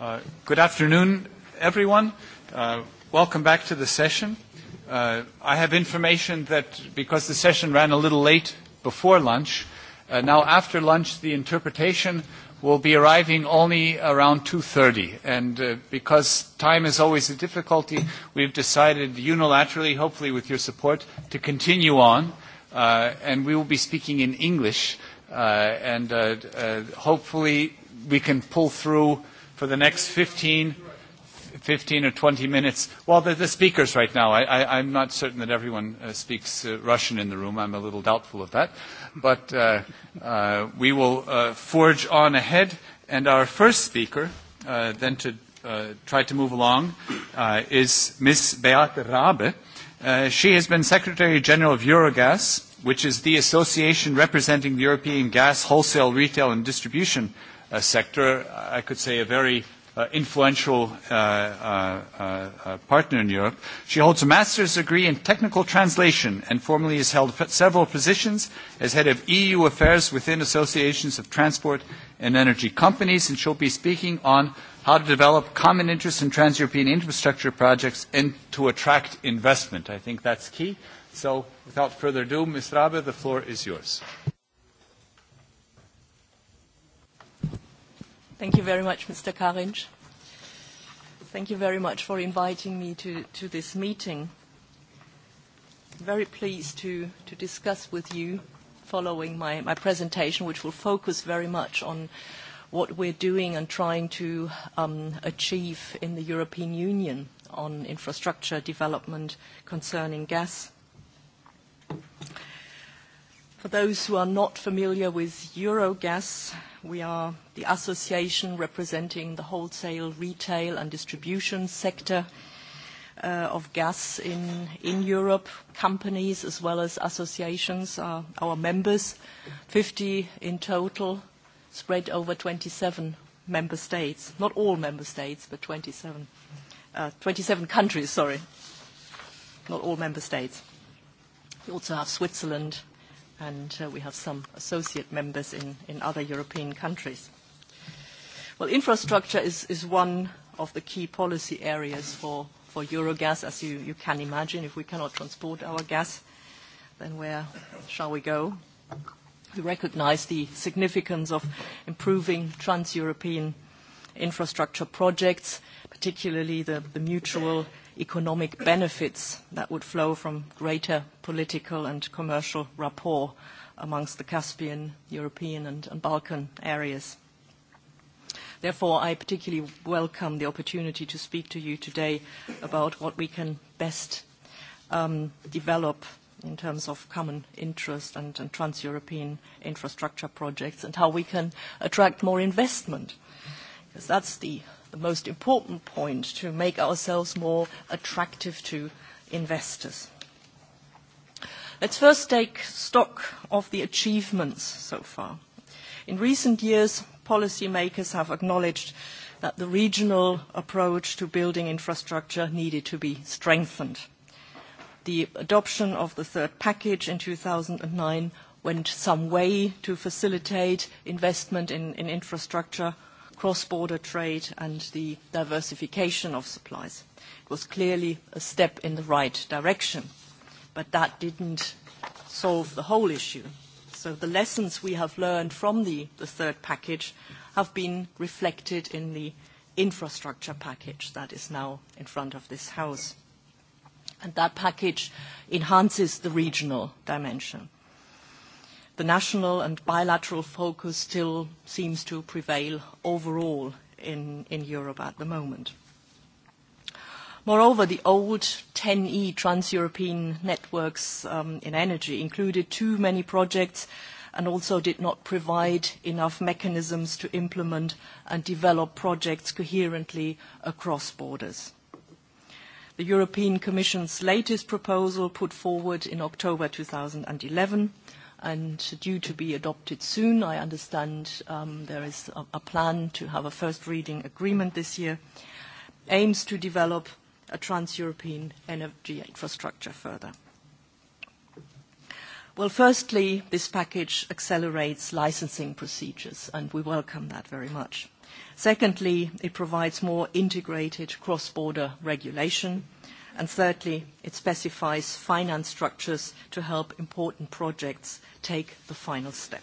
Uh, good afternoon, everyone. Uh, welcome back to the session. Uh, I have information that because the session ran a little late before lunch, uh, now after lunch the interpretation will be arriving only around 2.30. And uh, because time is always a difficulty, we've decided unilaterally, hopefully with your support, to continue on. Uh, and we will be speaking in English. Uh, and uh, uh, hopefully we can pull through for the next 15, 15 or 20 minutes. Well, the, the speakers right now, I, I, I'm not certain that everyone uh, speaks uh, Russian in the room. I'm a little doubtful of that. But uh, uh, we will uh, forge on ahead. And our first speaker, uh, then to uh, try to move along, uh, is Ms. Beate Rabe. Uh, she has been Secretary General of Eurogas, which is the association representing the European gas wholesale, retail, and distribution Uh, sector, I could say a very uh, influential uh, uh, uh, partner in Europe. She holds a master's degree in technical translation and formerly has held several positions as head of EU affairs within associations of transport and energy companies, and she'll be speaking on how to develop common interests in trans-European infrastructure projects and to attract investment. I think that's key. So without further ado, Ms. Rabe, the floor is yours. Thank you very much, Mr. Karinch. Thank you very much for inviting me to, to this meeting. Very pleased to, to discuss with you following my, my presentation, which will focus very much on what we're doing and trying to um, achieve in the European Union on infrastructure development concerning gas. For those who are not familiar with Eurogas, We are the association representing the wholesale, retail and distribution sector uh, of gas in, in Europe. Companies as well as associations are our members, 50 in total, spread over 27 member states. Not all member states, but 27, uh, 27 countries, sorry. Not all member states. We also have Switzerland, and uh, we have some associate members in, in other European countries. Well, infrastructure is, is one of the key policy areas for, for Eurogas, as you, you can imagine. If we cannot transport our gas, then where shall we go? We recognize the significance of improving trans-European infrastructure projects, particularly the, the mutual economic benefits that would flow from greater political and commercial rapport amongst the Caspian, European and, and Balkan areas. Therefore, I particularly welcome the opportunity to speak to you today about what we can best um, develop in terms of common interest and, and trans-European infrastructure projects and how we can attract more investment. Because that's the the most important point to make ourselves more attractive to investors. Let's first take stock of the achievements so far. In recent years, policymakers have acknowledged that the regional approach to building infrastructure needed to be strengthened. The adoption of the third package in 2009 went some way to facilitate investment in, in infrastructure cross-border trade and the diversification of supplies. It was clearly a step in the right direction, but that didn't solve the whole issue. So the lessons we have learned from the, the third package have been reflected in the infrastructure package that is now in front of this House. And that package enhances the regional dimension the national and bilateral focus still seems to prevail overall in, in Europe at the moment. Moreover, the old 10E trans-European networks um, in energy included too many projects and also did not provide enough mechanisms to implement and develop projects coherently across borders. The European Commission's latest proposal put forward in October 2011 and due to be adopted soon. I understand um, there is a, a plan to have a first reading agreement this year, aims to develop a trans-European energy infrastructure further. Well, firstly, this package accelerates licensing procedures, and we welcome that very much. Secondly, it provides more integrated cross-border regulation. And thirdly, it specifies finance structures to help important projects take the final step.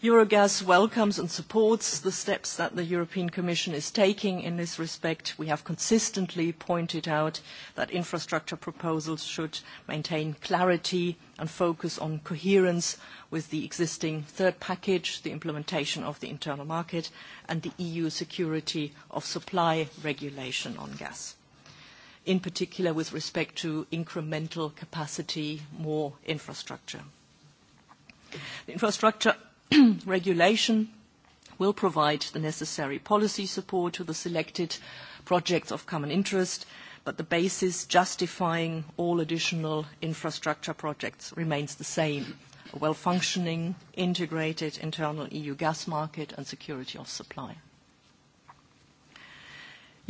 Eurogas welcomes and supports the steps that the European Commission is taking in this respect. We have consistently pointed out that infrastructure proposals should maintain clarity and focus on coherence with the existing third package, the implementation of the internal market, and the EU security of supply regulation on gas in particular with respect to incremental capacity, more infrastructure. The infrastructure regulation will provide the necessary policy support to the selected projects of common interest, but the basis justifying all additional infrastructure projects remains the same, a well-functioning, integrated internal EU gas market and security of supply.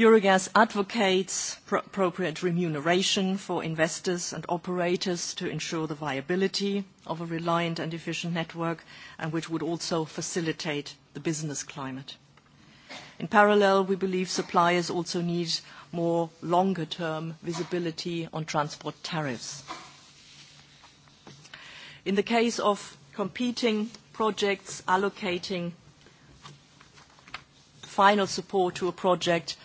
Eurogas advocates appropriate remuneration for investors and operators to ensure the viability of a reliant and efficient network and which would also facilitate the business climate. In parallel, we believe suppliers also need more longer-term visibility on transport tariffs. In the case of competing projects allocating final support to a project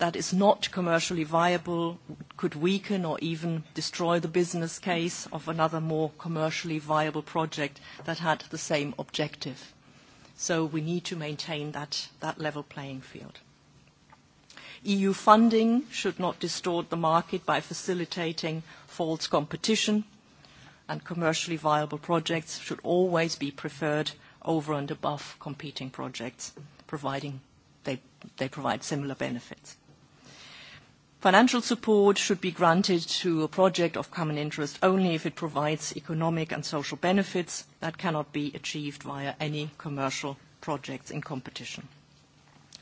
that is not commercially viable could weaken or even destroy the business case of another more commercially viable project that had the same objective. So we need to maintain that, that level playing field. EU funding should not distort the market by facilitating false competition and commercially viable projects should always be preferred over and above competing projects, providing they, they provide similar benefits. Financial support should be granted to a project of common interest only if it provides economic and social benefits that cannot be achieved via any commercial projects in competition.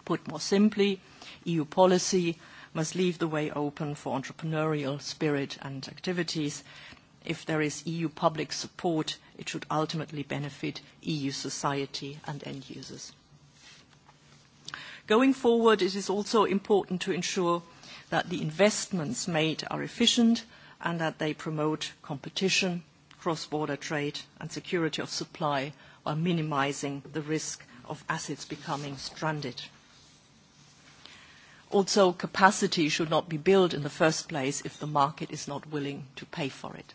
Put more simply, EU policy must leave the way open for entrepreneurial spirit and activities. If there is EU public support, it should ultimately benefit EU society and end users. Going forward, it is also important to ensure that the investments made are efficient and that they promote competition, cross-border trade and security of supply while minimizing the risk of assets becoming stranded. Also, capacity should not be built in the first place if the market is not willing to pay for it.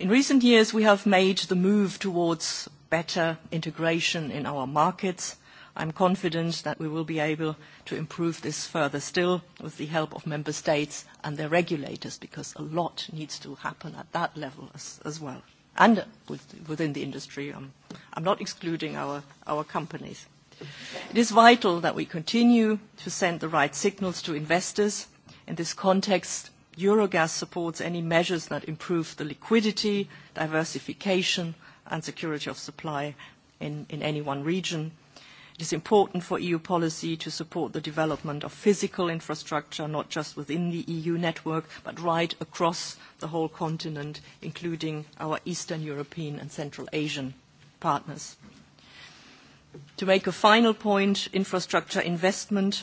In recent years, we have made the move towards better integration in our markets I'm confident that we will be able to improve this further still with the help of member states and their regulators because a lot needs to happen at that level as, as well and with, within the industry. Um, I'm not excluding our, our companies. It is vital that we continue to send the right signals to investors. In this context, Eurogas supports any measures that improve the liquidity, diversification, and security of supply in, in any one region. It is important for EU policy to support the development of physical infrastructure, not just within the EU network, but right across the whole continent, including our Eastern European and Central Asian partners. To make a final point, infrastructure investment,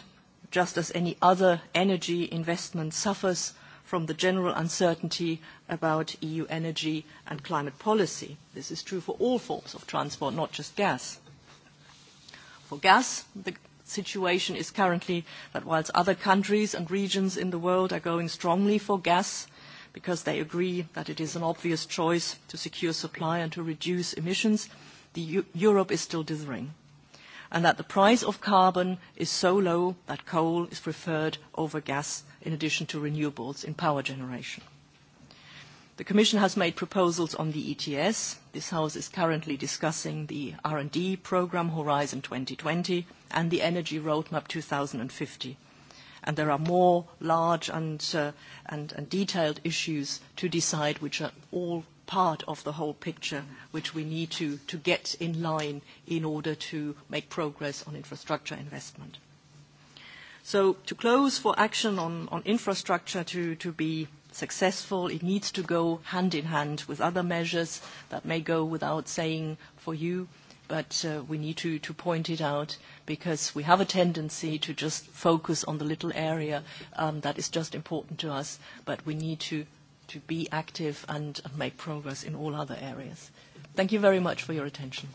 just as any other energy investment, suffers from the general uncertainty about EU energy and climate policy. This is true for all forms of transport, not just gas for gas. The situation is currently that whilst other countries and regions in the world are going strongly for gas because they agree that it is an obvious choice to secure supply and to reduce emissions, the U Europe is still dithering and that the price of carbon is so low that coal is preferred over gas in addition to renewables in power generation. The Commission has made proposals on the ETS. This House is currently discussing the R&D programme Horizon 2020 and the Energy Roadmap 2050. And there are more large and, uh, and, and detailed issues to decide which are all part of the whole picture which we need to, to get in line in order to make progress on infrastructure investment. So to close for action on, on infrastructure to, to be successful, it needs to go hand in hand with other measures that may go without saying for you, but uh, we need to, to point it out because we have a tendency to just focus on the little area um, that is just important to us, but we need to, to be active and, make progress in all other areas. Thank you very much for your attention.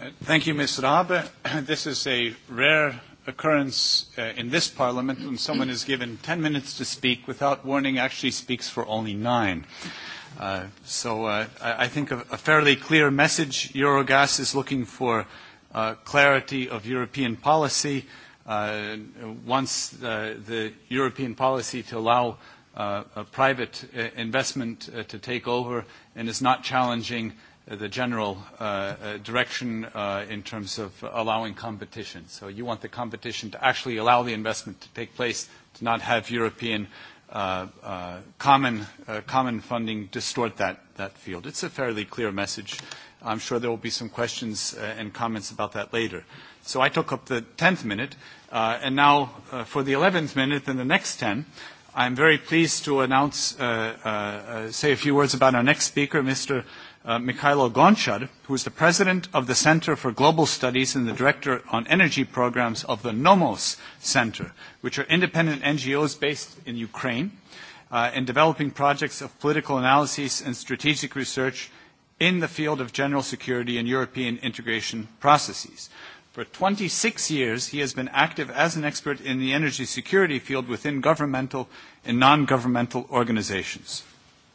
Uh, thank you, Ms. Rabe. This is a rare occurrence uh, in this parliament when someone is given 10 minutes to speak without warning actually speaks for only nine. Uh, so uh, I, I think a, a fairly clear message. Eurogas is looking for uh, clarity of European policy. Uh, once uh, the European policy to allow uh, a private uh, investment uh, to take over and is not challenging uh, Uh, the general uh, uh, direction uh, in terms of allowing competition. So you want the competition to actually allow the investment to take place, to not have European uh, uh, common, uh, common funding distort that, that field. It's a fairly clear message. I'm sure there will be some questions uh, and comments about that later. So I took up the 10th minute, uh, and now uh, for the 11th minute and the next 10, I'm very pleased to announce, uh, uh, uh, say a few words about our next speaker, Mr uh, Mikhailo Gonchar, who is the president of the Center for Global Studies and the director on energy programs of the Nomos Center, which are independent NGOs based in Ukraine uh, and developing projects of political analysis and strategic research in the field of general security and European integration processes. For 26 years, he has been active as an expert in the energy security field within governmental and non-governmental organizations.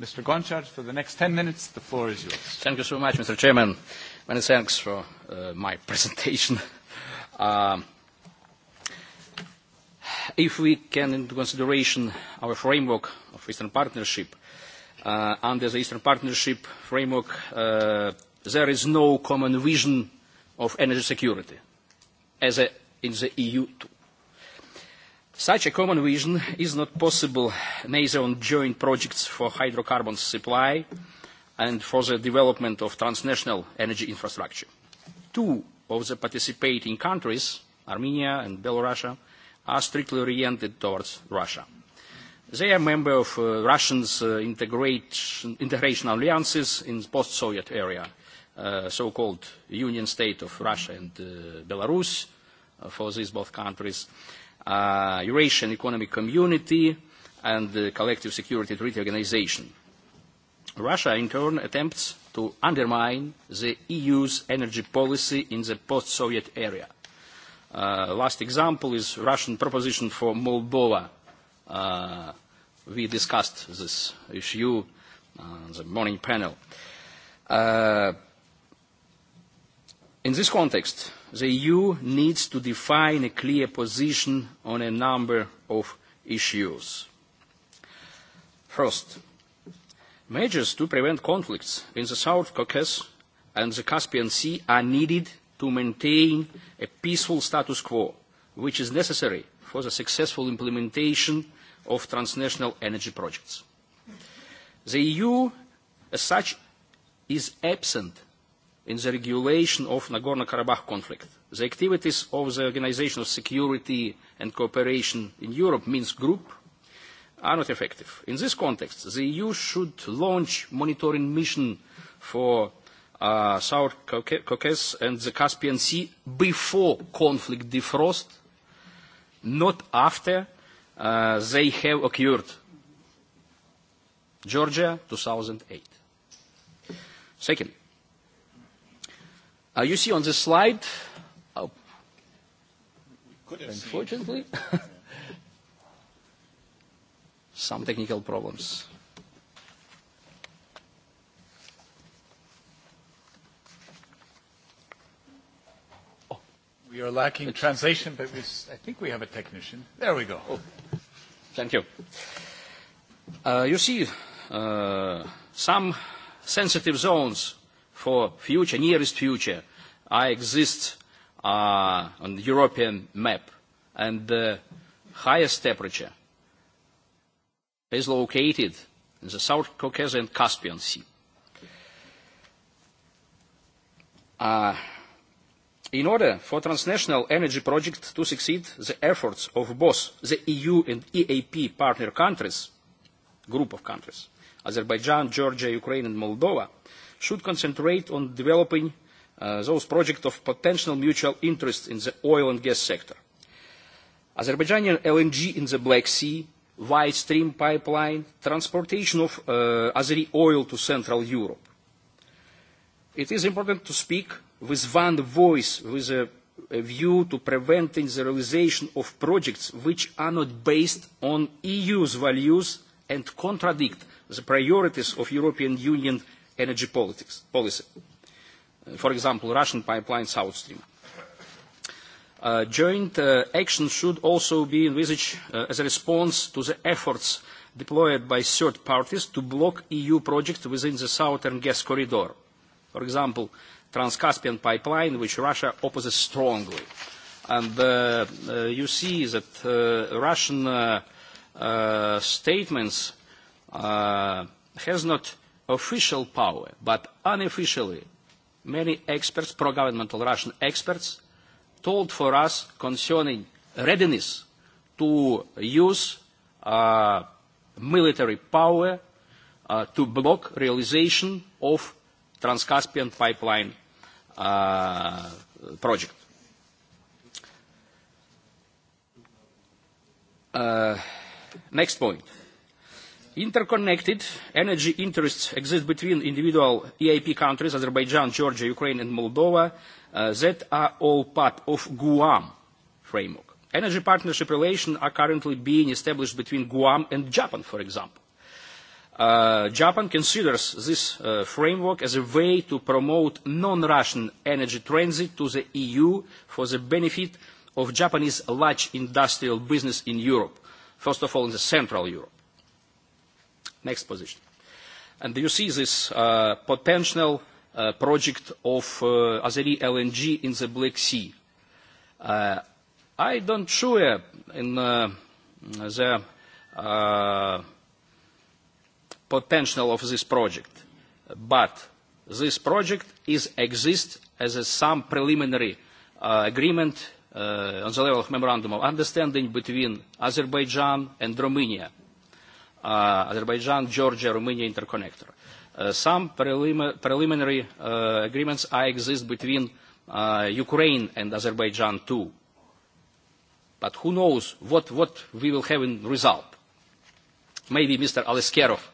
Mr. Gonchard, for the next 10 minutes, the floor is yours. Thank you so much, Mr. Chairman. Many thanks for uh, my presentation. um, if we can into consideration our framework of Eastern Partnership, uh, under the Eastern Partnership framework, uh, there is no common vision of energy security as a, in the EU too. Such a common vision is not possible neither on joint projects for hydrocarbon supply and for the development of transnational energy infrastructure. Two of the participating countries, Armenia and Belarus, are strictly oriented towards Russia. They are members of uh, Russians' uh, integration alliances in the post-Soviet area, uh, so-called Union State of Russia and uh, Belarus, uh, for these both countries. Uh, uh, Eurasian Economic Community and the Collective Security Treaty Organization. Russia, in turn, attempts to undermine the EU's energy policy in the post-Soviet area. Uh, last example is Russian proposition for Moldova. Uh, we discussed this issue on the morning panel. Uh, in this context, the EU needs to define a clear position on a number of issues. First, measures to prevent conflicts in the South Caucasus and the Caspian Sea are needed to maintain a peaceful status quo, which is necessary for the successful implementation of transnational energy projects. The EU, as such, is absent in the regulation of Nagorno-Karabakh conflict. The activities of the Organization of Security and Cooperation in Europe, Minsk Group, are not effective. In this context, the EU should launch monitoring mission for uh, South Caucasus and the Caspian Sea before conflict defrost, not after uh, they have occurred. Georgia, 2008. Second, Uh, you see on this slide, oh, unfortunately, some technical problems. Oh. We are lacking it's, translation, but we, I think we have a technician. There we go. Oh. Thank you. Uh, you see uh, some sensitive zones for future, nearest future, I exist uh, on the European map, and the highest temperature is located in the South Caucasian Caspian Sea. Uh, in order for transnational energy project to succeed, the efforts of both the EU and EAP partner countries, group of countries, Azerbaijan, Georgia, Ukraine and Moldova, should concentrate on developing uh, those projects of potential mutual interest in the oil and gas sector. Azerbaijani LNG in the Black Sea, Wide Stream pipeline, transportation of uh, Azeri oil to Central Europe. It is important to speak with one voice, with a, a view to preventing the realization of projects which are not based on EU's values and contradict the priorities of European Union energy politics, policy. Uh, for example, Russian pipeline South Stream. Uh, joint uh, action should also be envisaged uh, as a response to the efforts deployed by third parties to block EU projects within the southern gas corridor. For example, Trans-Caspian pipeline, which Russia opposes strongly. And uh, uh, you see that uh, Russian uh, uh, statements uh, has not official power, but unofficially, many experts, pro-governmental Russian experts, told for us concerning readiness to use uh, military power uh, to block realization of Trans-Caspian pipeline uh, project. Uh, next point. Interconnected energy interests exist between individual EIP countries, Azerbaijan, Georgia, Ukraine and Moldova, uh, that are all part of Guam framework. Energy partnership relations are currently being established between Guam and Japan, for example. Uh, Japan considers this uh, framework as a way to promote non-Russian energy transit to the EU for the benefit of Japanese large industrial business in Europe, first of all in the Central Europe next position. And you see this uh, potential uh, project of uh, Azeri LNG in the Black Sea. Uh, I don't sure in uh, the uh, potential of this project, but this project is exist as a, some preliminary uh, agreement uh, on the level of memorandum of understanding between Azerbaijan and Romania Uh, Azerbaijan, Georgia, Romania interconnector. Uh, some prelim preliminary uh, agreements I exist between uh, Ukraine and Azerbaijan too. But who knows what, what we will have in result. Maybe Mr. Aleskerov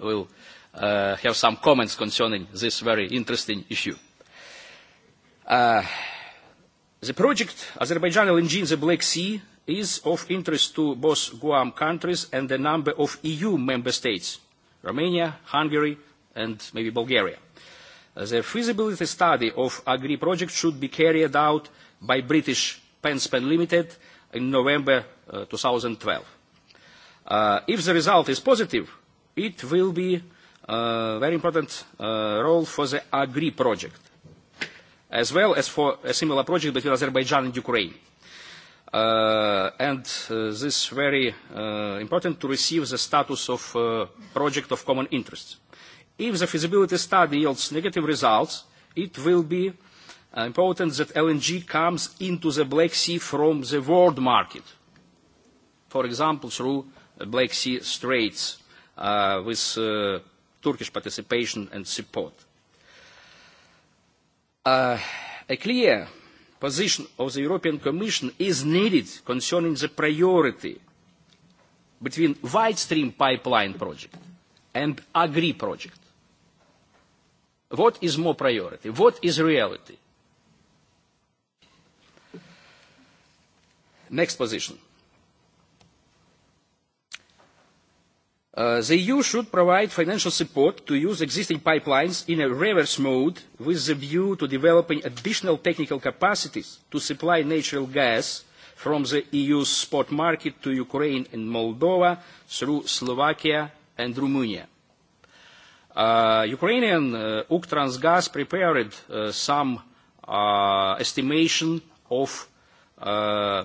will uh, have some comments concerning this very interesting issue. Uh, the project Azerbaijan LNG in the Black Sea is of interest to both Guam countries and a number of EU member states, Romania, Hungary, and maybe Bulgaria. Uh, the feasibility study of Agri project should be carried out by British Penspan Limited in November uh, 2012. Uh, if the result is positive, it will be a uh, very important uh, role for the Agri project, as well as for a similar project between Azerbaijan and Ukraine. Uh, and uh, this very uh, important to receive the status of uh, project of common interest. If the feasibility study yields negative results, it will be uh, important that LNG comes into the Black Sea from the world market, for example, through Black Sea Straits uh, with uh, Turkish participation and support. Uh, a clear position of the European Commission is needed concerning the priority between White Stream pipeline project and Agri project. What is more priority? What is reality? Next position. Uh, the EU should provide financial support to use existing pipelines in a reverse mode with a view to developing additional technical capacities to supply natural gas from the EU's spot market to Ukraine and Moldova through Slovakia and Romania. Uh, Ukrainian uh, Uktransgas prepared uh, some uh, estimation of uh,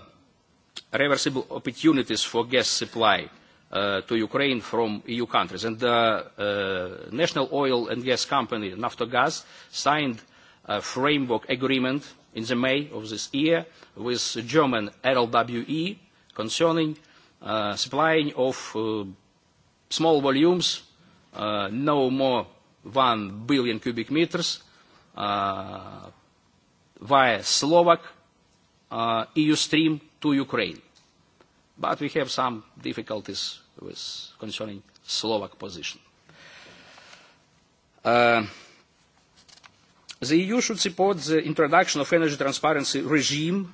reversible opportunities for gas supply uh, to Ukraine from EU countries. And the uh, National Oil and Gas Company, Naftogaz, signed a framework agreement in the May of this year with German RLWE concerning uh, supplying of uh, small volumes, uh, no more 1 billion cubic meters, uh, via Slovak uh, EU stream to Ukraine. But we have some difficulties with concerning Slovak position. Uh, the EU should support the introduction of energy transparency regime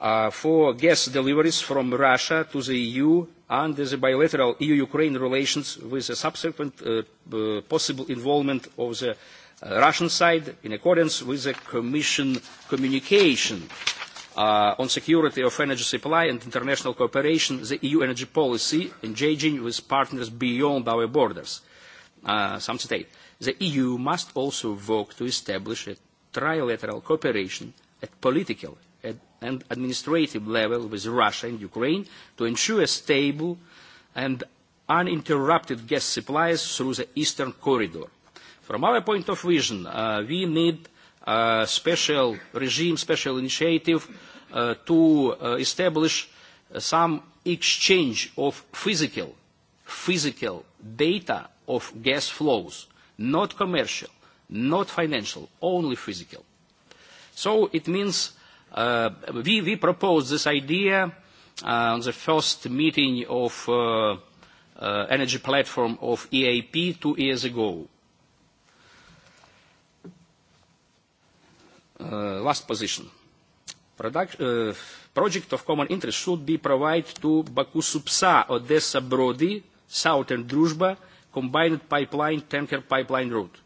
uh, for gas deliveries from Russia to the EU under the bilateral EU-Ukraine relations with the subsequent uh, uh, possible involvement of the uh, Russian side in accordance with the Commission communication uh, Uh, on security of energy supply and international cooperation, the EU energy policy engaging with partners beyond our borders. Uh, some state. The EU must also work to establish a trilateral cooperation at political and administrative level with Russia and Ukraine to ensure stable and uninterrupted gas supplies through the Eastern Corridor. From our point of vision, uh, we need a uh, special regime, special initiative uh, to uh, establish some exchange of physical, physical data of gas flows, not commercial, not financial, only physical. So it means uh, we, we proposed this idea uh, on the first meeting of uh, uh, energy platform of EAP two years ago. uh, last position. Product, uh, project of common interest should be provided to Baku Subsa Odessa Brody, Southern Druzhba, combined pipeline tanker pipeline route.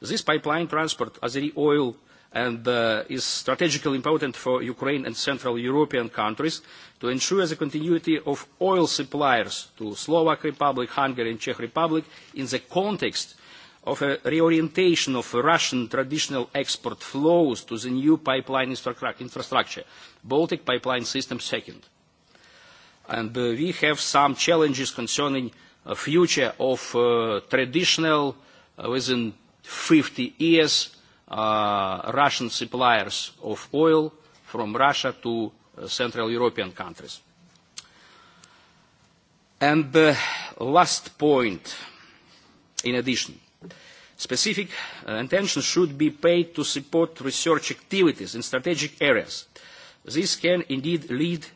This pipeline transport Azeri oil and uh, is strategically important for Ukraine and Central European countries to ensure the continuity of oil suppliers to Slovak Republic, Hungary and Czech Republic in the context of a reorientation of Russian traditional export flows to the new pipeline infrastructure, Baltic pipeline system second. And uh, we have some challenges concerning the uh, future of uh, traditional, uh, within 50 years, uh, Russian suppliers of oil from Russia to uh, Central European countries. And the uh, last point, in addition, Specific uh, attention should be paid to support research activities in strategic areas. This can indeed lead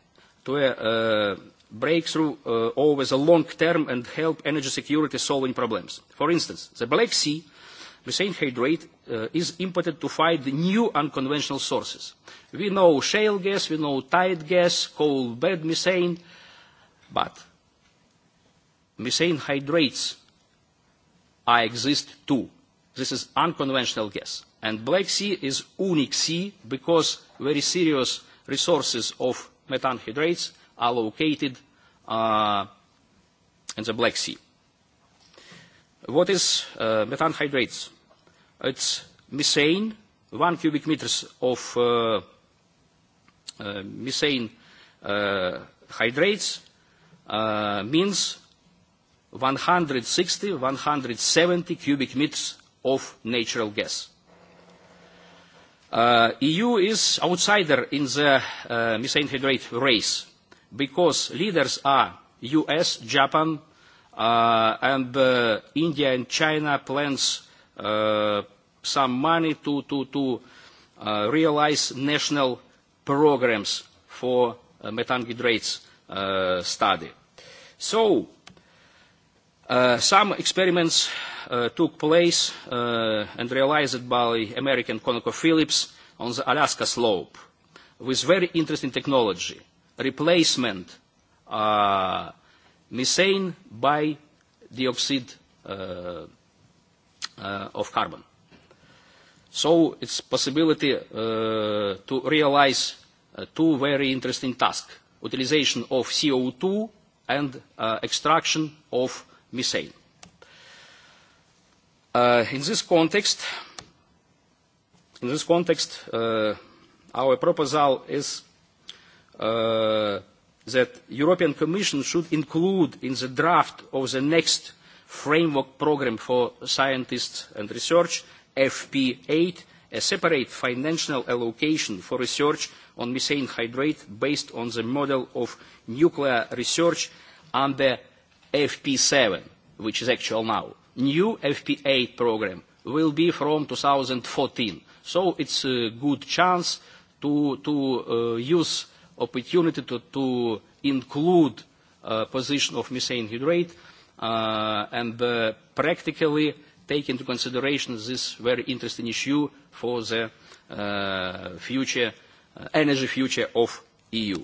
to a uh, breakthrough uh, over the long term and help energy security solving problems. For instance, the Black Sea methane hydrate uh, is imported to fight the new unconventional sources. We know shale gas, we know tight gas, coal bed methane, but methane hydrates I exist too. This is unconventional gas. And Black Sea is unique sea because very serious resources of methane hydrates are located uh, in the Black Sea. What is uh, methane hydrates? It's methane, one cubic meters of uh, uh, methane uh, hydrates uh, means 160-170 cubic meters of natural gas. Uh, EU is outsider in the uh, methane hydrate race because leaders are US, Japan, uh, and uh, India and China plans uh, some money to, to, to uh, realize national programs for uh, methane hydrates uh, study. So Uh, some experiments uh, took place uh, and realized by American ConocoPhillips on the Alaska slope with very interesting technology, replacement uh, methane by dioxide uh, uh, of carbon. So it's possibility uh, to realize uh, two very interesting tasks, utilization of CO2 and uh, extraction of missile. Uh, in this context, in this context, uh, our proposal is uh, that European Commission should include in the draft of the next framework program for scientists and research, FP8, a separate financial allocation for research on methane hydrate based on the model of nuclear research under FP7, which is actual now. New FP8 program will be from 2014. So it's a good chance to, to uh, use opportunity to, to include uh, position of methane hydrate uh, and uh, practically take into consideration this very interesting issue for the uh, future, uh, energy future of EU.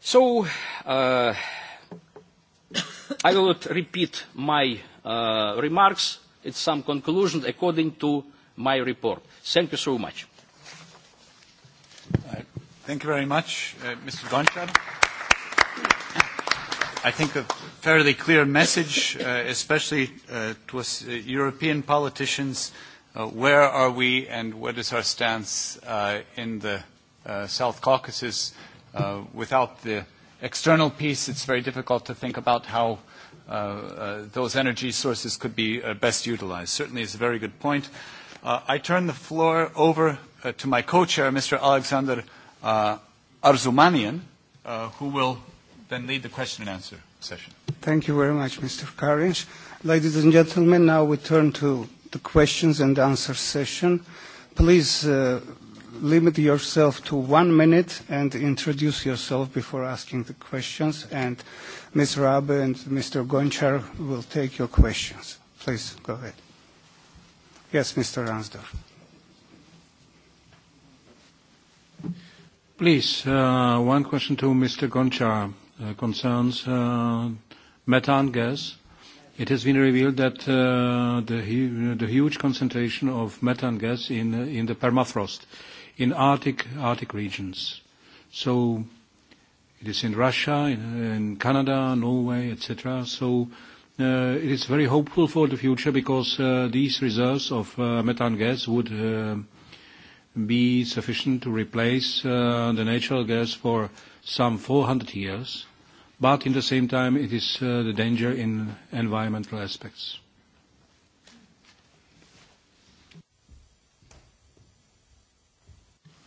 So, uh, I will not repeat my uh, remarks. It's some conclusions according to my report. Thank you so much. Uh, thank you very much, uh, Mr. Gonchar. I think a fairly clear message, uh, especially uh, to us uh, European politicians, uh, where are we and what is our stance uh, in the uh, South Caucasus uh, without the external piece, it's very difficult to think about how uh, uh, those energy sources could be uh, best utilized. Certainly is a very good point. Uh, I turn the floor over uh, to my co-chair, Mr. Alexander uh, Arzumanian, uh, who will then lead the question and answer session. Thank you very much, Mr. Karinch. Ladies and gentlemen, now we turn to the questions and answer session. Please uh, limit yourself to one minute and introduce yourself before asking the questions. And Ms. Rabe and Mr. Gonchar will take your questions. Please go ahead. Yes, Mr. Ransdorf. Please, uh, one question to Mr. Gonchar uh, concerns uh, methane gas. It has been revealed that uh, the, hu the huge concentration of methane gas in, in the permafrost uh, in Arctic, Arctic regions. So it is in Russia, in, in Canada, Norway, etc. So uh, it is very hopeful for the future because uh, these reserves of uh, methane gas would uh, be sufficient to replace uh, the natural gas for some 400 years, but in the same time it is uh, the danger in environmental aspects.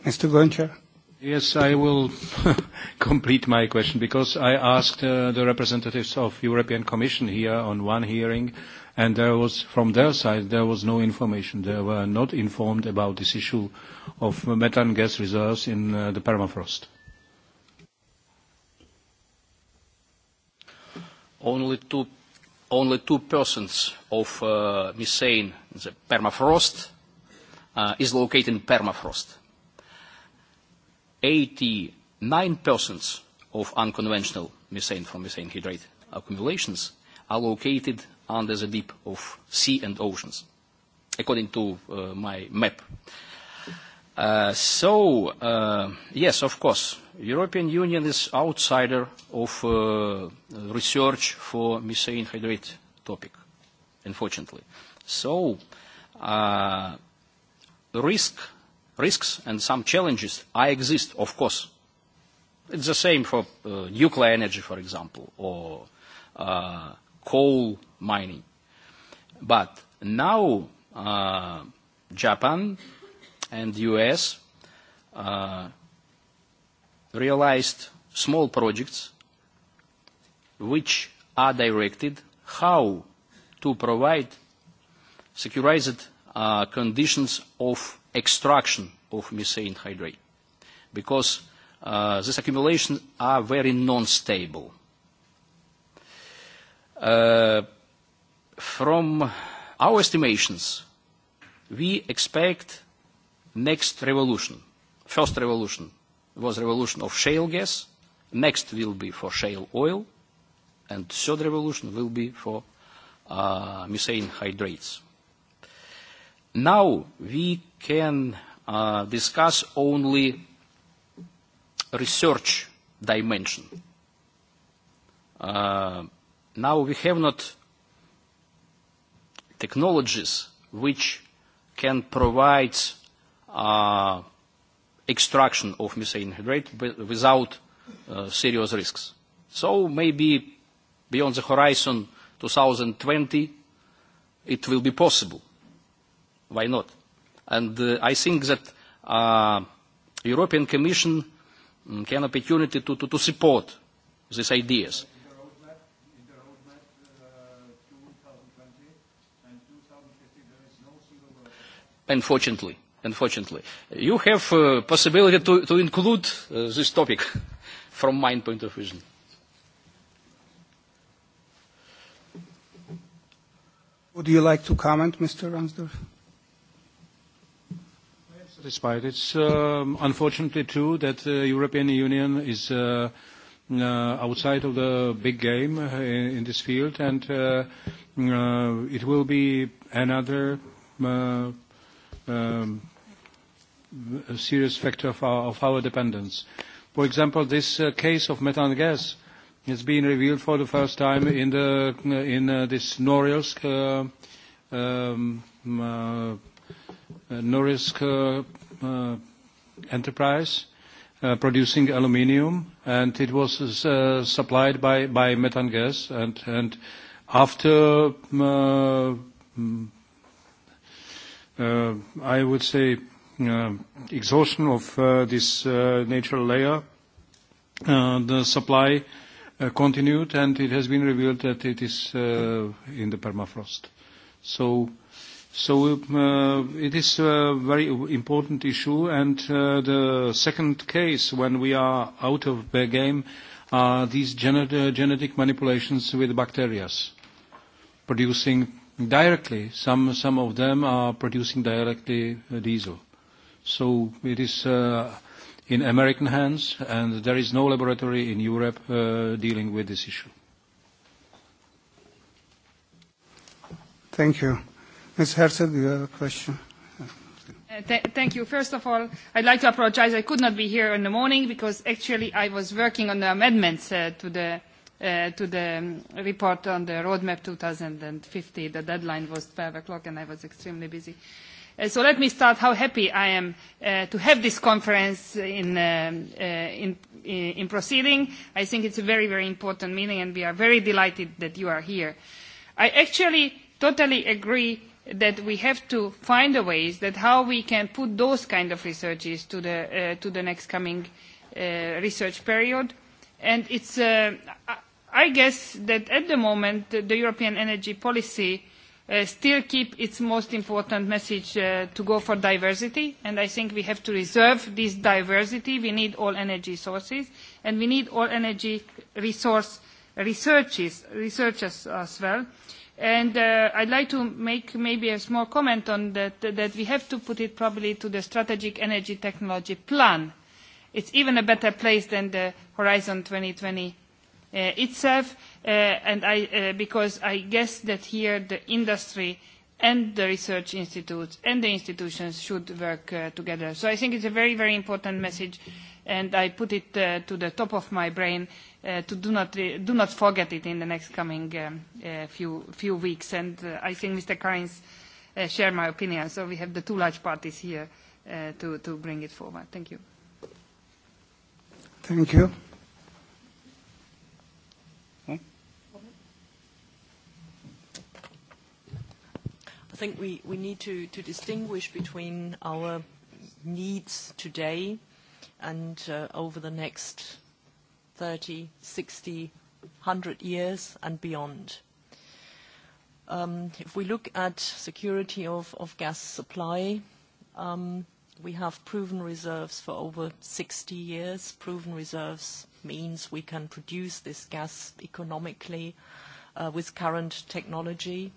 Mr. Goncha. Yes, I will complete my question because I asked uh, the representatives of European Commission here on one hearing and there was, from their side, there was no information. They were not informed about this issue of methane gas reserves in uh, the permafrost. Only two, only two persons of uh, methane in the permafrost uh, is located in permafrost 89% of unconventional methane from methane hydrate accumulations are located under the deep of sea and oceans, according to uh, my map. Uh, so, uh, yes, of course, European Union is outsider of uh, research for methane hydrate topic, unfortunately. So, uh, risk risks and some challenges are exist, of course. It's the same for uh, nuclear energy, for example, or uh, coal mining. But now uh, Japan and the US uh, realized small projects which are directed how to provide securized uh, conditions of extraction of methane hydrate because uh, this accumulation are very non-stable. Uh, from our estimations, we expect next revolution. First revolution was revolution of shale gas, next will be for shale oil, and third revolution will be for uh, methane hydrates now we can uh, discuss only research dimension. Uh, now we have not technologies which can provide uh, extraction of methane hydrate without uh, serious risks. So maybe beyond the horizon 2020 it will be possible Why not? And uh, I think that uh, European Commission um, can opportunity to, to, to support these ideas. Unfortunately, unfortunately, you have uh, possibility to, to include uh, this topic from my point of vision. Would you like to comment, Mr. Ransdorf? respite. It's um, unfortunately true that the European Union is uh, uh, outside of the big game uh, in, in this field, and uh, uh, it will be another uh, um, serious factor of our, of our dependence. For example, this uh, case of methane gas has been revealed for the first time in, the, in uh, this Norilsk uh, um, uh, uh, Norilsk uh, uh, enterprise uh, producing aluminium, and it was uh, supplied by, by methane gas. And, and after, uh, mm, uh, I would say, uh, exhaustion of uh, this uh, natural layer, uh, the supply uh, continued, and it has been revealed that it is uh, in the permafrost. So So uh, it is a very important issue. And uh, the second case, when we are out of the game, are these genet uh, genetic manipulations with bacteria producing directly, some, some of them are producing directly diesel. So it is uh, in American hands, and there is no laboratory in Europe uh, dealing with this issue. Thank you. Ms. Herzog, you have a question? Uh, th thank you. First of all, I'd like to apologize. I could not be here in the morning because actually I was working on the amendments uh, to the uh, to the um, report on the roadmap 2050. The deadline was 12 o'clock and I was extremely busy. Uh, so let me start how happy I am uh, to have this conference in, um, uh, in, in proceeding. I think it's a very, very important meeting and we are very delighted that you are here. I actually totally agree that we have to find a ways that how we can put those kind of researches to the, uh, to the next coming uh, research period. And it's, uh, I guess that at the moment the European energy policy uh, still keep its most important message uh, to go for diversity. And I think we have to reserve this diversity. We need all energy sources and we need all energy resource researches, researchers as well. Uh, And uh, I'd like to make maybe a small comment on that, that we have to put it probably to the Strategic Energy Technology Plan. It's even a better place than the Horizon 2020 uh, itself, uh, and I, uh, because I guess that here the industry and the research institutes and the institutions should work uh, together. So I think it's a very, very important message, and I put it uh, to the top of my brain uh, to do not, uh, do not forget it in the next coming um, uh, few, few weeks. And uh, I think Mr. Karins uh, shared my opinion, so we have the two large parties here uh, to, to bring it forward. Thank you. Thank you. Hmm? I think we, we need to, to distinguish between our needs today and uh, over the next 30, 60, 100 years and beyond. Um, if we look at security of, of gas supply, um, we have proven reserves for over 60 years. Proven reserves means we can produce this gas economically uh, with current technology.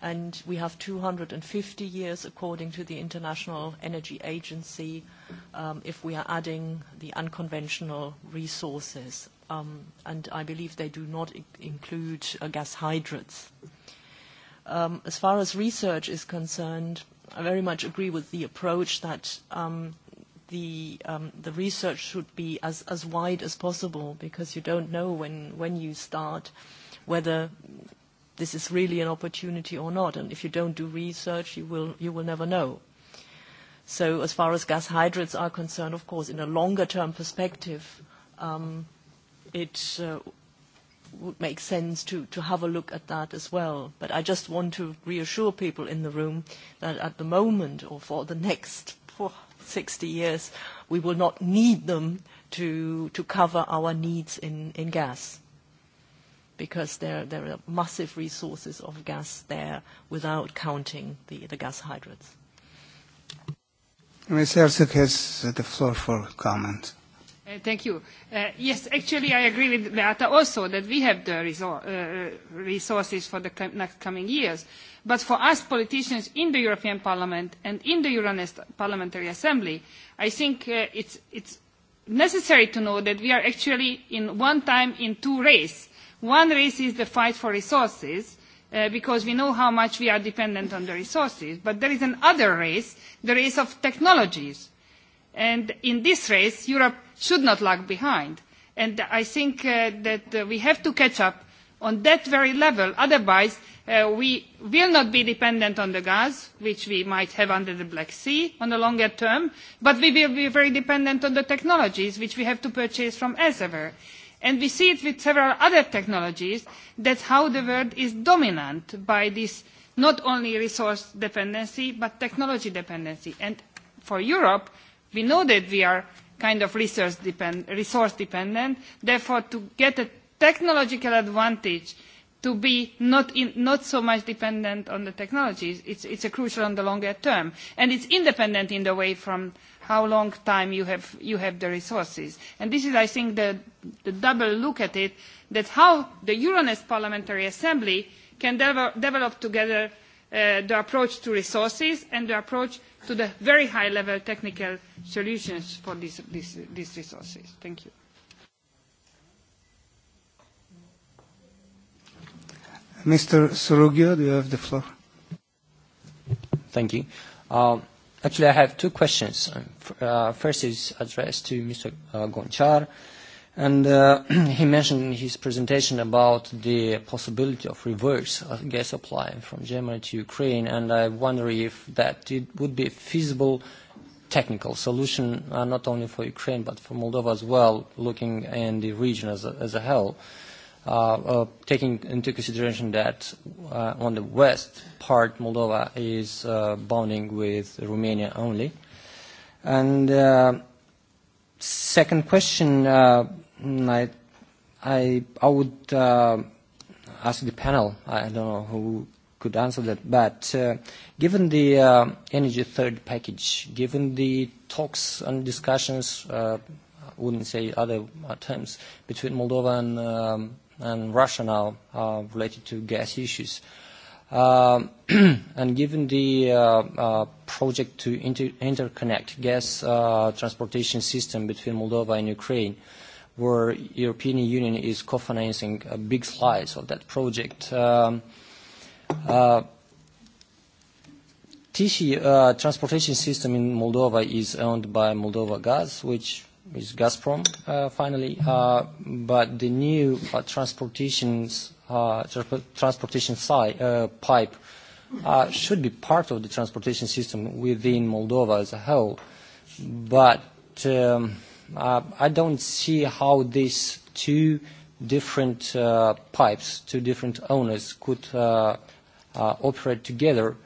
And we have 250 years, according to the International Energy Agency, um, if we are adding the unconventional resources. Um, and I believe they do not include uh, gas hydrates. Um, as far as research is concerned, I very much agree with the approach that um, the, um, the research should be as, as wide as possible because you don't know when, when you start whether this is really an opportunity or not. And if you don't do research, you will, you will never know. So as far as gas hydrates are concerned, of course, in a longer term perspective, um, it uh, would make sense to, have a look at that as well. But I just want to reassure people in the room that at the moment or for the next 60 years, we will not need them to, cover our needs in, gas because there, are massive resources of gas there without counting the, the gas hydrates. Ms. Herzog has the floor for comment. Uh, thank you. Uh, yes, actually, I agree with Beata also that we have the resor uh, resources for the next coming years. But for us politicians in the European Parliament and in the Euronest Parliamentary Assembly, I think uh, it's, it's necessary to know that we are actually in one time in two races. One race is the fight for resources, uh, because we know how much we are dependent on the resources. But there is another race, the race of technologies. And in this race, Europe should not lag behind. And I think uh, that uh, we have to catch up on that very level. Otherwise, uh, we will not be dependent on the gas, which we might have under the Black Sea on the longer term, but we will be very dependent on the technologies which we have to purchase from elsewhere. And we see it with several other technologies. That's how the world is dominant by this not only resource dependency, but technology dependency. And for Europe, we know that we are kind of resource, depend, resource dependent. Therefore, to get a technological advantage to be not, in, not so much dependent on the technologies, it's, it's a crucial on the longer term. And it's independent in the way from how long time you have, you have the resources. And this is, I think, the, the double look at it, that how the Euronest Parliamentary Assembly can de develop together uh, the approach to resources and the approach to the very high-level technical solutions for these, these, these resources. Thank you. Mr. Sorugio, do you have the floor? Thank you. Uh, Actually, I have two questions. Um, uh, first is addressed to Mr. Uh, Gonchar, and uh, he mentioned in his presentation about the possibility of reverse uh, gas supply from Germany to Ukraine, and I wonder if that it would be a feasible technical solution, uh, not only for Ukraine, but for Moldova as well, looking in the region as a, as a whole uh, uh, taking into consideration that uh, on the west part, Moldova is uh, bonding with Romania only. And uh, second question, uh, I, I, I would uh, ask the panel, I don't know who could answer that, but uh, given the uh, energy third package, given the talks and discussions, uh, I wouldn't say other terms, between Moldova and um, and rationale uh, related to gas issues. Um, and given the uh, uh, project to inter interconnect gas uh, transportation system between Moldova and Ukraine, where European Union is co-financing a big slice of that project, um, uh, TC uh, transportation system in Moldova is owned by Moldova Gas, which is Gazprom, uh, finally. Uh, but the new uh, uh, transportation uh, pipe uh, should be part of the transportation system within Moldova as a whole. But um, uh, I don't see how these two different uh, pipes, two different owners could uh, uh, operate together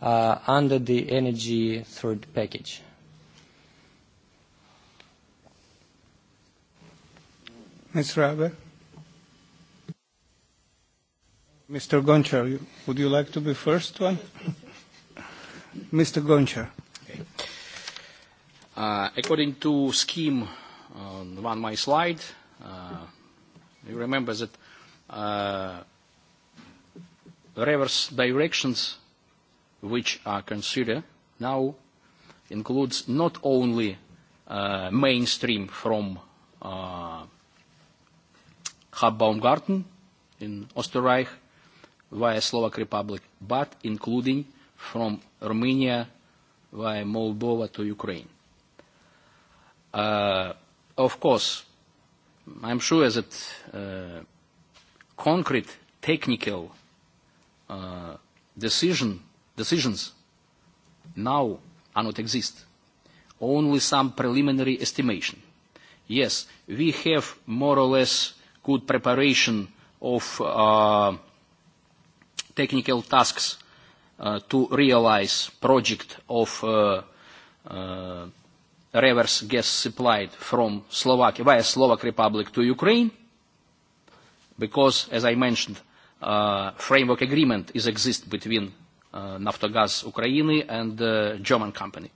uh, under the energy third package. Ms. Rabe? Mr. Gonchar, you, would you like to be first one? Mr. Gonchar. Okay. Uh, according to scheme uh, on one my slide, uh, you remember that uh, reverse directions which are considered now includes not only uh, mainstream from uh, Baumgarten in Österreich, via Slovak Republic, but including from Romania via Moldova to Ukraine. Uh, of course, I'm sure that uh, concrete technical uh, decision, decisions now are not exist. Only some preliminary estimation. Yes, we have more or less good preparation of uh, technical tasks uh, to realize project of uh, uh, reverse gas supplied from Slovakia via Slovak Republic to Ukraine because as I mentioned uh, framework agreement is exist between uh, Naftogaz Ukraine and uh, German company.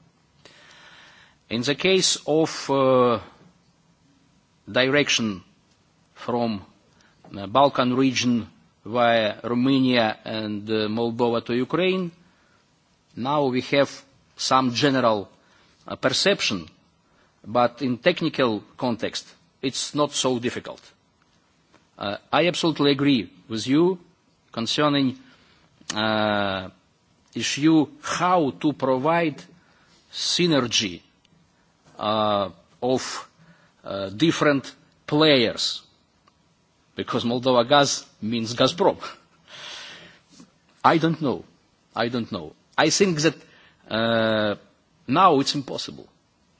In the case of uh, direction from the Balkan region via Romania and uh, Moldova to Ukraine, now we have some general uh, perception, but in technical context, it's not so difficult. Uh, I absolutely agree with you concerning uh, issue how to provide synergy uh, of uh, different players because Moldova gas means Gazprom. I don't know. I don't know. I think that uh, now it's impossible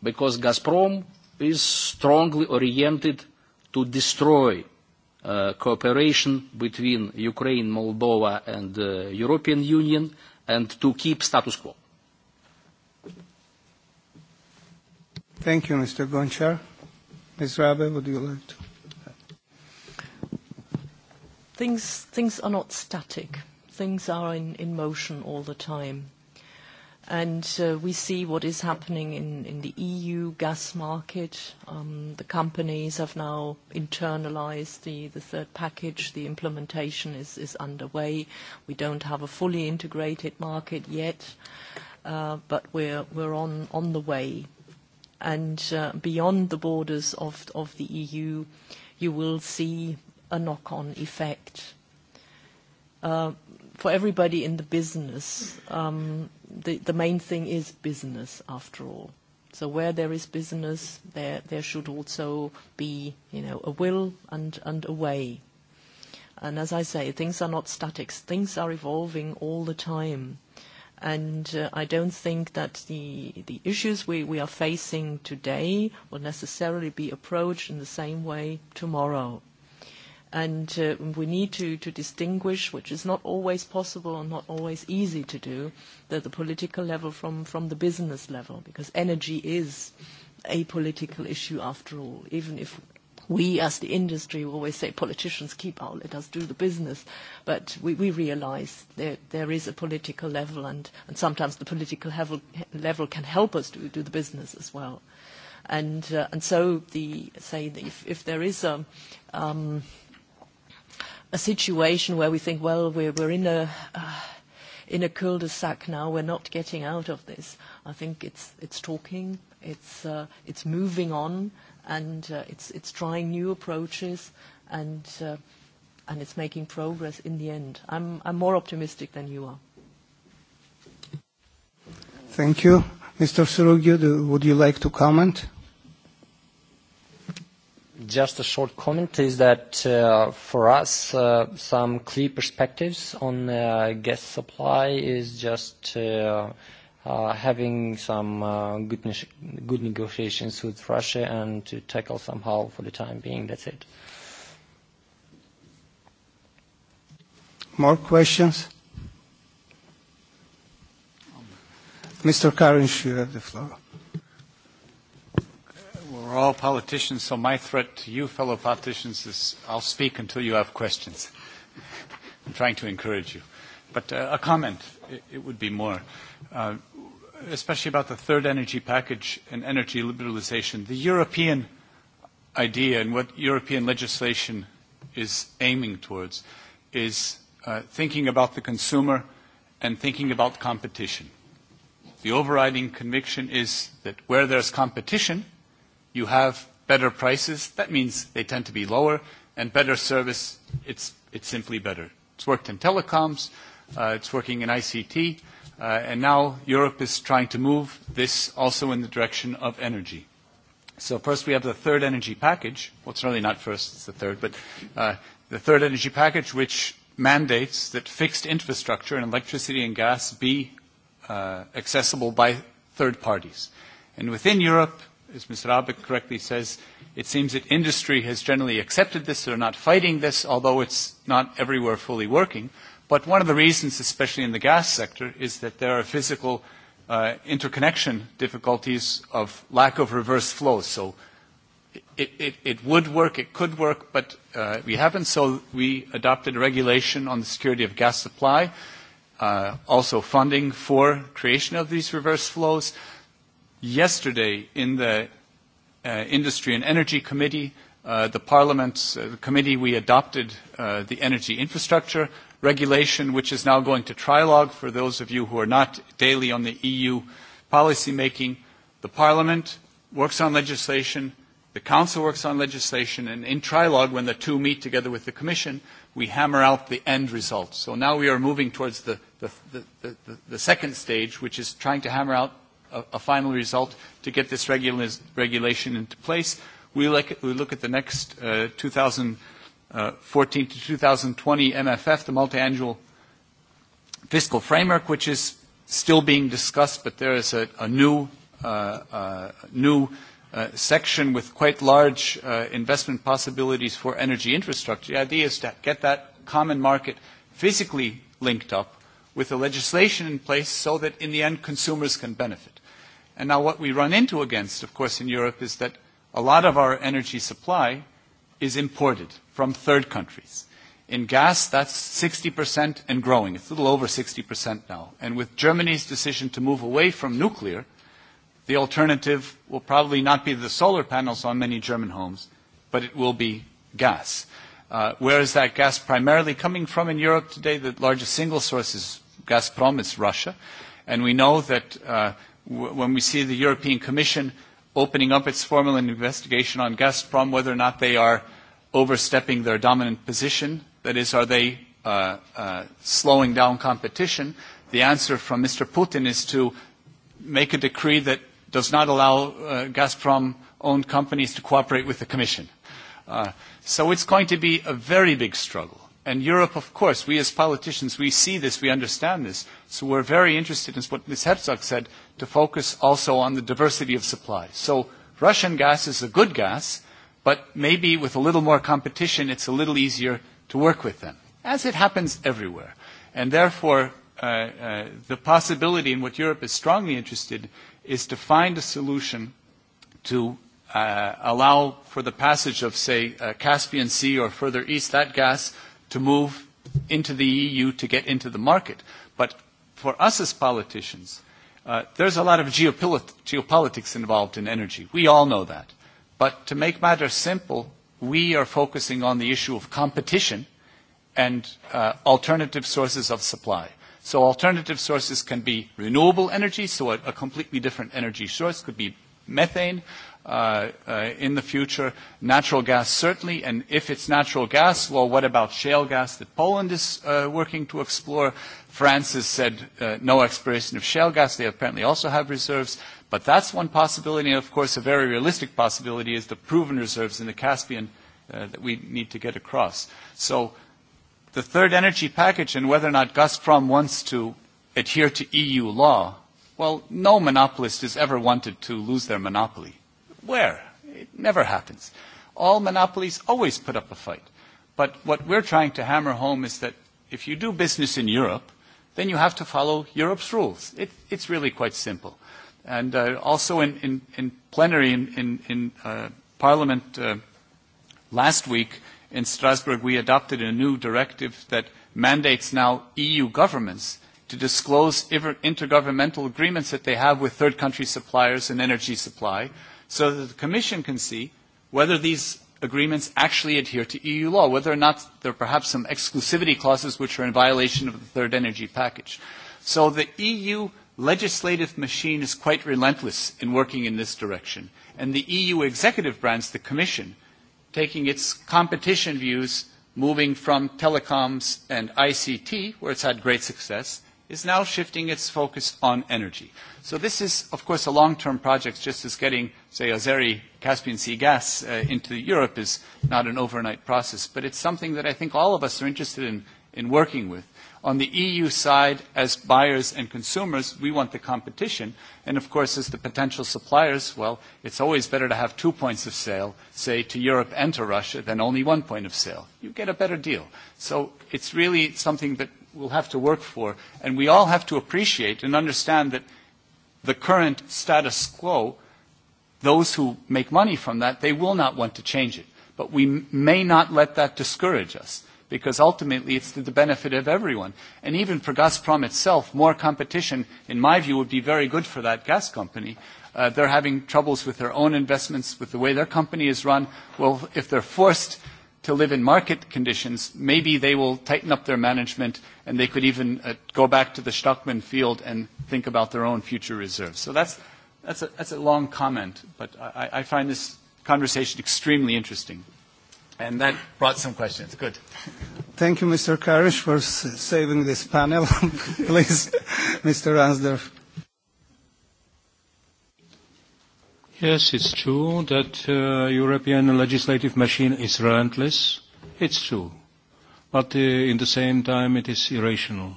because Gazprom is strongly oriented to destroy uh, cooperation between Ukraine, Moldova and the uh, European Union and to keep status quo. Thank you, Mr. Gonchar. Ms. Rabe, would you like to? things, things are not static. Things are in, in motion all the time. And uh, we see what is happening in, in the EU gas market. Um, the companies have now internalized the, the third package. The implementation is, is underway. We don't have a fully integrated market yet, uh, but we're, we're on, on the way. And uh, beyond the borders of, of the EU, you will see a knock-on effect. Uh, for everybody in the business, um, the, the main thing is business after all. So where there is business, there, there should also be, you know, a will and, and a way. And as I say, things are not static. Things are evolving all the time. And uh, I don't think that the, the issues we, we are facing today will necessarily be approached in the same way tomorrow and uh, we need to, to distinguish, which is not always possible and not always easy to do, the, the political level from, from the business level, because energy is a political issue after all, even if we as the industry always say politicians keep out, let us do the business. But we, we realize that there is a political level and, and sometimes the political level, level can help us to do the business as well. And, uh, and so the, say, the, if, if there is a, um, a situation where we think, well, we're, we're in a... Uh, in a cul-de-sac now. We're not getting out of this. I think it's it's talking, it's uh, it's moving on, and uh, it's it's trying new approaches, and uh, and it's making progress in the end. I'm I'm more optimistic than you are. Thank you, Mr. Surugio. Would you like to comment? Just a short comment is that uh, for us, uh, some clear perspectives on uh, gas supply is just uh, uh, having some uh, good, ne good negotiations with Russia and to tackle somehow for the time being. That's it. More questions? Mr. Karin, you have the floor. We're all politicians, so my threat to you, fellow politicians, is I'll speak until you have questions. I'm trying to encourage you. But uh, a comment, it, it would be more, uh, especially about the third energy package and energy liberalization. The European idea and what European legislation is aiming towards is uh, thinking about the consumer and thinking about competition. The overriding conviction is that where there's competition, you have better prices, that means they tend to be lower, and better service, it's, it's simply better. It's worked in telecoms, uh, it's working in ICT, uh, and now Europe is trying to move this also in the direction of energy. So first we have the third energy package. Well, it's really not first, it's the third, but uh, the third energy package, which mandates that fixed infrastructure and electricity and gas be uh, accessible by third parties. And within Europe, as Ms. Rabic correctly says, it seems that industry has generally accepted this. They're not fighting this, although it's not everywhere fully working. But one of the reasons, especially in the gas sector, is that there are physical uh, interconnection difficulties of lack of reverse flow. So it, it, it would work, it could work, but uh, we haven't. So we adopted a regulation on the security of gas supply, uh, also funding for creation of these reverse flows yesterday in the uh, Industry and Energy Committee, uh, the Parliament's uh, the committee, we adopted uh, the energy infrastructure regulation, which is now going to trilogue for those of you who are not daily on the EU policy making. The Parliament works on legislation, the Council works on legislation, and in trilogue, when the two meet together with the Commission, we hammer out the end result. So now we are moving towards the, the, the, the, the second stage, which is trying to hammer out a, a final result to get this regulation into place. We look, we look at the next uh, 2014 to 2020 MFF, the multi-annual fiscal framework, which is still being discussed, but there is a, a new, uh, uh, new uh, section with quite large uh, investment possibilities for energy infrastructure. The idea is to get that common market physically linked up with the legislation in place so that in the end consumers can benefit. And now what we run into against, of course, in Europe is that a lot of our energy supply is imported from third countries. In gas, that's 60% and growing. It's a little over 60% now. And with Germany's decision to move away from nuclear, the alternative will probably not be the solar panels on many German homes, but it will be gas. Uh, where is that gas primarily coming from in Europe today? The largest single source is Gazprom, it's Russia. And we know that uh, when we see the European Commission opening up its formal investigation on Gazprom, whether or not they are overstepping their dominant position, that is, are they uh, uh, slowing down competition, the answer from Mr. Putin is to make a decree that does not allow uh, Gazprom-owned companies to cooperate with the Commission. Uh, so it's going to be a very big struggle. And Europe, of course, we as politicians, we see this, we understand this. So we're very interested in what Ms. Herzog said, to focus also on the diversity of supply. So Russian gas is a good gas, but maybe with a little more competition, it's a little easier to work with them, as it happens everywhere. And therefore, uh, uh, the possibility in what Europe is strongly interested is to find a solution to uh, allow for the passage of, say, uh, Caspian Sea or further east, that gas to move into the EU to get into the market. But for us as politicians, uh, there's a lot of geopolit geopolitics involved in energy. We all know that. But to make matters simple, we are focusing on the issue of competition and uh, alternative sources of supply. So alternative sources can be renewable energy, so a, a completely different energy source could be methane, uh, uh, in the future. Natural gas, certainly, and if it's natural gas, well, what about shale gas that Poland is uh, working to explore? France has said uh, no exploration of shale gas. They apparently also have reserves. But that's one possibility, and of course, a very realistic possibility is the proven reserves in the Caspian uh, that we need to get across. So the third energy package and whether or not Gazprom wants to adhere to EU law, well, no monopolist has ever wanted to lose their monopoly. Where? It never happens. All monopolies always put up a fight. But what we're trying to hammer home is that if you do business in Europe, then you have to follow Europe's rules. It, it's really quite simple. And uh, also in, in, in plenary in, in, in uh, Parliament uh, last week in Strasbourg, we adopted a new directive that mandates now EU governments to disclose intergovernmental agreements that they have with third country suppliers and energy supply so that the Commission can see whether these agreements actually adhere to EU law, whether or not there are perhaps some exclusivity clauses which are in violation of the third energy package. So the EU legislative machine is quite relentless in working in this direction. And the EU executive branch, the Commission, taking its competition views, moving from telecoms and ICT, where it's had great success, is now shifting its focus on energy. So this is, of course, a long-term project, just as getting, say, Azeri Caspian Sea gas uh, into Europe is not an overnight process, but it's something that I think all of us are interested in, in working with. On the EU side, as buyers and consumers, we want the competition. And of course, as the potential suppliers, well, it's always better to have two points of sale, say, to Europe and to Russia, than only one point of sale. You get a better deal. So it's really something that will have to work for. And we all have to appreciate and understand that the current status quo, those who make money from that, they will not want to change it. But we may not let that discourage us because ultimately it's to the benefit of everyone. And even for Gazprom itself, more competition, in my view, would be very good for that gas company. Uh, they're having troubles with their own investments, with the way their company is run. Well, if they're forced – to live in market conditions, maybe they will tighten up their management and they could even uh, go back to the Stockman field and think about their own future reserves. So that's, that's, a, that's a long comment, but I, I find this conversation extremely interesting. And that brought some questions. Good. Thank you, Mr. Karish, for saving this panel. Please, Mr. Ransdorf. Yes, it's true that uh, European legislative machine is relentless. It's true. But uh, in the same time, it is irrational.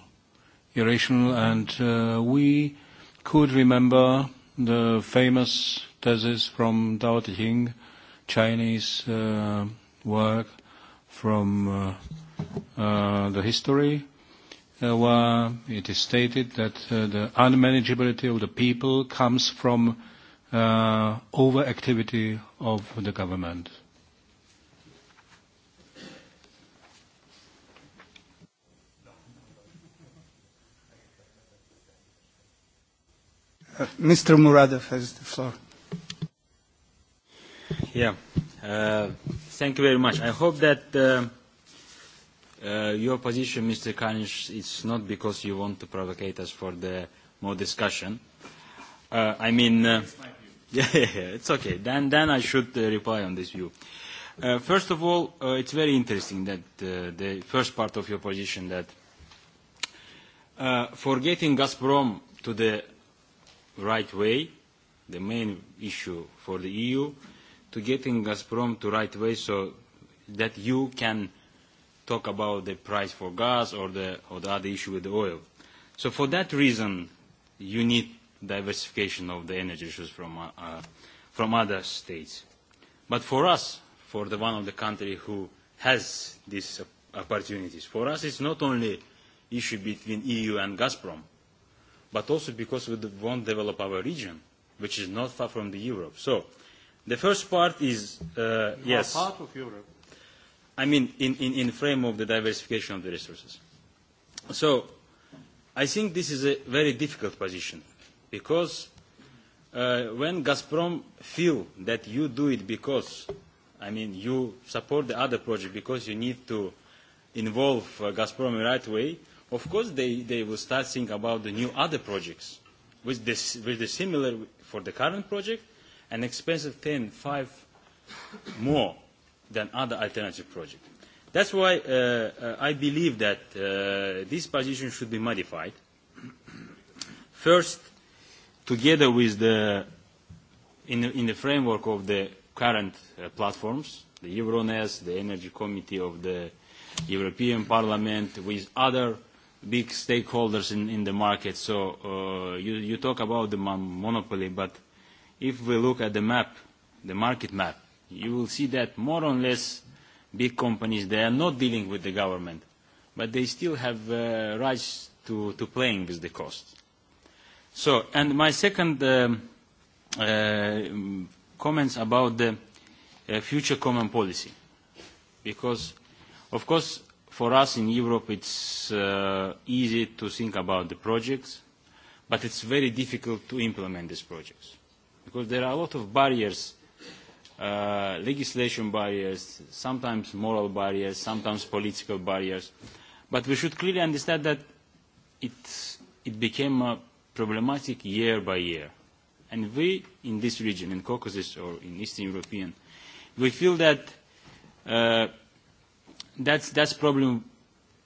Irrational, and uh, we could remember the famous thesis from Tao Te Ching, Chinese uh, work from uh, uh, the history, uh, where it is stated that uh, the unmanageability of the people comes from uh, overactivity of the government. Uh, Mr. Muradov has the floor. Yeah, uh, thank you very much. I hope that uh, uh, your position, Mr. Kanish, is not because you want to provocate us for the more discussion. Uh, I mean, uh, Yeah, yeah, yeah, it's okay. Then, then I should uh, reply on this view. Uh, first of all, uh, it's very interesting that uh, the first part of your position that uh, for getting Gazprom to the right way, the main issue for the EU, to getting Gazprom to right way so that you can talk about the price for gas or the, or the other issue with the oil. So for that reason, you need diversification of the energy issues from, uh, uh, from other states. But for us, for the one of the country who has these opportunities, for us it's not only issue between EU and Gazprom, but also because we won't develop our region, which is not far from the Europe. So the first part is, uh, yes. part of Europe. I mean, in, in, in frame of the diversification of the resources. So I think this is a very difficult position Because uh, when Gazprom feel that you do it because, I mean, you support the other project because you need to involve uh, Gazprom in the right way, of course they, they will start thinking about the new other projects, which, this, which the similar for the current project and expensive 10, 5 more than other alternative projects. That's why uh, uh, I believe that uh, this position should be modified. First, together with the, in, the, in the framework of the current uh, platforms, the Euronest, the Energy Committee of the European Parliament, with other big stakeholders in, in the market. So uh, you, you talk about the monopoly, but if we look at the map, the market map, you will see that more or less big companies, they are not dealing with the government, but they still have uh, rights to, to playing with the costs. So, and my second uh, uh, comments about the uh, future common policy, because of course for us in Europe it's uh, easy to think about the projects, but it's very difficult to implement these projects, because there are a lot of barriers uh, legislation barriers, sometimes moral barriers, sometimes political barriers. But we should clearly understand that it, it became a problematic year by year. And we in this region, in Caucasus or in Eastern European, we feel that uh, that's, that's problem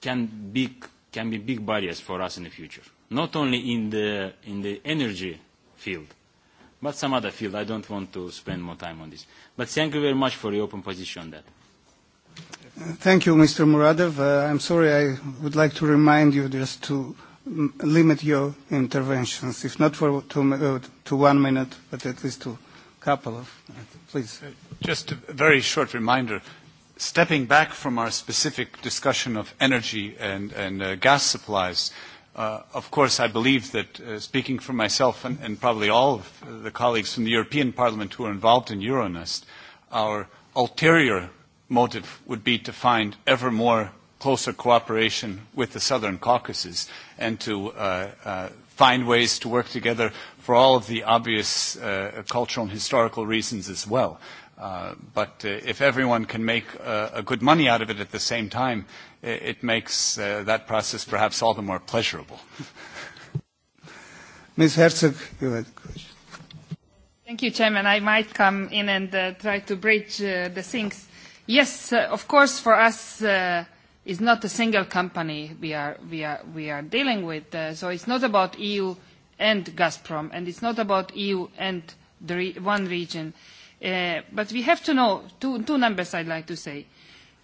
can be, can be big barriers for us in the future. Not only in the, in the energy field, but some other field. I don't want to spend more time on this. But thank you very much for your open position on that. Thank you, Mr. Muradov. Uh, I'm sorry, I would like to remind you just to limit your interventions, if not for two, uh, to one minute, but at least to a couple of minutes, please. Uh, just a very short reminder. Stepping back from our specific discussion of energy and, and uh, gas supplies, uh, of course, I believe that uh, speaking for myself and, and probably all of the colleagues from the European Parliament who are involved in Euronest, our ulterior motive would be to find ever more closer cooperation with the Southern Caucasus and to uh, uh, find ways to work together for all of the obvious uh, cultural and historical reasons as well. Uh, but uh, if everyone can make uh, a good money out of it at the same time, it, it makes uh, that process perhaps all the more pleasurable. Ms. Herzog, you had a question. Thank you, Chairman. I might come in and uh, try to bridge uh, the things. Yes, uh, of course, for us, uh, is not a single company we are, we are, we are dealing with. Uh, so it's not about EU and Gazprom, and it's not about EU and the re one region. Uh, but we have to know two, two numbers I'd like to say.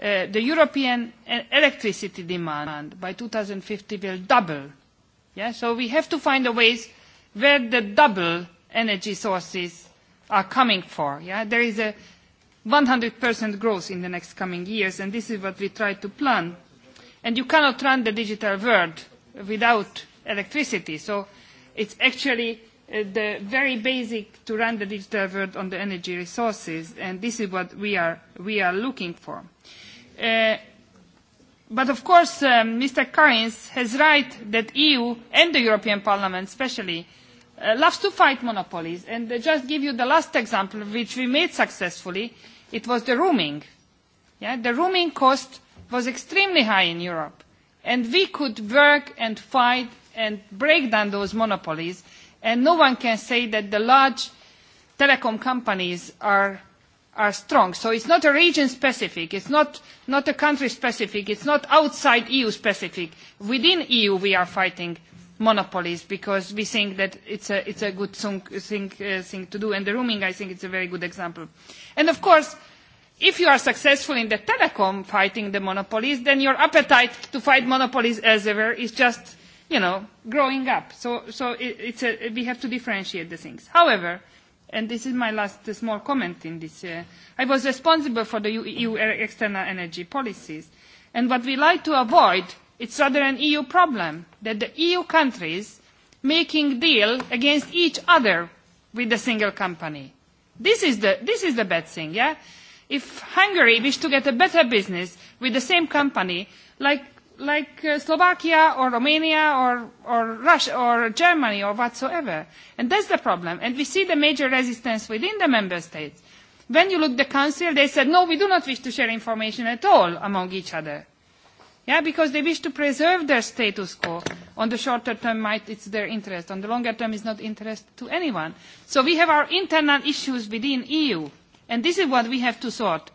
Uh, the European e, electricity demand by 2050 will double. Yeah? So we have to find a ways where the double energy sources are coming for. Yeah? There is a 100% growth in the next coming years, and this is what we try to plan. And you cannot run the digital world without electricity, so it's actually uh, the very basic to run the digital world on the energy resources, and this is what we are, we are looking for. Uh, but of course, um, uh, Mr. Karins has right that EU and the European Parliament especially uh, loves to fight monopolies. And uh, just give you the last example, which we made successfully, it was the roaming. Yeah? The roaming cost was extremely high in Europe. And we could work and fight and break down those monopolies. And no one can say that the large telecom companies are, are strong. So it's not a region specific. It's not, not a country specific. It's not outside EU specific. Within EU we are fighting monopolies because we think that it's a, it's a good thing, thing, uh, thing to do. And the roaming, I think it's a very good example. And of course, if you are successful in the telecom fighting the monopolies, then your appetite to fight monopolies as ever is just, you know, growing up. So, so it, it's a, we have to differentiate the things. However, and this is my last uh, small comment in this, uh, I was responsible for the EU e external energy policies. And what we like to avoid It's rather an EU problem that the EU countries making deal against each other with the single company. This is the, this is the bad thing, yeah? If Hungary wish to get a better business with the same company, like, like uh, Slovakia or Romania or, or Russia or Germany or whatsoever, and that's the problem. And we see the major resistance within the member states. When you look at the council, they said, no, we do not wish to share information at all among each other. Yeah, because they wish to preserve their status quo. On the shorter term, might it's their interest. On the longer term, it's not interest to anyone. So we have our internal issues within EU, and this is what we have to sort.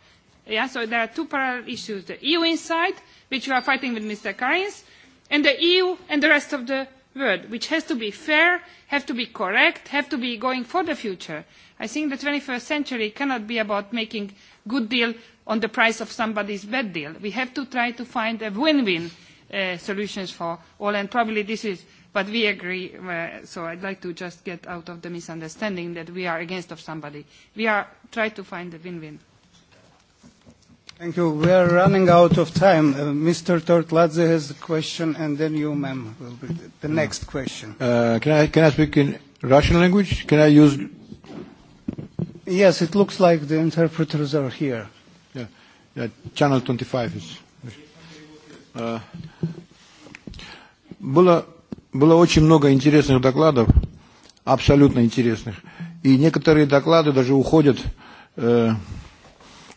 Yeah, so there are two parallel issues, the EU inside, which we are fighting with Mr. Karins, and the EU and the rest of the world, which has to be fair, have to be correct, have to be going for the future. I think the 21st century cannot be about making good deal on the price of somebody's bad deal. We have to try to find a win-win uh, solutions for all, and probably this is, but we agree, uh, so I'd like to just get out of the misunderstanding that we are against of somebody. We are trying to find a win-win. Thank you. We are running out of time. Uh, Mr. Tortladze has a question, and then you, ma'am, will be the next question. Uh, can, I, can I speak in Russian language? Can I use... Yes, it looks like the interpreters are here. Yeah, Channel 25 is. Uh, было, было очень много интересных докладов, абсолютно интересных. И некоторые доклады даже уходят э,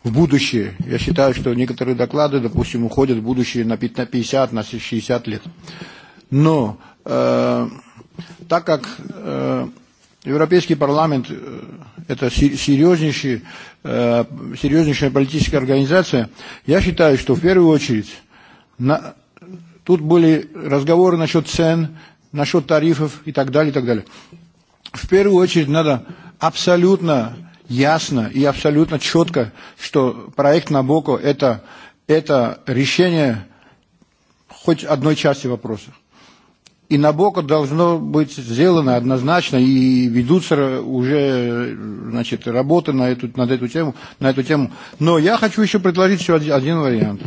в будущее. Я считаю, что некоторые доклады, допустим, уходят в будущее на 50, на 60 лет. Но э, так как э, Европейский парламент э, – это серьезнейшая, э, серьезнейшая политическая организация. Я считаю, что в первую очередь на, тут были разговоры насчет цен, насчет тарифов и так далее, и так далее. В первую очередь надо абсолютно ясно и абсолютно четко, что проект Набоко – это, это решение хоть одной части вопроса. И Набока должно быть сделано однозначно, и ведутся уже значит, работы на эту, над эту тему, на эту тему. Но я хочу еще предложить еще один, один вариант,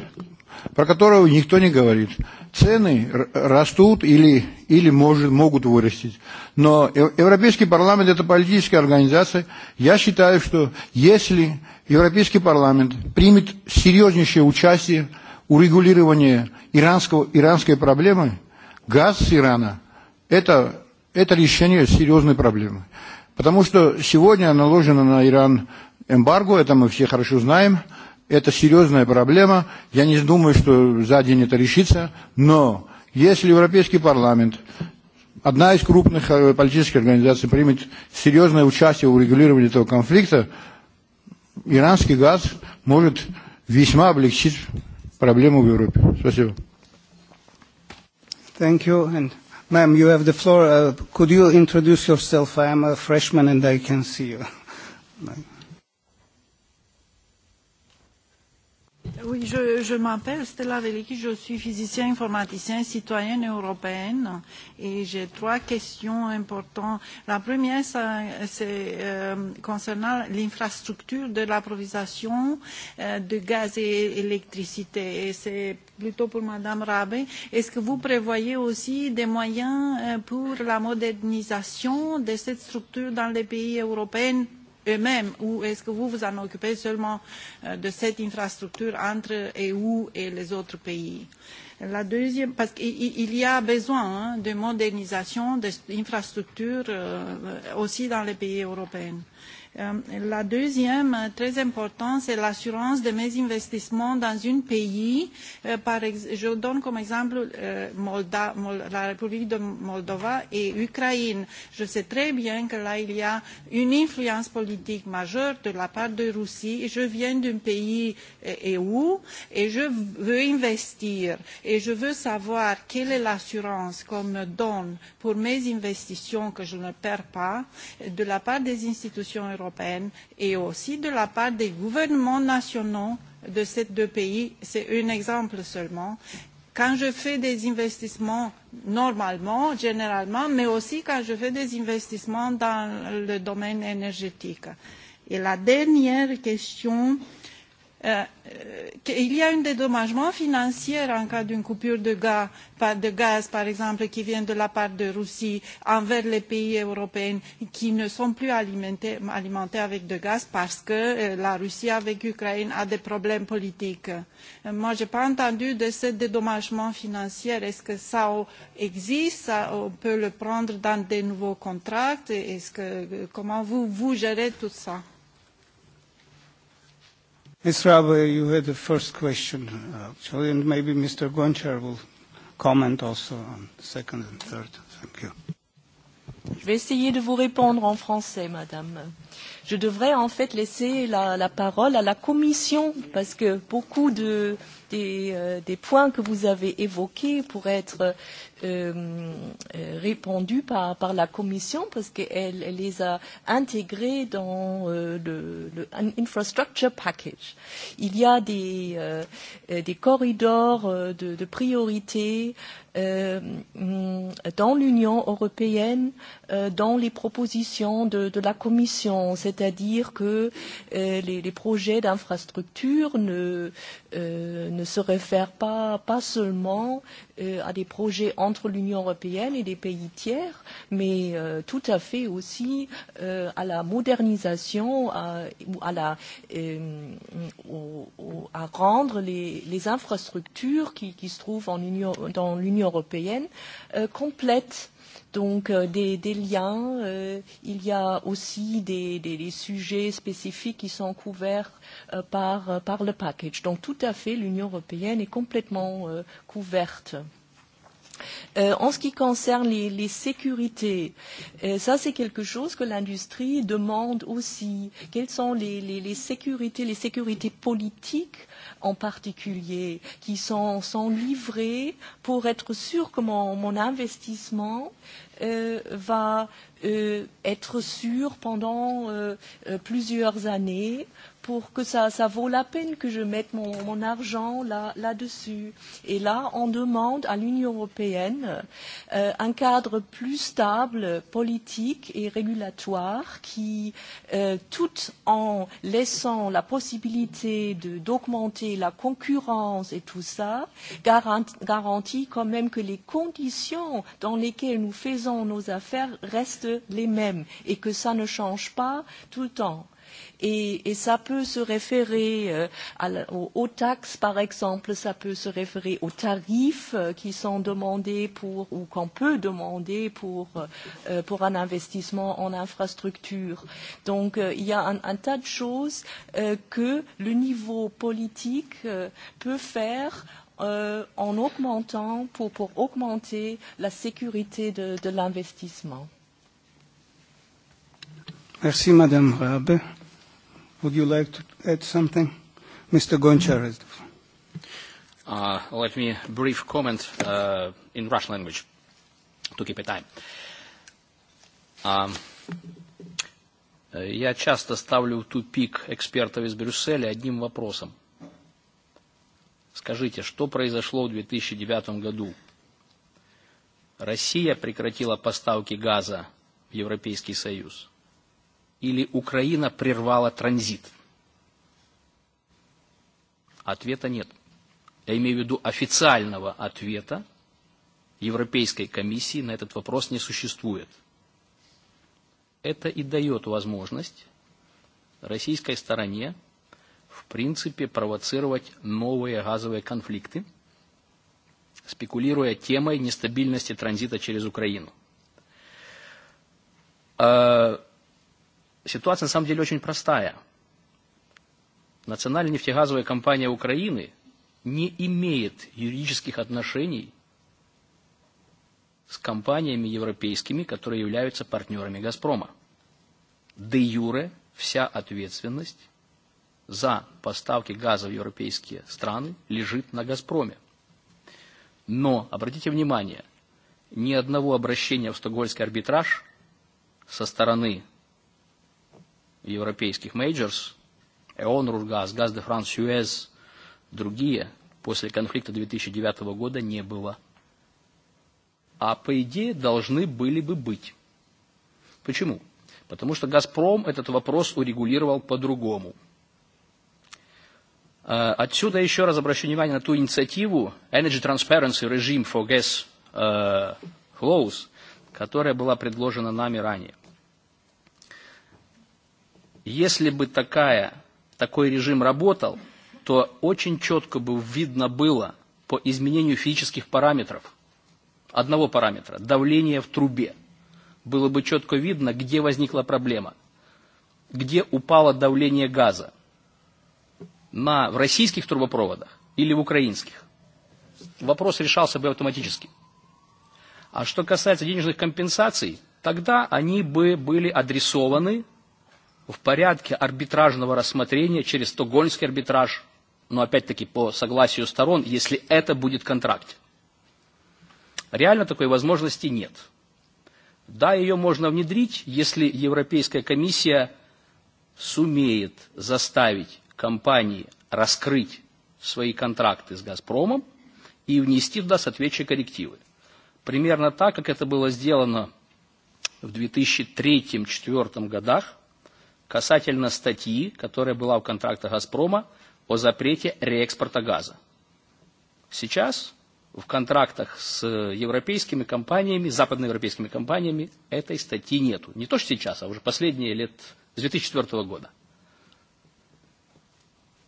про которого никто не говорит. Цены растут или, или может, могут вырастить. Но Европейский парламент – это политическая организация. Я считаю, что если Европейский парламент примет серьезнейшее участие урегулирования иранского, иранской проблемы – газ с Ирана – это, это решение серьезной проблемы. Потому что сегодня наложено на Иран эмбарго, это мы все хорошо знаем, это серьезная проблема. Я не думаю, что за день это решится, но если Европейский парламент, одна из крупных э, политических организаций, примет серьезное участие в урегулировании этого конфликта, иранский газ может весьма облегчить проблему в Европе. Спасибо. Thank you. And ma'am, you have the floor. Uh, could you introduce yourself? I am a freshman and I can see you. Oui, je, je m'appelle Stella Veliki, je suis physicien informaticien citoyenne européenne et j'ai trois questions importantes. La première, c'est euh, concernant l'infrastructure de l'approvisionnement euh, de gaz et électricité. Et c'est plutôt pour Madame Rabé. Est-ce que vous prévoyez aussi des moyens euh, pour la modernisation de cette structure dans les pays européens eux-mêmes ou est-ce que vous vous en occupez seulement euh, de cette infrastructure entre EU et les autres pays La deuxième, parce qu'il y a besoin hein, de modernisation des infrastructures euh, aussi dans les pays européens. Euh, Euh, la deuxième, euh, très importante, c'est l'assurance de mes investissements dans un pays. Euh, par ex, je donne comme exemple Molda, Mol, la République de Moldova et Ukraine. Je sais très bien que là, il y a une influence politique majeure de la part de Russie. Je viens d'un pays EU et je veux investir et je veux savoir quelle est l'assurance qu'on me donne pour mes investissements que je ne perds pas de la part des institutions européennes européenne et aussi de la part des gouvernements nationaux de ces deux pays. C'est un exemple seulement. Quand je fais des investissements normalement, généralement, mais aussi quand je fais des investissements dans le domaine énergétique. Et la dernière question euh, Euh, euh, il y a un dédommagement financier en cas d'une coupure de gaz, de gaz, par exemple, qui vient de la part de Russie envers les pays européens qui ne sont plus alimentés, alimentés avec de gaz parce que euh, la Russie avec l'Ukraine a des problèmes politiques. Euh, moi, je n'ai pas entendu de ce dédommagement financier. Est-ce que ça existe ça, On peut le prendre dans des nouveaux contrats que, euh, Comment vous, vous gérez tout ça Ms. Rabe, you had the first question, actually, and maybe Mr. Gonchar will comment also on the second and third. Thank you. Je vais essayer de vous répondre en français, madame. Je devrais en fait laisser la, la parole à la commission, parce que beaucoup de, des, euh, des points que vous avez évoqués pour être euh, euh, répandus par, par la Commission parce qu'elle elle les a intégrés dans euh, le, le infrastructure package. Il y a des, euh, euh des corridors euh, de, de priorité euh, dans l'Union européenne euh, dans les propositions de, de la Commission, c'est-à-dire que euh, les, les projets d'infrastructure ne, euh, ne ne se réfère pas, pas seulement euh, à des projets entre l'Union européenne et des pays tiers, mais euh, tout à fait aussi euh, à la modernisation, à, à, la, euh, au, au, à rendre les, les infrastructures qui, qui se trouvent en Union, dans l'Union européenne euh, complètes Donc euh, des, des liens, euh, il y a aussi des, des, des sujets spécifiques qui sont couverts euh, par, euh, par le package. Donc tout à fait, l'Union européenne est complètement euh, couverte. Euh, en ce qui concerne les, les sécurités, euh, ça c'est quelque chose que l'industrie demande aussi. Quelles sont les, les, les sécurités, les sécurités politiques en particulier, qui sont, sont livrées pour être sûr que mon, mon investissement euh, va euh, être sûr pendant euh, euh plusieurs années pour que ça, ça vaut la peine que je mette mon, mon argent là-dessus. Là, Et là, on demande à l'Union européenne euh, un cadre plus stable, politique et régulatoire, qui, euh, tout en laissant la possibilité d'augmenter la concurrence et tout ça, garantit quand même que les conditions dans lesquelles nous faisons nos affaires restent les mêmes et que ça ne change pas tout le temps. Et, et ça peut se référer euh, à, aux, aux taxes, par exemple, ça peut se référer aux tarifs euh, qui sont demandés pour, ou qu'on peut demander pour, euh, euh, pour un investissement en infrastructure. Donc euh, il y a un, un tas de choses euh, que le niveau politique euh, peut faire euh, en augmentant, pour, pour augmenter la sécurité de, de l'investissement. Merci Madame Rabe. Would you like to add something? Mr. Gonchar has the floor. Uh, let me brief comment uh, in Russian language to keep a time. Um, я часто ставлю в тупик экспертов из Брюсселя одним вопросом. Скажите, что произошло в 2009 году? Россия прекратила поставки газа в Европейский Союз или Украина прервала транзит? Ответа нет. Я имею в виду официального ответа Европейской комиссии на этот вопрос не существует. Это и дает возможность российской стороне, в принципе, провоцировать новые газовые конфликты, спекулируя темой нестабильности транзита через Украину. Э, ситуация на самом деле очень простая. Национальная нефтегазовая компания Украины не имеет юридических отношений с компаниями европейскими, которые являются партнерами «Газпрома». Де юре вся ответственность за поставки газа в европейские страны лежит на «Газпроме». Но, обратите внимание, ни одного обращения в Стокгольмский арбитраж со стороны европейских мейджорс, ЭОН, Ружгаз, Газ де Франс, ЮЭЗ, другие, после конфликта 2009 года не было. А по идее должны были бы быть. Почему? Потому что «Газпром» этот вопрос урегулировал по-другому. Э, отсюда еще раз обращу внимание на ту инициативу Energy Transparency Regime for Gas э, Flows, которая была предложена нами ранее. Если бы такая, такой режим работал, то очень четко бы видно было по изменению физических параметров, одного параметра, давление в трубе, было бы четко видно, где возникла проблема, где упало давление газа, на, в российских трубопроводах или в украинских. Вопрос решался бы автоматически. А что касается денежных компенсаций, тогда они бы были адресованы в порядке арбитражного рассмотрения через стокгольмский арбитраж, но опять-таки по согласию сторон, если это будет контракт. Реально такой возможности нет. Да, ее можно внедрить, если Европейская комиссия сумеет заставить компании раскрыть свои контракты с «Газпромом» и внести туда соответствующие коррективы. Примерно так, как это было сделано в 2003-2004 годах, касательно статьи, которая была в контрактах «Газпрома» о запрете реэкспорта газа. Сейчас в контрактах с европейскими компаниями, западноевропейскими компаниями этой статьи нету. Не то, что сейчас, а уже последние лет с 2004 года.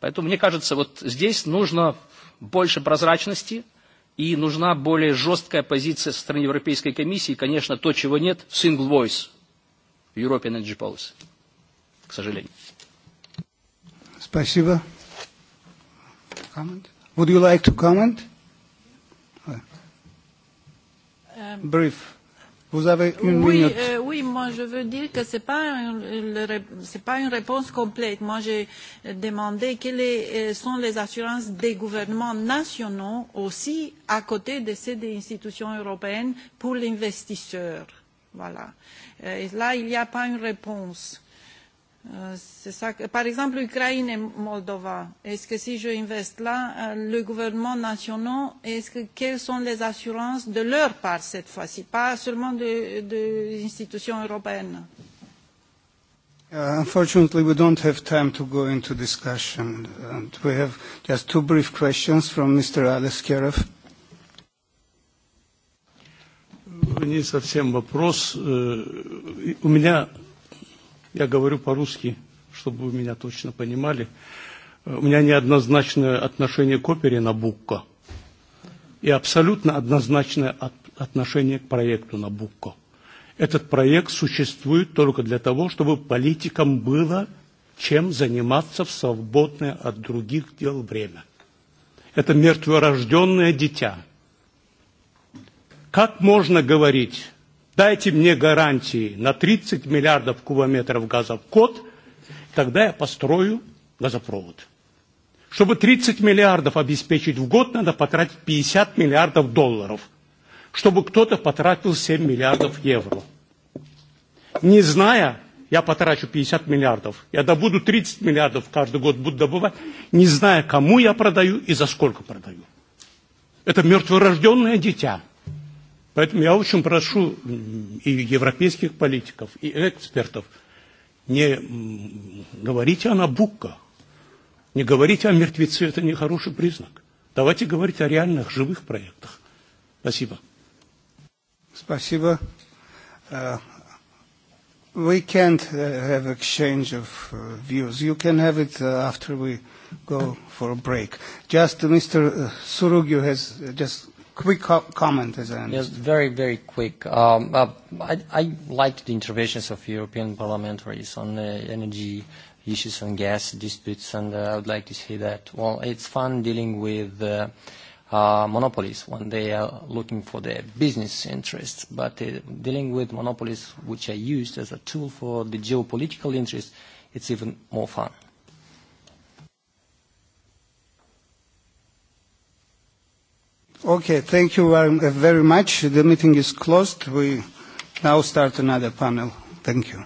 Поэтому, мне кажется, вот здесь нужно больше прозрачности и нужна более жесткая позиция со стороны Европейской комиссии. И, конечно, то, чего нет, single voice European Energy Policy к сожалению. Спасибо. Comment? Would you like to comment? Э, Brief. Vous avez une oui, minute. Euh, oui, moi je veux dire que ce n'est pas, un, pas une réponse complète. Moi j'ai demandé quelles euh, sont les assurances des gouvernements nationaux aussi à côté de ces des institutions européennes pour l'investisseur. Voilà. Euh, et là, il n'y a pas une réponse. Euh, ça, par exemple, l'Ukraine et Moldova, est-ce que si je investe là, euh, le gouvernement national, est-ce que quelles sont les assurances de leur part cette fois-ci, pas seulement des de institutions européennes Uh, unfortunately, we don't have time to go into discussion. And we have just two brief questions from Mr. Aleskerov. Не совсем вопрос. Э, у меня Я говорю по-русски, чтобы вы меня точно понимали. Э, у меня неоднозначное отношение к опере Набукко и абсолютно однозначное отношение к проекту Набукко. Этот проект существует только для того, чтобы политикам было чем заниматься в свободное от других дел время. Это мертворожденное дитя. Как можно говорить Дайте мне гарантии на 30 миллиардов кубометров газа в год, тогда я построю газопровод. Чтобы 30 миллиардов обеспечить в год, надо потратить 50 миллиардов долларов. Чтобы кто-то потратил 7 миллиардов евро. Не зная, я потрачу 50 миллиардов, я добуду 30 миллиардов каждый год, буду добывать, не зная, кому я продаю и за сколько продаю. Это мертворожденное дитя. Поэтому я очень прошу и европейских политиков, и экспертов, не говорите о Набукко, не говорите о мертвеце, это не хороший признак. Давайте говорить о реальных, живых проектах. Спасибо. Спасибо. Uh, we can't uh, have exchange of uh, views. You can have it uh, after we go for a break. Just uh, Mr. Uh, Surugyu has uh, just quick co comment as I Yes, very, very quick. Um, uh, I, I liked the interventions of European parliamentaries on uh, energy issues and gas disputes, and uh, I would like to say that, well, it's fun dealing with uh, uh, monopolies when they are looking for their business interests, but uh, dealing with monopolies which are used as a tool for the geopolitical interests, it's even more fun. Okay, thank you very much. The meeting is closed. We now start another panel. Thank you.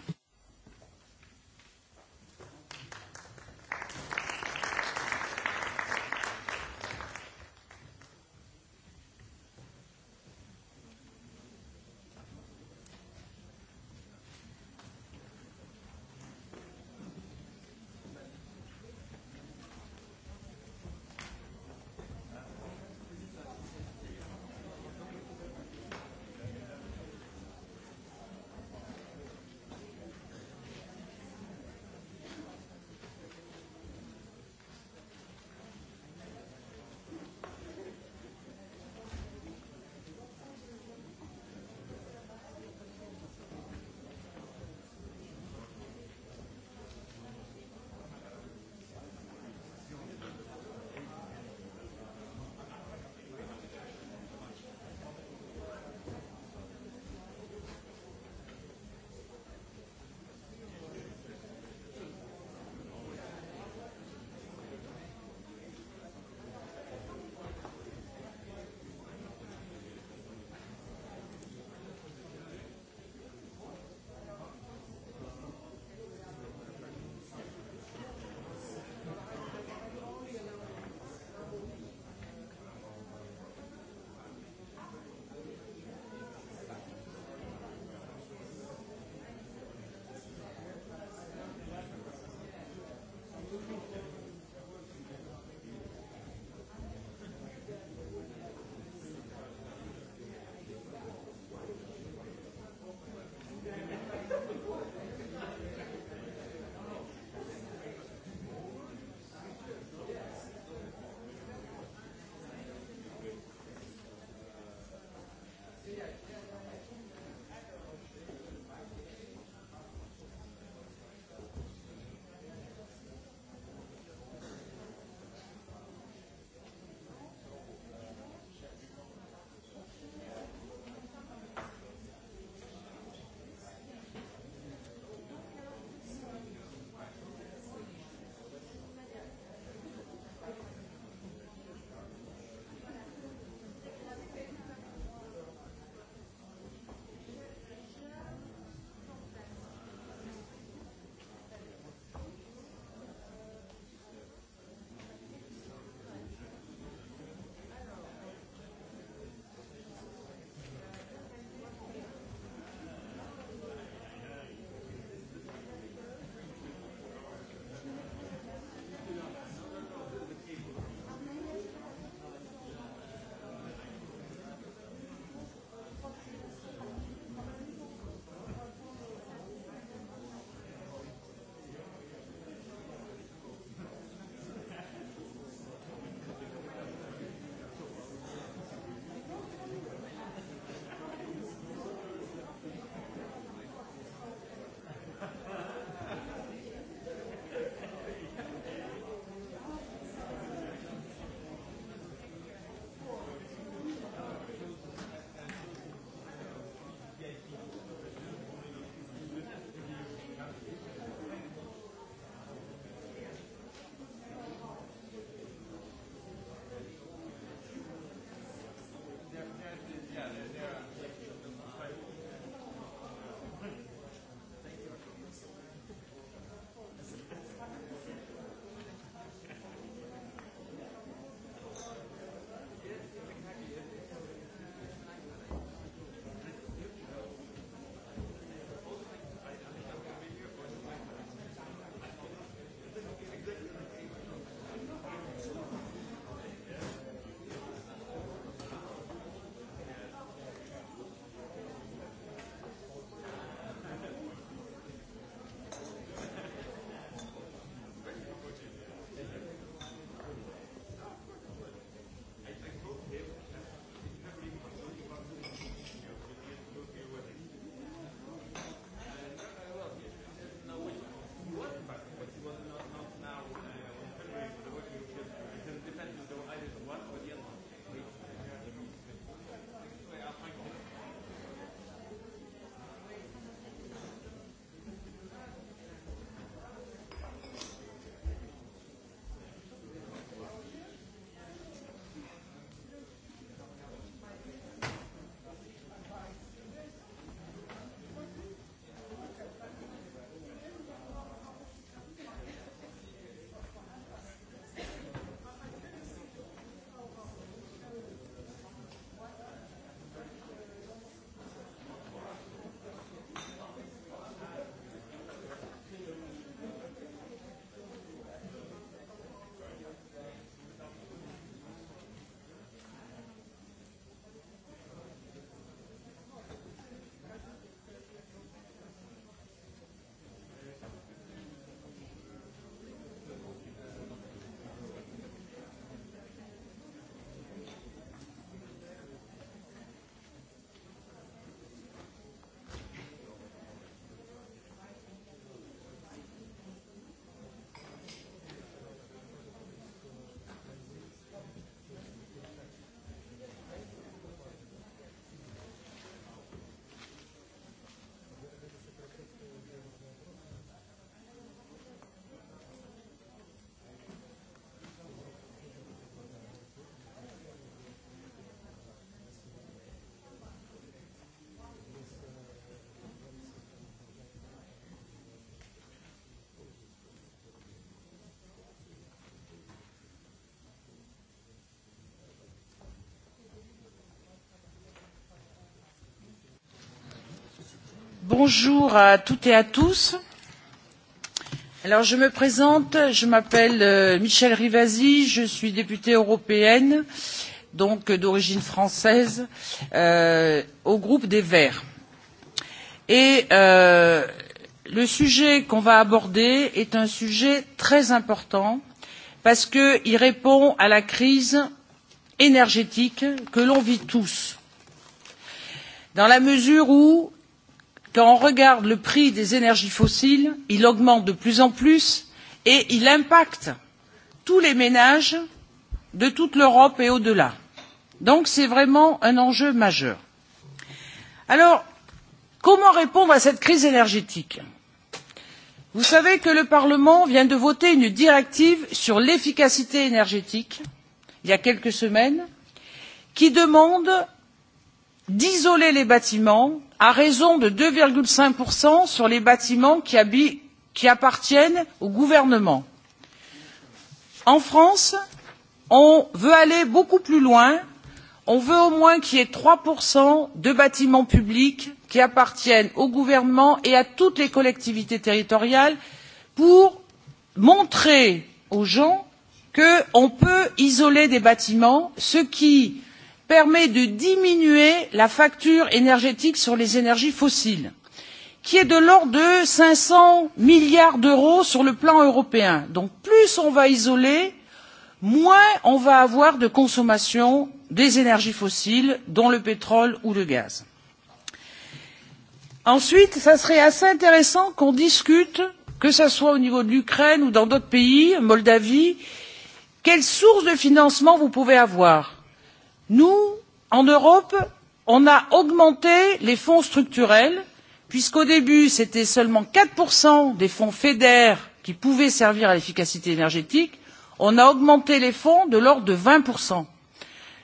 Bonjour à toutes et à tous. Alors, je me présente, je m'appelle euh, Michel Rivasi, je suis députée européenne, donc d'origine française, euh, au groupe des Verts. Et euh, le sujet qu'on va aborder est un sujet très important parce qu'il répond à la crise énergétique que l'on vit tous. Dans la mesure où quand on regarde le prix des énergies fossiles, il augmente de plus en plus et il impacte tous les ménages de toute l'Europe et au-delà. Donc c'est vraiment un enjeu majeur. Alors, comment répondre à cette crise énergétique Vous savez que le Parlement vient de voter une directive sur l'efficacité énergétique il y a quelques semaines qui demande d'isoler les bâtiments à raison de deux cinq sur les bâtiments qui, appartiennent au gouvernement. En France, on veut aller beaucoup plus loin. On veut au moins qu'il y ait trois de bâtiments publics qui appartiennent au gouvernement et à toutes les collectivités territoriales pour montrer aux gens qu'on peut isoler des bâtiments, ce qui permet de diminuer la facture énergétique sur les énergies fossiles qui est de l'ordre de 500 milliards d'euros sur le plan européen. Donc plus on va isoler, moins on va avoir de consommation des énergies fossiles, dont le pétrole ou le gaz. Ensuite, ça serait assez intéressant qu'on discute, que ce soit au niveau de l'Ukraine ou dans d'autres pays, Moldavie, quelles sources de financement vous pouvez avoir Nous, en Europe, on a augmenté les fonds structurels, puisqu'au début, c'était seulement 4% des fonds FEDER qui pouvaient servir à l'efficacité énergétique. On a augmenté les fonds de l'ordre de 20%.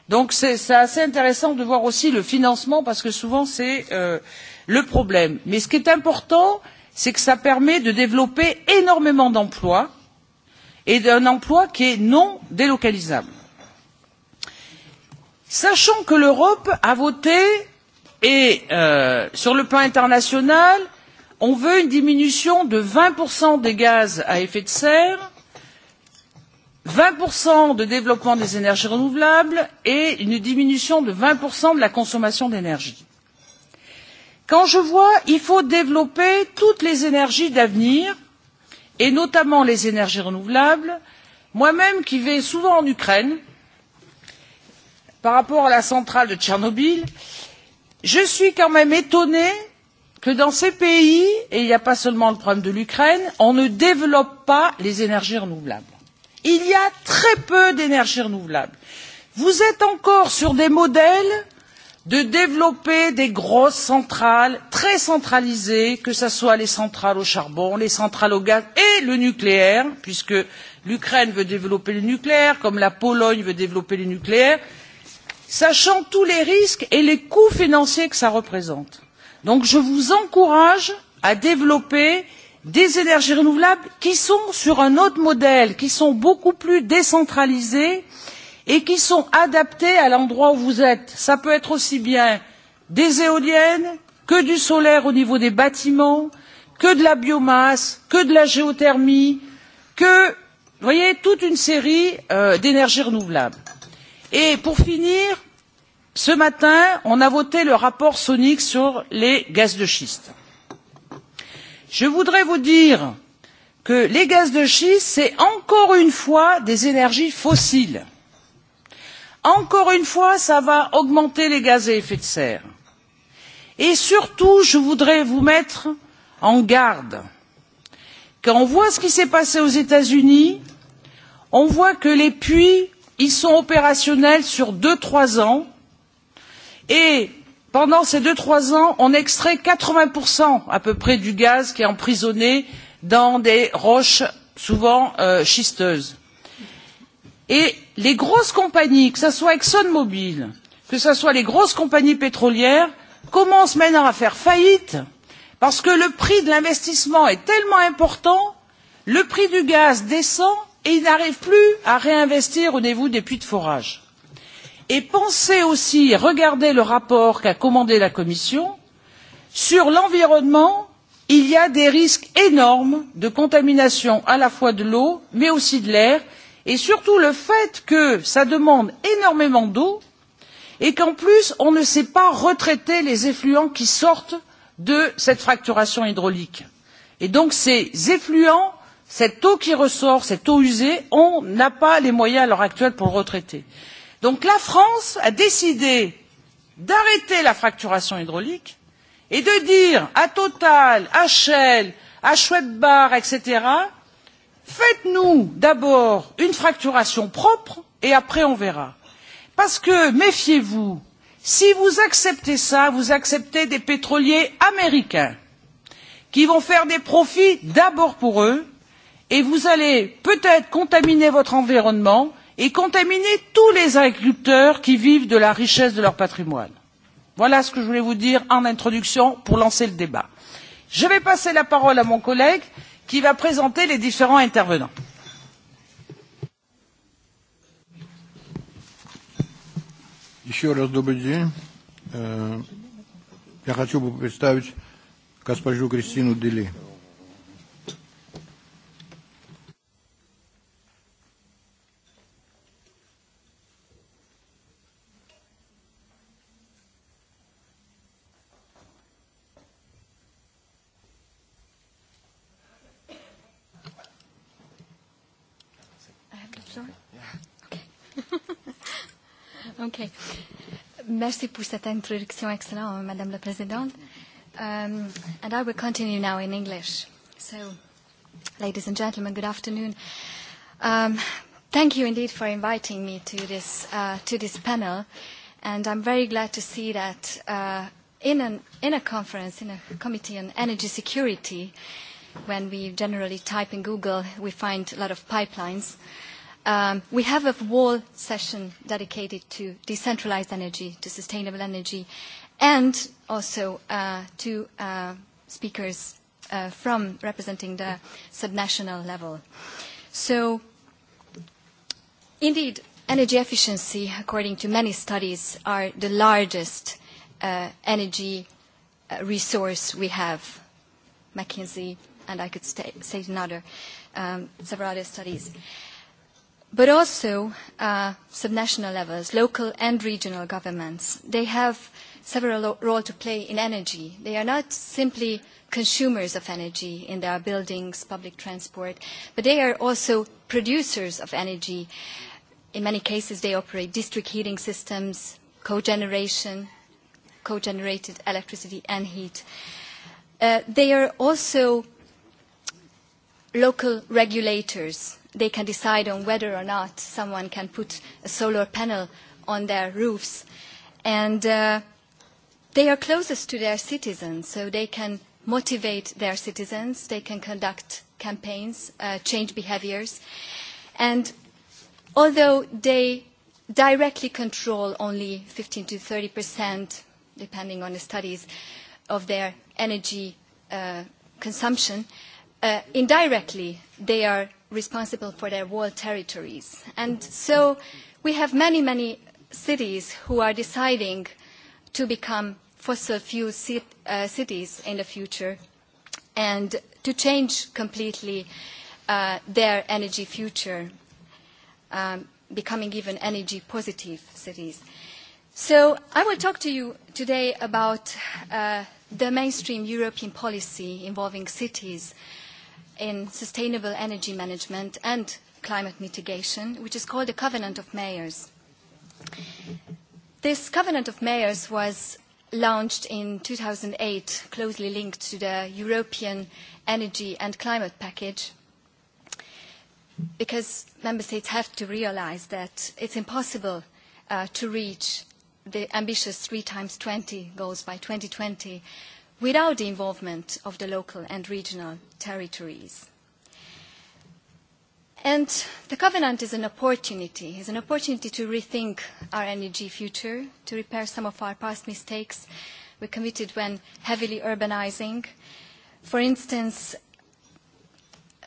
Donc c'est assez intéressant de voir aussi le financement, parce que souvent c'est euh, le problème. Mais ce qui est important, c'est que ça permet de développer énormément d'emplois, et d'un emploi qui est non délocalisable. Sachant que l'Europe a voté et euh, sur le plan international, on veut une diminution de 20% des gaz à effet de serre, 20% de développement des énergies renouvelables et une diminution de 20% de la consommation d'énergie. Quand je vois, il faut développer toutes les énergies d'avenir et notamment les énergies renouvelables. Moi-même qui vais souvent en Ukraine, par rapport à la centrale de Tchernobyl, je suis quand même étonnée que dans ces pays, et il n'y a pas seulement le problème de l'Ukraine, on ne développe pas les énergies renouvelables. Il y a très peu d'énergies renouvelables. Vous êtes encore sur des modèles de développer des grosses centrales très centralisées, que ce soit les centrales au charbon, les centrales au gaz et le nucléaire, puisque l'Ukraine veut développer le nucléaire, comme la Pologne veut développer le nucléaire sachant tous les risques et les coûts financiers que cela représente. Donc je vous encourage à développer des énergies renouvelables qui sont sur un autre modèle, qui sont beaucoup plus décentralisées et qui sont adaptées à l'endroit où vous êtes. Ça peut être aussi bien des éoliennes que du solaire au niveau des bâtiments, que de la biomasse, que de la géothermie, que, vous voyez, toute une série euh, d'énergies renouvelables. Et pour finir, ce matin, on a voté le rapport Sonic sur les gaz de schiste. Je voudrais vous dire que les gaz de schiste, c'est encore une fois des énergies fossiles. Encore une fois, ça va augmenter les gaz à effet de serre. Et surtout, je voudrais vous mettre en garde. Quand on voit ce qui s'est passé aux États-Unis, on voit que les puits Ils sont opérationnels sur deux trois ans et pendant ces deux trois ans, on extrait 80% à peu près du gaz qui est emprisonné dans des roches souvent euh, schisteuses. Et les grosses compagnies, que ce soit ExxonMobil, que ce soit les grosses compagnies pétrolières, commencent maintenant à faire faillite parce que le prix de l'investissement est tellement important, le prix du gaz descend et ils n'arrivent plus à réinvestir au niveau des puits de forage. Et pensez aussi, regardez le rapport qu'a commandé la Commission sur l'environnement, il y a des risques énormes de contamination à la fois de l'eau mais aussi de l'air et surtout le fait que ça demande énormément d'eau et qu'en plus on ne sait pas retraiter les effluents qui sortent de cette fracturation hydraulique. Et donc ces effluents Cette eau qui ressort, cette eau usée, on n'a pas les moyens à l'heure actuelle pour le retraiter. Donc la France a décidé d'arrêter la fracturation hydraulique et de dire à Total, à Shell, à Schwebbar, etc., faites-nous d'abord une fracturation propre et après on verra. Parce que, méfiez-vous, si vous acceptez ça, vous acceptez des pétroliers américains qui vont faire des profits d'abord pour eux et vous allez peut-être contaminer votre environnement et contaminer tous les agriculteurs qui vivent de la richesse de leur patrimoine. Voilà ce que je voulais vous dire en introduction pour lancer le débat. Je vais passer la parole à mon collègue qui va présenter les différents intervenants. Еще раз добрый день. Э, я хочу представить госпожу Кристину Дели. Ok. Merci pour cette introduction excellente, Madame la Présidente. Um, and I will continue now in English. So, ladies and gentlemen, good afternoon. Um, thank you indeed for inviting me to this, uh, to this panel. And I'm very glad to see that uh, in, an, in a conference, in a committee on energy security, when we generally type in Google, we find a lot of pipelines. Um, we have a wall session dedicated to decentralized energy, to sustainable energy, and also uh, to uh, speakers uh, from representing the subnational level. So, indeed, energy efficiency, according to many studies, are the largest uh, energy uh, resource we have. McKinsey, and I could state another, um, several other studies. Mm-hmm but also uh, subnational levels, local and regional governments. They have several role to play in energy. They are not simply consumers of energy in their buildings, public transport, but they are also producers of energy. In many cases, they operate district heating systems, cogeneration, cogenerated electricity and heat. Uh, they are also local regulators they can decide on whether or not someone can put a solar panel on their roofs. And uh, they are closest to their citizens, so they can motivate their citizens, they can conduct campaigns, uh, change behaviors. And although they directly control only 15 to 30 percent, depending on the studies, of their energy uh, consumption, uh, indirectly they are responsible for their world territories. And so we have many, many cities who are deciding to become fossil fuel sit, uh, cities in the future and to change completely uh, their energy future, um, becoming even energy positive cities. So I will talk to you today about uh, the mainstream European policy involving cities uh, in sustainable energy management and climate mitigation, which is called the Covenant of Mayors. This Covenant of Mayors was launched in 2008, closely linked to the European Energy and Climate Package, because member states have to realize that it's impossible uh, to reach the ambitious 3 times 20 goals by 2020 without the involvement of the local and regional territories. And the Covenant is an opportunity, is an opportunity to rethink our energy future, to repair some of our past mistakes we committed when heavily urbanizing. For instance,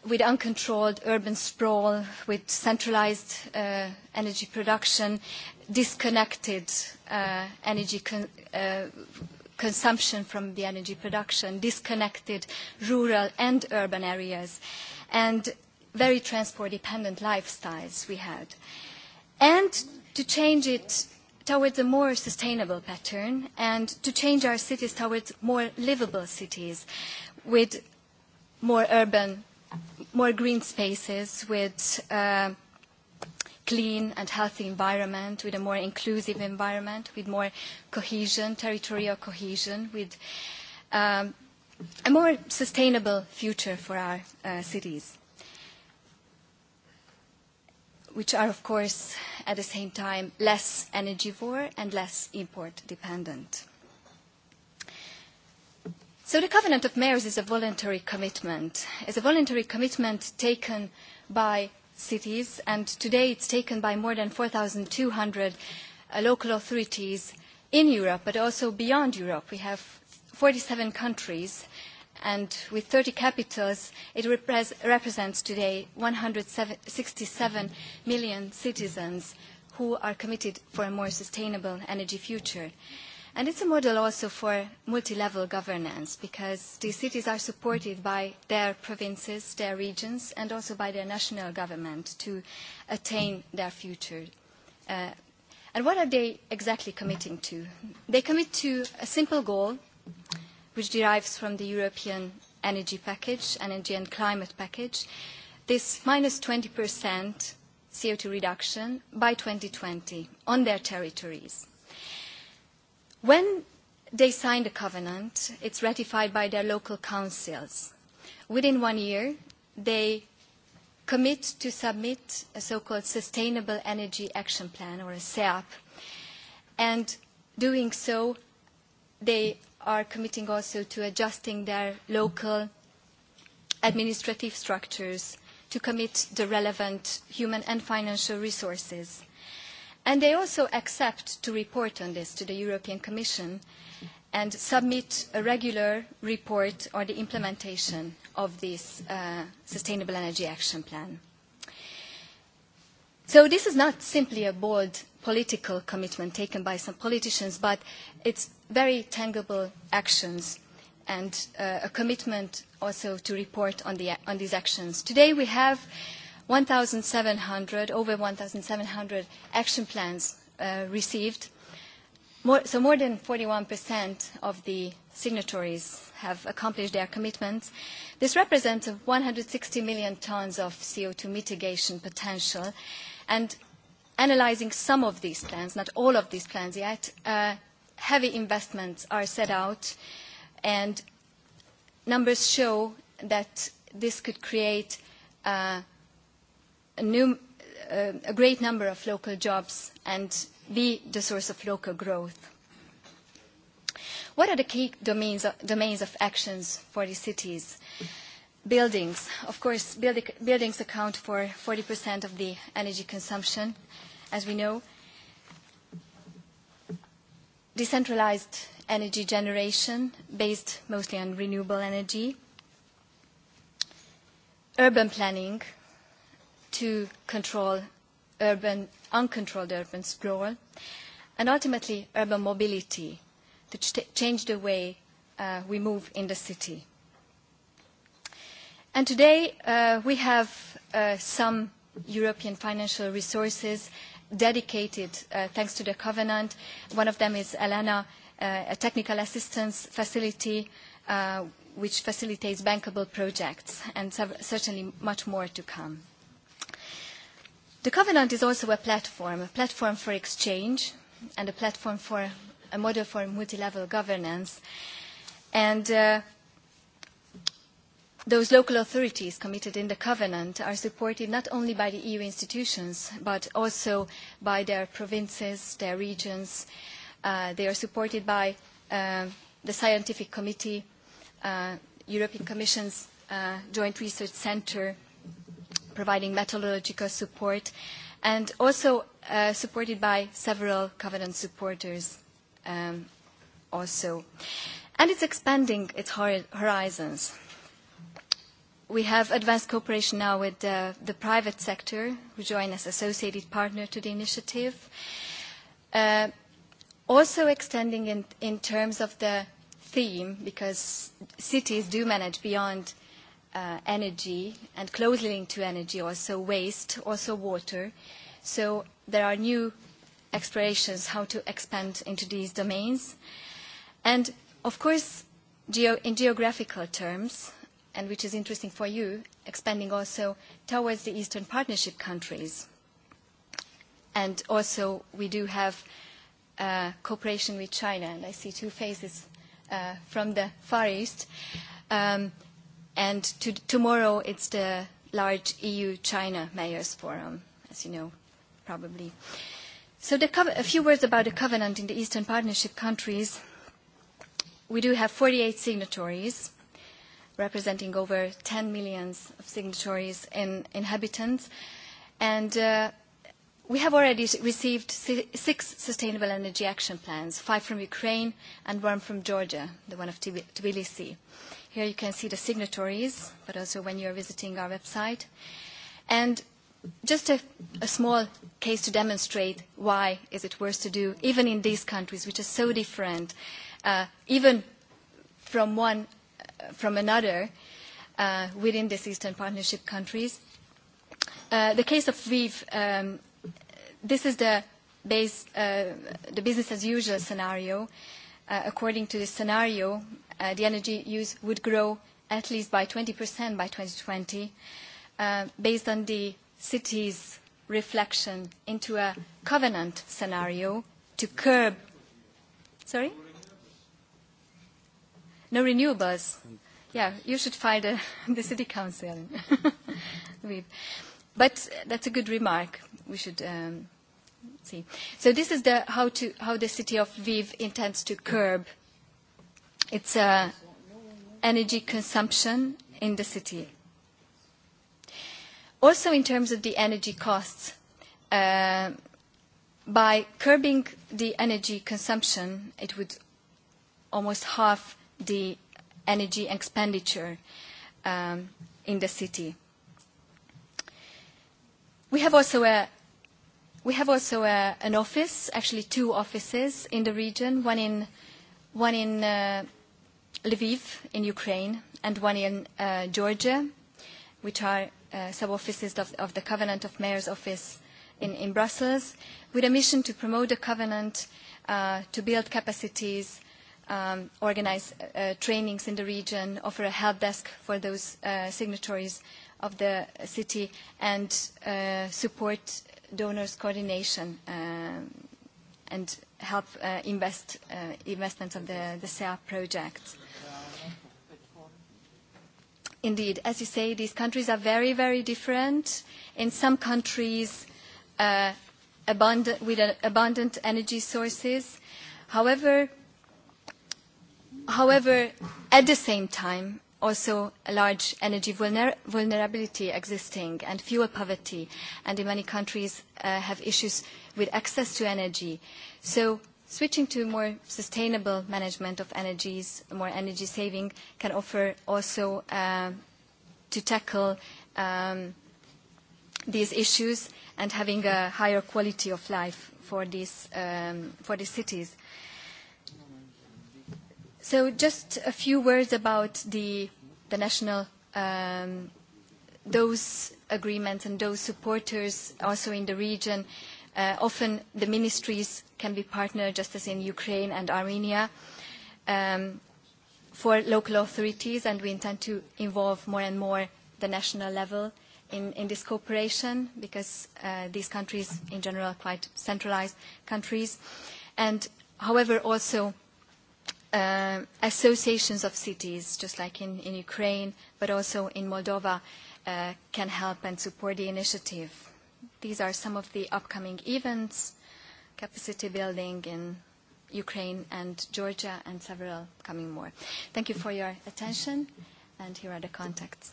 with uncontrolled urban sprawl, with centralized uh, energy production, disconnected uh, energy con uh, consumption from the energy production, disconnected rural and urban areas, and very transport-dependent lifestyles we had. And to change it towards a more sustainable pattern and to change our cities towards more livable cities with more urban, more green spaces, with uh, clean and healthy environment, with a more inclusive environment, with more cohesion, territorial cohesion, with um, a more sustainable future for our uh, cities, which are, of course, at the same time, less energivore and less import-dependent. So the Covenant of Mayors is a voluntary commitment. It's a voluntary commitment taken by cities, and today it's taken by more than 4,200 uh, local authorities in Europe, but also beyond Europe. We have 47 countries, and with 30 capitals, it repre represents today 167 million citizens who are committed for a more sustainable energy future. Mm -hmm. And it's a model also for multi-level governance because these cities are supported by their provinces, their regions, and also by their national government to attain their future. Uh, and what are they exactly committing to? They commit to a simple goal which derives from the European energy package, energy and climate package, this minus 20% CO2 reduction by 2020 on their territories. When they sign the covenant, it's ratified by their local councils. Within one year, they commit to submit a so-called Sustainable Energy Action Plan, or a SEAP, and doing so, they are committing also to adjusting their local administrative structures to commit the relevant human and financial resources And they also accept to report on this to the European Commission and submit a regular report on the implementation of this uh, Sustainable Energy Action Plan. So this is not simply a bold political commitment taken by some politicians, but it's very tangible actions and uh, a commitment also to report on, the, on these actions. Today we have uh, 1,700, over 1,700 action plans uh, received. More, so more than 41% of the signatories have accomplished their commitments. This represents 160 million tons of CO2 mitigation potential. And analyzing some of these plans, not all of these plans yet, uh, heavy investments are set out and numbers show that this could create uh, a, new, uh, a great number of local jobs and be the source of local growth. What are the key domains, uh, domains of actions for the cities? Buildings. Of course, build, buildings account for 40% of the energy consumption, as we know. Decentralized energy generation, based mostly on renewable energy. Urban planning, to control urban, uncontrolled urban sprawl, and ultimately urban mobility, to ch change the way uh, we move in the city. And today uh, we have uh, some European financial resources dedicated, uh, thanks to the covenant. One of them is ELENA, uh, a technical assistance facility, uh, which facilitates bankable projects, and certainly much more to come. The Covenant is also a platform, a platform for exchange and a platform for a model for multi-level governance. And uh, those local authorities committed in the Covenant are supported not only by the EU institutions, but also by their provinces, their regions. Uh, they are supported by uh, the Scientific Committee, uh, European Commission's uh, Joint Research Centre, providing metallurgical support, and also uh, supported by several Covenant supporters um, also. And it's expanding its horizons. We have advanced cooperation now with uh, the private sector, who join as associated partner to the initiative. Uh, also extending in, in terms of the theme, because cities do manage beyond uh, energy and closely linked to energy, also waste, also water. So there are new explorations how to expand into these domains. And of course, geo in geographical terms, and which is interesting for you, expanding also towards the Eastern Partnership countries. And also we do have uh, cooperation with China, and I see two faces uh, from the Far East. Um, And to, tomorrow it's the large EU-China Mayors Forum, as you know, probably. So the a few words about the covenant in the Eastern Partnership countries. We do have 48 signatories representing over 10 million of signatories in, inhabitants. And uh, we have already received six sustainable energy action plans, five from Ukraine and one from Georgia, the one of Tbilisi. Here you can see the signatories, but also when you're visiting our website. And just a, a small case to demonstrate why is it worse to do, even in these countries, which are so different, uh, even from one uh, from another uh, within these Eastern Partnership countries. Uh, the case of Viv, um, this is the, base, uh, the business as usual scenario. Uh, according to this scenario, Uh, the energy use would grow at least by 20% by 2020 uh, based on the city's reflection into a covenant scenario to curb, sorry? No renewables. Yeah, you should find the the city council. but that's a good remark. We should um, see. So this is the, how, to, how the city of Viv intends to curb It's uh, energy consumption in the city. Also in terms of the energy costs, uh, by curbing the energy consumption, it would almost half the energy expenditure um, in the city. We have also a we have also a, an office, actually two offices in the region, one in one in uh, Lviv in Ukraine and one in uh, Georgia, which are uh, sub-offices of, of the Covenant of Mayors Office in, in Brussels, with a mission to promote the Covenant, uh, to build capacities, um, organize uh, trainings in the region, offer a help desk for those uh, signatories of the city, and uh, support donors coordination um, and help uh, invest uh, investments of the, the SEAP projects. Indeed, as you say, these countries are very, very different. In some countries, uh, abundant, with abundant energy sources. However, however, at the same time, also a large energy vulner vulnerability existing and fuel poverty, and in many countries uh, have issues with access to energy. So switching to more sustainable management of energies, more energy saving can offer also uh, to tackle um, these issues and having a higher quality of life for these, um, for these cities. So just a few words about the, the national, um, those agreements and those supporters also in the region Uh, often the ministries can be partnered, just as in Ukraine and Armenia, um, for local authorities, and we intend to involve more and more the national level in, in this cooperation, because uh, these countries in general are quite centralized countries. And however, also uh, associations of cities, just like in, in Ukraine, but also in Moldova, uh, can help and support the initiative. These are some of the upcoming events, capacity building in Ukraine and Georgia, and several coming more. Thank you for your attention, and here are the contacts.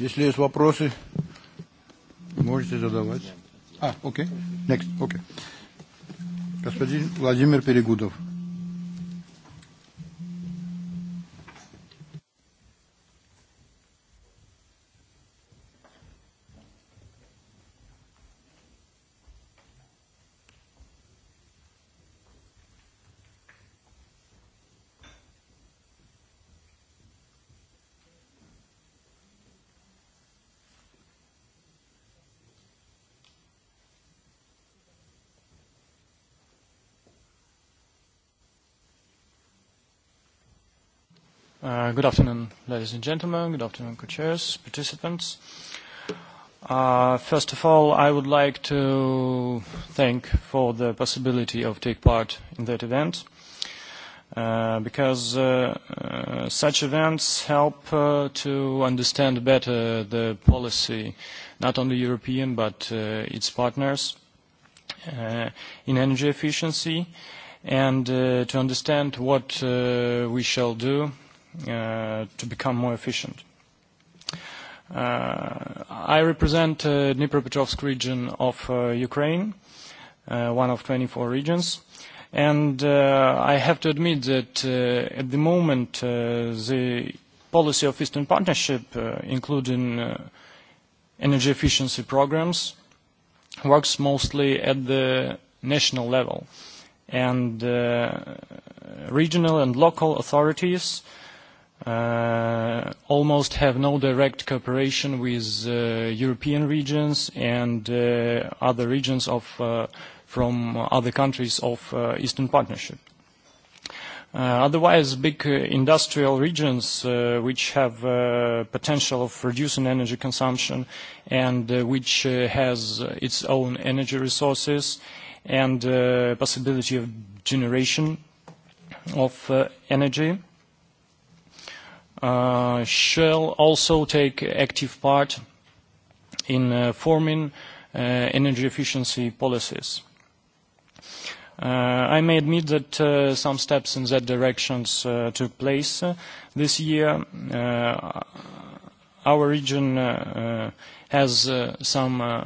Если есть вопросы, можете задавать. А, окей. Okay. Next, окей. Okay. Господин Владимир Перегудов. Uh, good afternoon, ladies and gentlemen. Good afternoon, co-chairs, participants. Uh, first of all, I would like to thank for the possibility of take part in that event, uh, because uh, uh, such events help uh, to understand better the policy, not only European, but uh, its partners uh, in energy efficiency, and uh, to understand what uh, we shall do uh, to become more efficient. Uh, I represent uh, Dnipropetrovsk region of uh, Ukraine, uh, one of 24 regions, and uh, I have to admit that uh, at the moment uh, the policy of Eastern Partnership, uh, including uh, energy efficiency programs, works mostly at the national level, and uh, regional and local authorities uh, uh, almost have no direct cooperation with uh, European regions and uh, other regions of, uh, from other countries of uh, Eastern Partnership. Uh, otherwise, big uh, industrial regions uh, which have uh, potential of reducing energy consumption and uh, which uh, has its own energy resources and uh, possibility of generation of uh, energy uh, shall also take active part in uh, forming uh, energy efficiency policies. Uh, I may admit that uh, some steps in that direction uh, took place uh, this year. Uh, our region uh, uh, has uh, some, uh,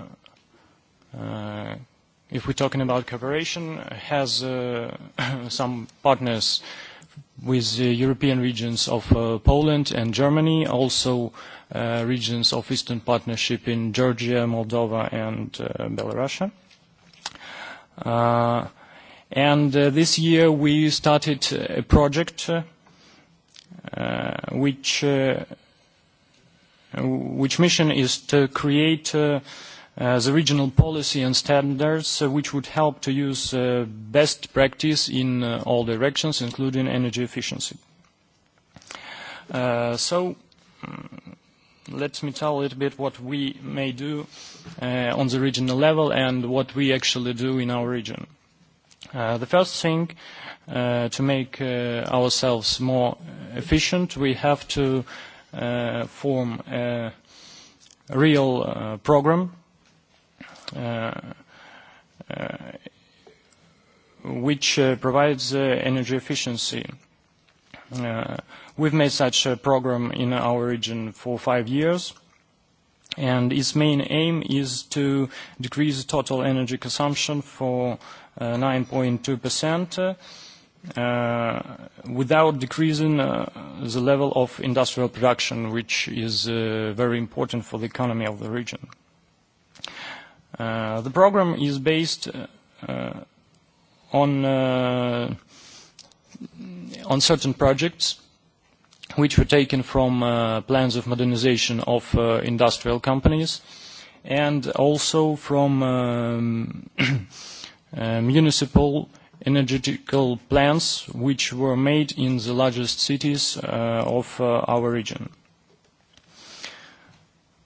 uh, if we're talking about cooperation, has uh, some partners uh, with the European regions of uh, Poland and Germany, also uh, regions of Eastern Partnership in Georgia, Moldova, and uh, Belarus. Uh, and uh, this year we started a project uh, which, uh, which mission is to create uh, the regional policy and standards uh, which would help to use uh, best practice in uh, all directions, including energy efficiency. Uh, so um, let me tell a little bit what we may do uh, on the regional level and what we actually do in our region. Uh, the first thing uh, to make uh, ourselves more efficient, we have to uh, form a real uh, program Uh, uh, which uh, provides uh, energy efficiency. Uh, we've made such a program in our region for five years, and its main aim is to decrease total energy consumption for uh, 9.2% uh, without decreasing uh, the level of industrial production, which is uh, very important for the economy of the region. Uh, the program is based uh, uh, on, uh, on certain projects which were taken from uh, plans of modernization of uh, industrial companies and also from um, uh, municipal energetical plans which were made in the largest cities uh, of uh, our region.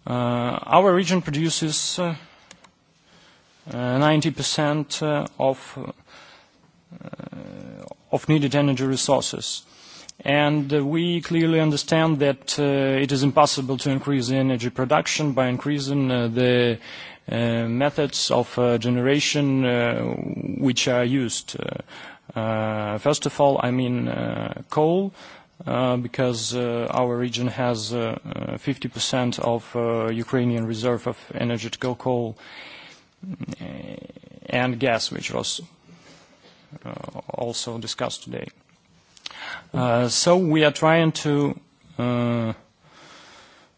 Uh, our region produces uh, Uh, 90% uh, of, uh, of needed energy resources. And uh, we clearly understand that uh, it is impossible to increase energy production by increasing uh, the uh, methods of uh, generation uh, which are used. Uh, uh, first of all, I mean uh, coal, uh, because uh, our region has uh, 50% uh, of uh, Ukrainian reserve of energetical coal. Uh, uh and gas, which was uh, also discussed today. Uh, so we are trying to uh,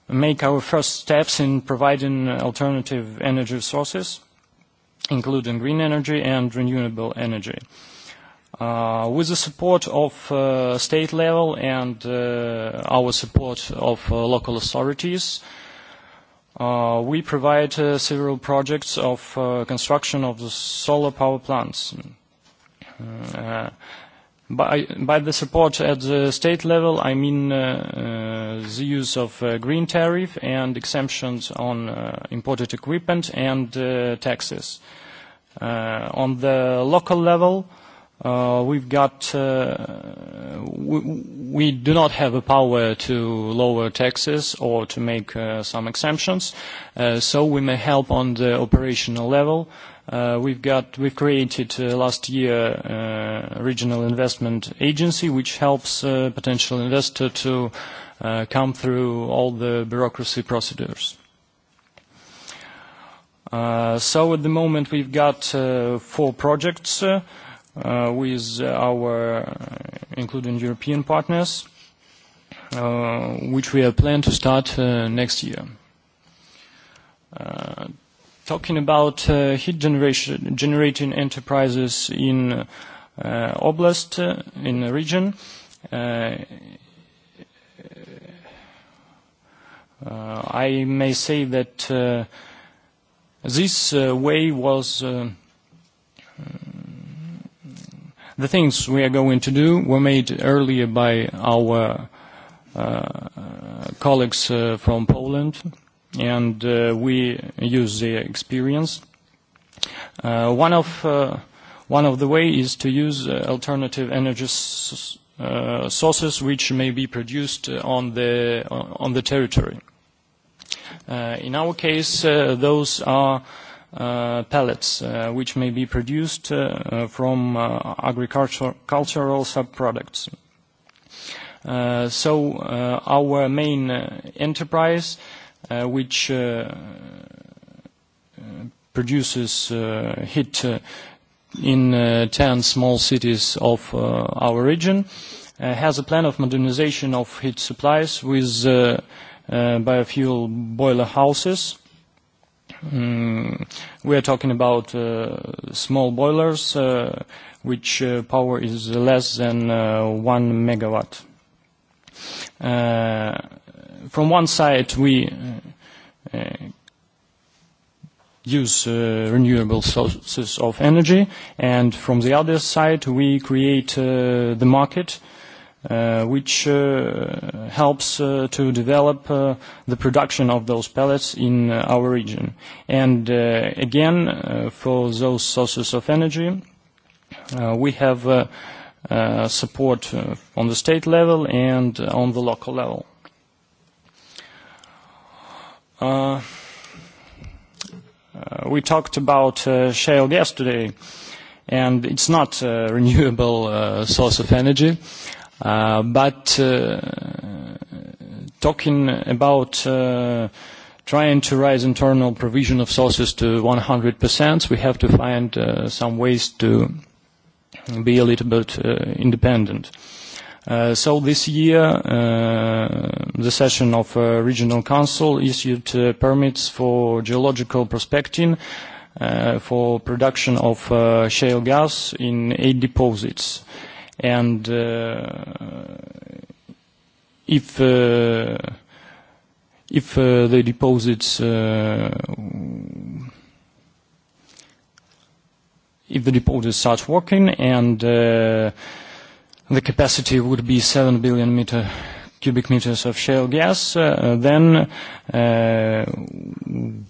make our first steps in providing alternative energy sources, including green energy and renewable energy. Uh, with the support of uh, state level and uh, our support of uh, local authorities, uh, Uh, we provide uh, several projects of uh, construction of the solar power plants. Mm. Uh, by, by the support at the state level, I mean uh, uh, the use of uh, green tariff and exemptions on uh, imported equipment and uh, taxes. Uh, on the local level, uh, uh, we've got uh, we, we do not have the power to lower taxes or to make uh, some exemptions uh, so we may help on the operational level uh, we've got we've created uh, last year uh, regional investment agency which helps uh, potential investor to uh, come through all the bureaucracy procedures uh, so at the moment we've got uh, four projects uh, uh, with our, uh, including European partners, uh, which we are planning to start uh, next year. Uh, talking about uh, heat generation, generating enterprises in uh, Oblast, uh, in the region, uh, uh, I may say that uh, this uh, way was uh, The things we are going to do were made earlier by our uh, colleagues uh, from Poland, and uh, we use their experience. Uh, one of uh, one of the way is to use uh, alternative energy uh, sources which may be produced on the on the territory. Uh, in our case, uh, those are uh, pellets, uh, which may be produced uh, from uh, agricultural subproducts. Uh, so uh, our main uh, enterprise, uh, which uh, uh produces uh, heat uh, in uh, 10 small cities of uh, our region, uh, has a plan of modernization of heat supplies with uh, uh, biofuel boiler houses, Mm. we are talking about uh, small boilers, uh, which uh, power is less than uh, one megawatt. Uh, from one side, we uh, uh, use uh, renewable sources of energy, and from the other side, we create uh, the market uh, uh, which uh, helps uh, to develop uh, the production of those pellets in uh, our region. And uh, again, uh, for those sources of energy, uh, we have uh, uh, support uh, on the state level and on the local level. Uh, uh, we talked about uh, shale gas today, and it's not a renewable uh, source of energy. Uh, Uh, but uh, talking about uh, trying to raise internal provision of sources to 100%, we have to find uh, some ways to be a little bit uh, independent. Uh, so this year, uh, the session of uh, Regional Council issued uh, permits for geological prospecting uh, for production of uh, shale gas in eight deposits. Uh, and uh, if uh, if uh, the deposits uh, if the deposits start working and uh, the capacity would be 7 billion meter cubic meters of shale gas, uh, then uh,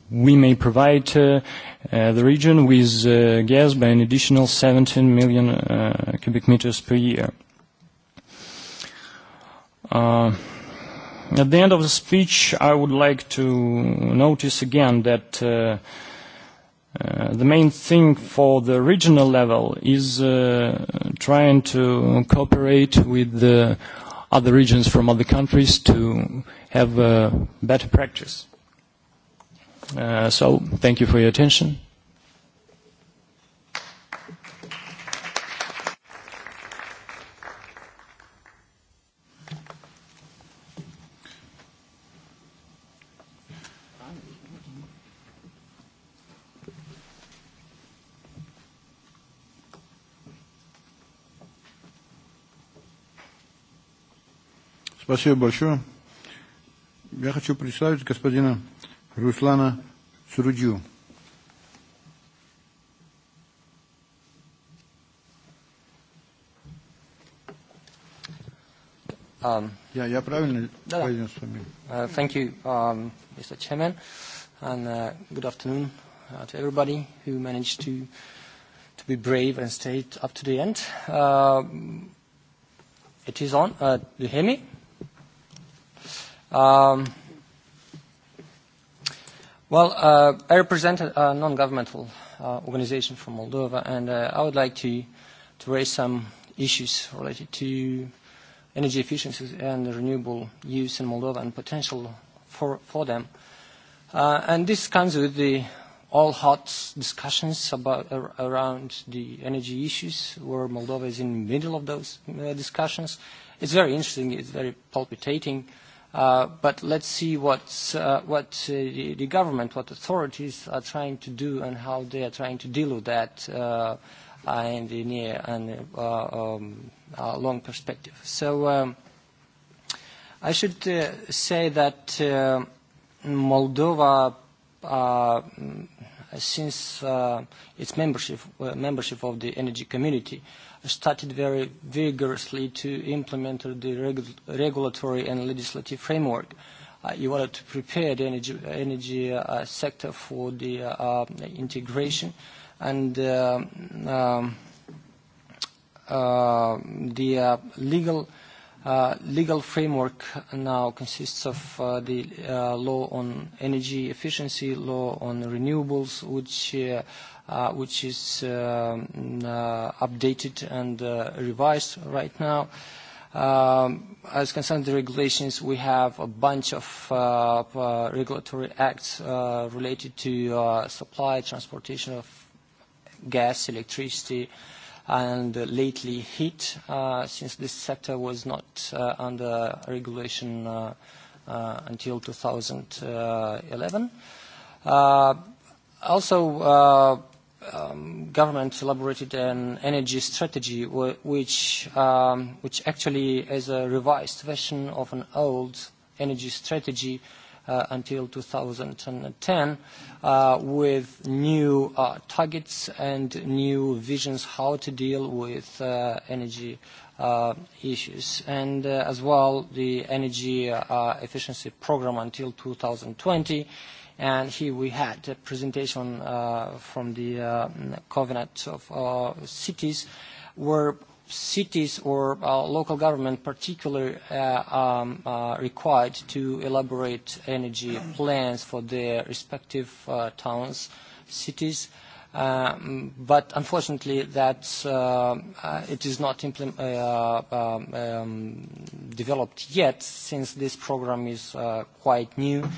we may provide uh, uh, the region with uh, gas by an additional 17 million uh, cubic meters per year. Uh, at the end of the speech, I would like to notice again that uh, Uh, the main thing for the regional level is uh, trying to cooperate with the uh, other regions from other countries to have uh, better practice. Uh, so thank you for your attention Спасибо большое. Я хочу представить господина Руслана Цуруджу. Um, yeah, я правильно да, произнес фамилию? Uh, thank you, um, Mr. Chairman, and uh, good afternoon uh, to everybody who managed to to be brave and stayed up to the end. Uh, it is on. Uh, do you hear me? Um, well, uh, I represent a non-governmental uh, organization from Moldova, and uh, I would like to, to raise some issues related to energy efficiency and renewable use in Moldova and potential for, for them. Uh, and this comes with the all hot discussions about, ar uh, around the energy issues, where Moldova is in the middle of those uh, discussions. It's very interesting, it's very palpitating. Uh, Uh, but let's see what, uh, what uh, the, the government, what authorities are trying to do and how they are trying to deal with that uh, in the near and uh, um, uh, long perspective. So um, I should uh, say that uh, Moldova, uh, since uh, its membership, uh, membership of the energy community, uh, started very vigorously to implement the reg regulatory and legislative framework uh, in order to prepare the energy, energy uh, sector for the uh, um, integration and uh, um, uh, the uh, legal uh, legal framework now consists of uh, the uh, law on energy efficiency, law on renewables, which uh, uh, which is uh, uh, updated and uh, revised right now. Um, as concerns the regulations, we have a bunch of uh, uh, regulatory acts uh, related to uh, supply, transportation of gas, electricity, and uh, lately heat, uh, since this sector was not uh, under regulation uh, uh, until 2011. Uh, uh, also, uh, um, government elaborated an energy strategy which, um, which actually is a revised version of an old energy strategy uh, until 2010 uh, with new uh, targets and new visions how to deal with uh, energy uh, issues and uh, as well the energy uh, efficiency program until 2020 And here we had a presentation uh, from the uh, Covenant of uh, Cities where cities or uh, local government particularly uh, um, uh, required to elaborate energy plans for their respective uh, towns, cities. Um, but unfortunately, that uh, uh, it is not implement, uh, um, um, developed yet, since this program is uh, quite new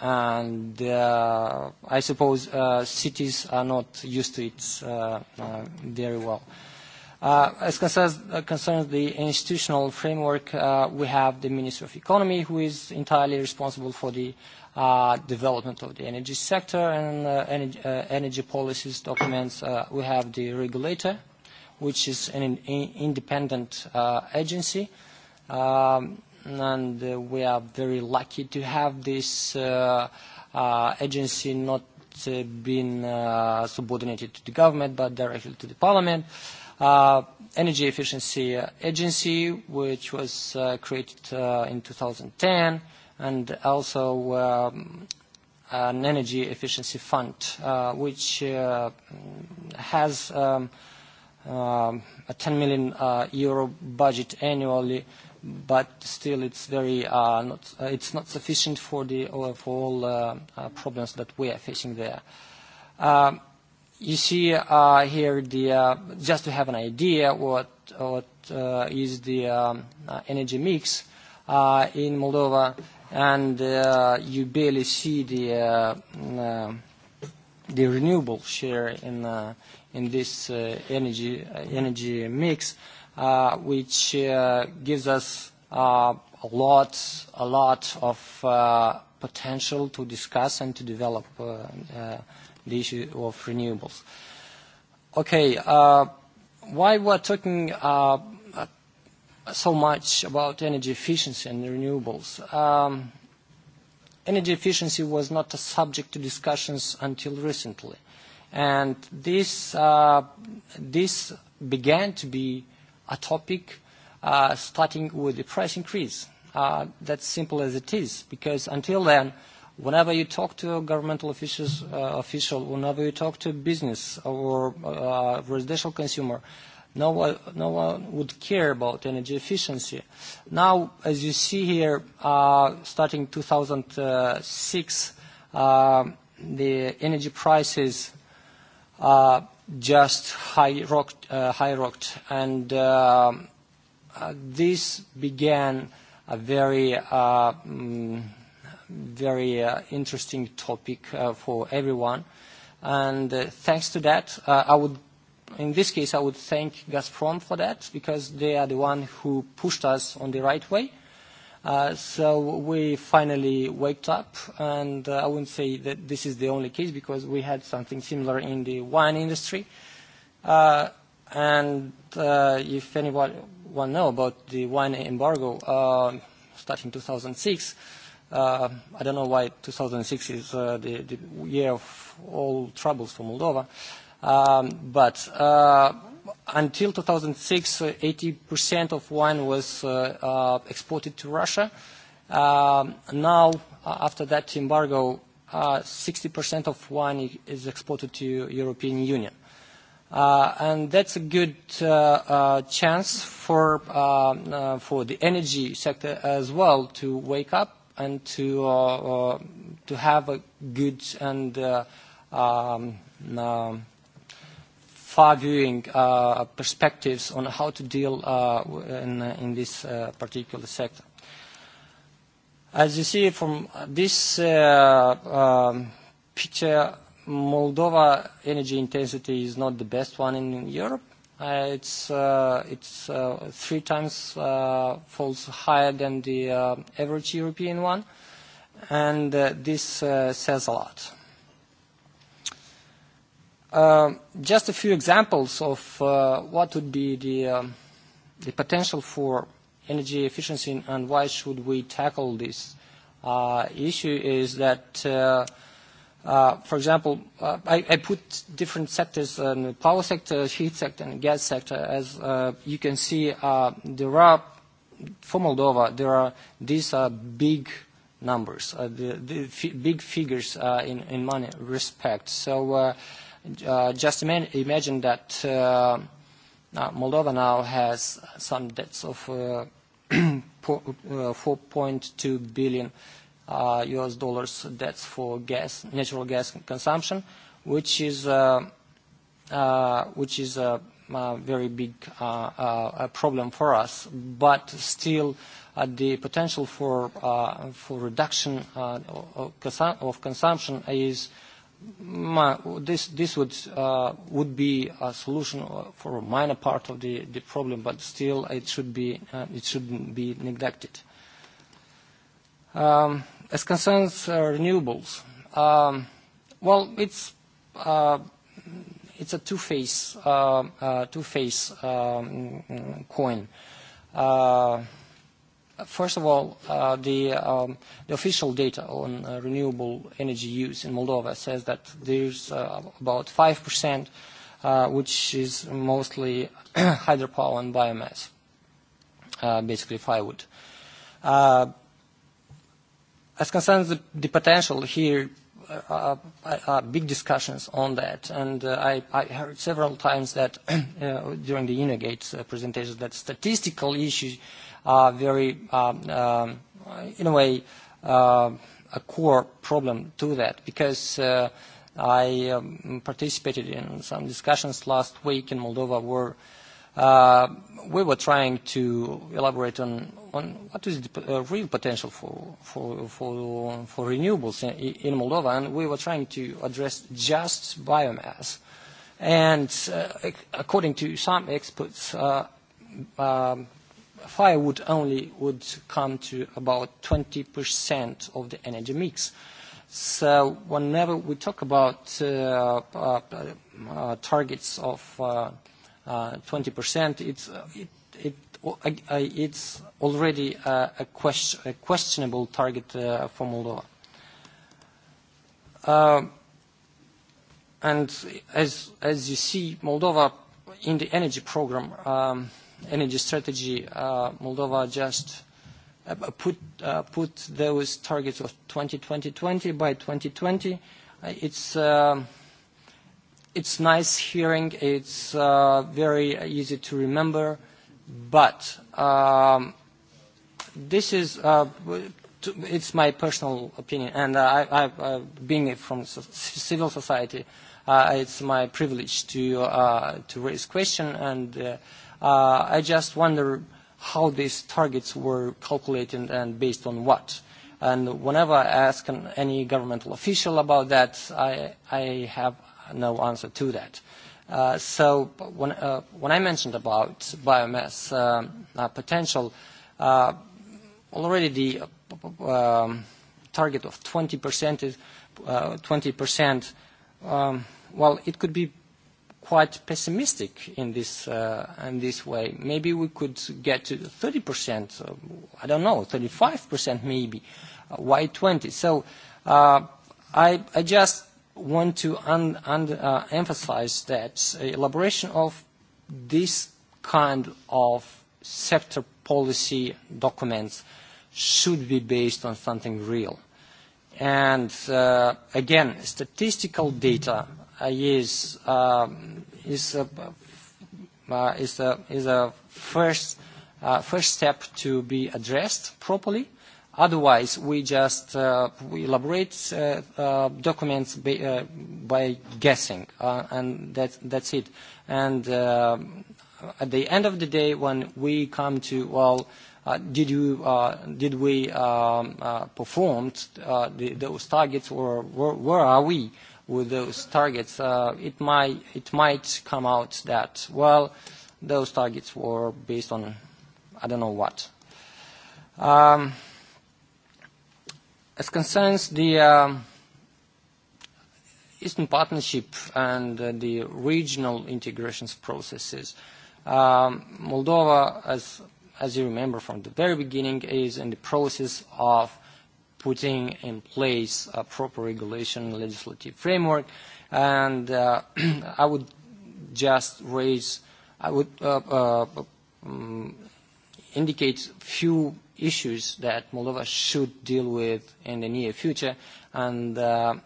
and uh, I suppose uh, cities are not used to it uh, uh, very well. Uh, as concerns, uh, concerns the institutional framework, uh, we have the Minister of Economy, who is entirely responsible for the uh, development of the energy sector and uh, energy, uh, energy policies documents. Uh, we have the regulator, which is an, in independent uh, agency. Um, and uh, we are very lucky to have this uh, uh, agency not uh, being uh, subordinated to the government but directly to the parliament. Uh, Energy Efficiency Agency, which was uh, created uh, in 2010, and also um, an Energy Efficiency Fund, uh, which uh, has um, um, a 10 million uh, euro budget annually but still it's very uh, not uh, it's not sufficient for the uh, for all uh, uh, problems that we are facing there. Um, you see uh, here the uh, just to have an idea what what uh, is the um, uh, energy mix uh, in Moldova, and uh, you barely see the uh, mm, uh, the renewable share in uh, in this uh, energy uh, energy mix. Uh, uh, which uh, gives us uh, a lot, a lot of uh, potential to discuss and to develop uh, uh, the issue of renewables. Okay, uh, why we're talking uh, so much about energy efficiency and renewables? Um, energy efficiency was not a subject to discussions until recently. And this, uh, this began to be a topic uh, starting with the price increase. Uh, that's simple as it is, because until then, whenever you talk to a governmental officials, uh, official, whenever you talk to business or uh, residential consumer, no one, no one would care about energy efficiency. Now, as you see here, uh, starting 2006, uh, the energy prices uh, just high rocked, uh, high rocked. and uh, uh, this began a very uh, um, very uh, interesting topic uh, for everyone and uh, thanks to that uh, I would in this case I would thank Gazprom for that because they are the one who pushed us on the right way Uh, so we finally waked up, and uh, I wouldn't say that this is the only case because we had something similar in the wine industry. Uh, and uh, if anyone one know about the wine embargo uh, starting 2006, uh, I don't know why 2006 is uh, the, the year of all troubles for Moldova, um, but uh, until 2006, 80% uh, of wine was uh, uh, exported to Russia. Um, now, uh, after that embargo, uh, 60% of wine is exported to European Union. Uh, and that's a good uh, uh, chance for, uh, uh, for the energy sector as well to wake up and to, uh, uh, to have a good and uh, um, uh, far-viewing uh, perspectives on how to deal uh, in, uh, in this uh, particular sector. As you see from this uh, um, picture, Moldova energy intensity is not the best one in Europe. Uh, it's uh, it's uh, three times uh, falls higher than the uh, average European one, and uh, this uh, says a lot. Um, just a few examples of uh, what would be the, um, the potential for energy efficiency and why should we tackle this uh, issue is that, uh, uh, for example, uh, I, I put different sectors, uh, the power sector, heat sector, and gas sector. As uh, you can see, uh, there are, for Moldova, there are, these are big numbers, uh, the, the f big figures uh, in, in money respect. So uh, Uh, just imagine that uh, Moldova now has some debts of uh, 4.2 uh, billion uh, US dollars debts for gas, natural gas consumption, which is uh, uh, which is a, a very big uh, uh, a problem for us. But still, uh, the potential for uh, for reduction uh, of, consu of consumption is Ma this this would uh, would be a solution uh, for a minor part of the the problem, but still it should be uh, it shouldn't be neglected. Um, as concerns uh, renewables, um, well, it's uh, it's a two-face uh, uh, two-face um, coin. Uh, First of all, uh, the, um, the official data on uh, renewable energy use in Moldova says that there's uh, about 5%, uh, which is mostly hydropower and biomass, uh, basically firewood. Uh, as concerns the, the potential here, uh, uh, uh big discussions on that, and uh, I, I heard several times that uh, during the Unigate uh, presentation that statistical issues uh, very, um, um, in a way, uh, a core problem to that because uh, I um, participated in some discussions last week in Moldova where uh, we were trying to elaborate on, on what is the uh, real potential for, for, for, for renewables in, in Moldova, and we were trying to address just biomass. And uh, according to some experts, uh, um, firewood only would come to about 20% of the energy mix. So whenever we talk about uh, uh, uh, targets of uh, uh, 20%, it's, uh, it, it, uh, it's already uh, a, question, a questionable target uh, for Moldova. Uh, and as, as you see, Moldova in the energy program um, energy strategy, uh, Moldova just uh, put, uh, put those targets of 2020 by 2020. Uh, it's, uh, it's nice hearing. It's uh, very easy to remember. But um, this is uh, to, it's my personal opinion, and uh, I, I, I, being from civil society, uh, it's my privilege to uh, to raise question and. Uh, Uh, I just wonder how these targets were calculated and based on what. And whenever I ask an, any governmental official about that, I, I have no answer to that. Uh, so when, uh, when I mentioned about biomass um uh, potential, uh, already the uh, um, target of 20%, is, uh, 20% um, well, it could be quite pessimistic in this, uh, in this way. Maybe we could get to 30%, uh, I don't know, 35% maybe, uh, why 20? So uh, I, I just want to un, un, uh, emphasize that elaboration of this kind of sector policy documents should be based on something real. And uh, again, statistical data is, uh, um, is, a, uh, is, a, is a first, uh, first step to be addressed properly. Otherwise, we just uh, we elaborate uh, uh, documents by, uh, by guessing, uh, and that, that's it. And uh, at the end of the day, when we come to, well, uh, did, you, uh, did we um, uh, perform uh, the, those targets, or where, where are we? Uh, with those targets, uh, it, might, it might come out that, well, those targets were based on I don't know what. Um, as concerns the um, Eastern Partnership and uh, the regional integrations processes, um, Moldova, as, as you remember from the very beginning, is in the process of putting in place a proper regulation legislative framework. And uh, I would just raise, I would uh, uh, um, indicate few issues that Moldova should deal with in the near future. And uh,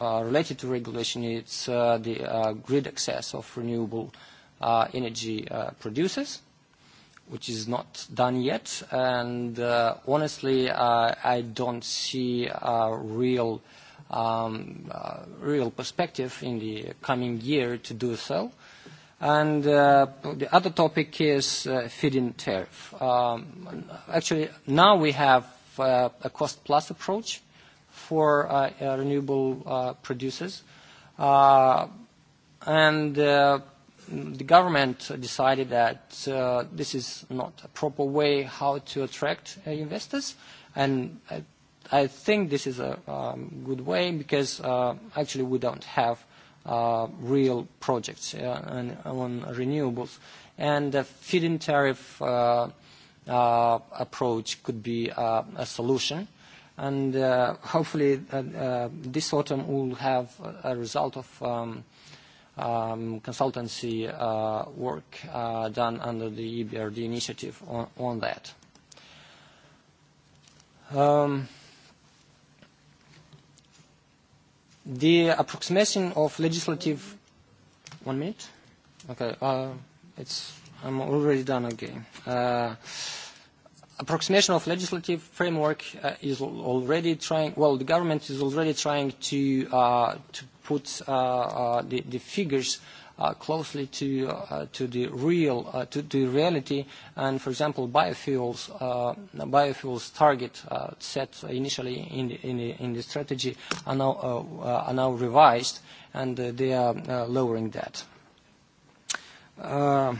uh, related to regulation, it's uh, the uh, grid access of renewable uh, energy uh, producers which is not done yet. And uh, honestly, uh, I don't see a real, um, uh, real perspective in the coming year to do so. And uh, the other topic is uh, feed-in tariff. Um, actually, now we have uh, a cost-plus approach for uh, uh, renewable uh, producers. Uh, and uh, the government decided that uh, this is not a proper way how to attract uh, investors. And I, I think this is a um, good way because uh, actually we don't have uh, real projects uh, on, on renewables. And the feed-in tariff uh, uh, approach could be uh, a solution. And uh, hopefully uh, uh, this autumn we'll have a, a result of um, – um, consultancy uh, work uh, done under the EBRD initiative on, on that. Um, the approximation of legislative... One minute? Okay, uh, it's, I'm already done again. Uh, approximation of legislative framework uh, is already trying, well, the government is already trying to, uh, to put uh, uh, the, the figures uh, closely to, uh, to the real, uh, to the reality. And for example, biofuels, uh, biofuels target uh, set initially in the, in the, in the strategy are now, uh, uh, are now revised and uh, they are uh, lowering that. Uh,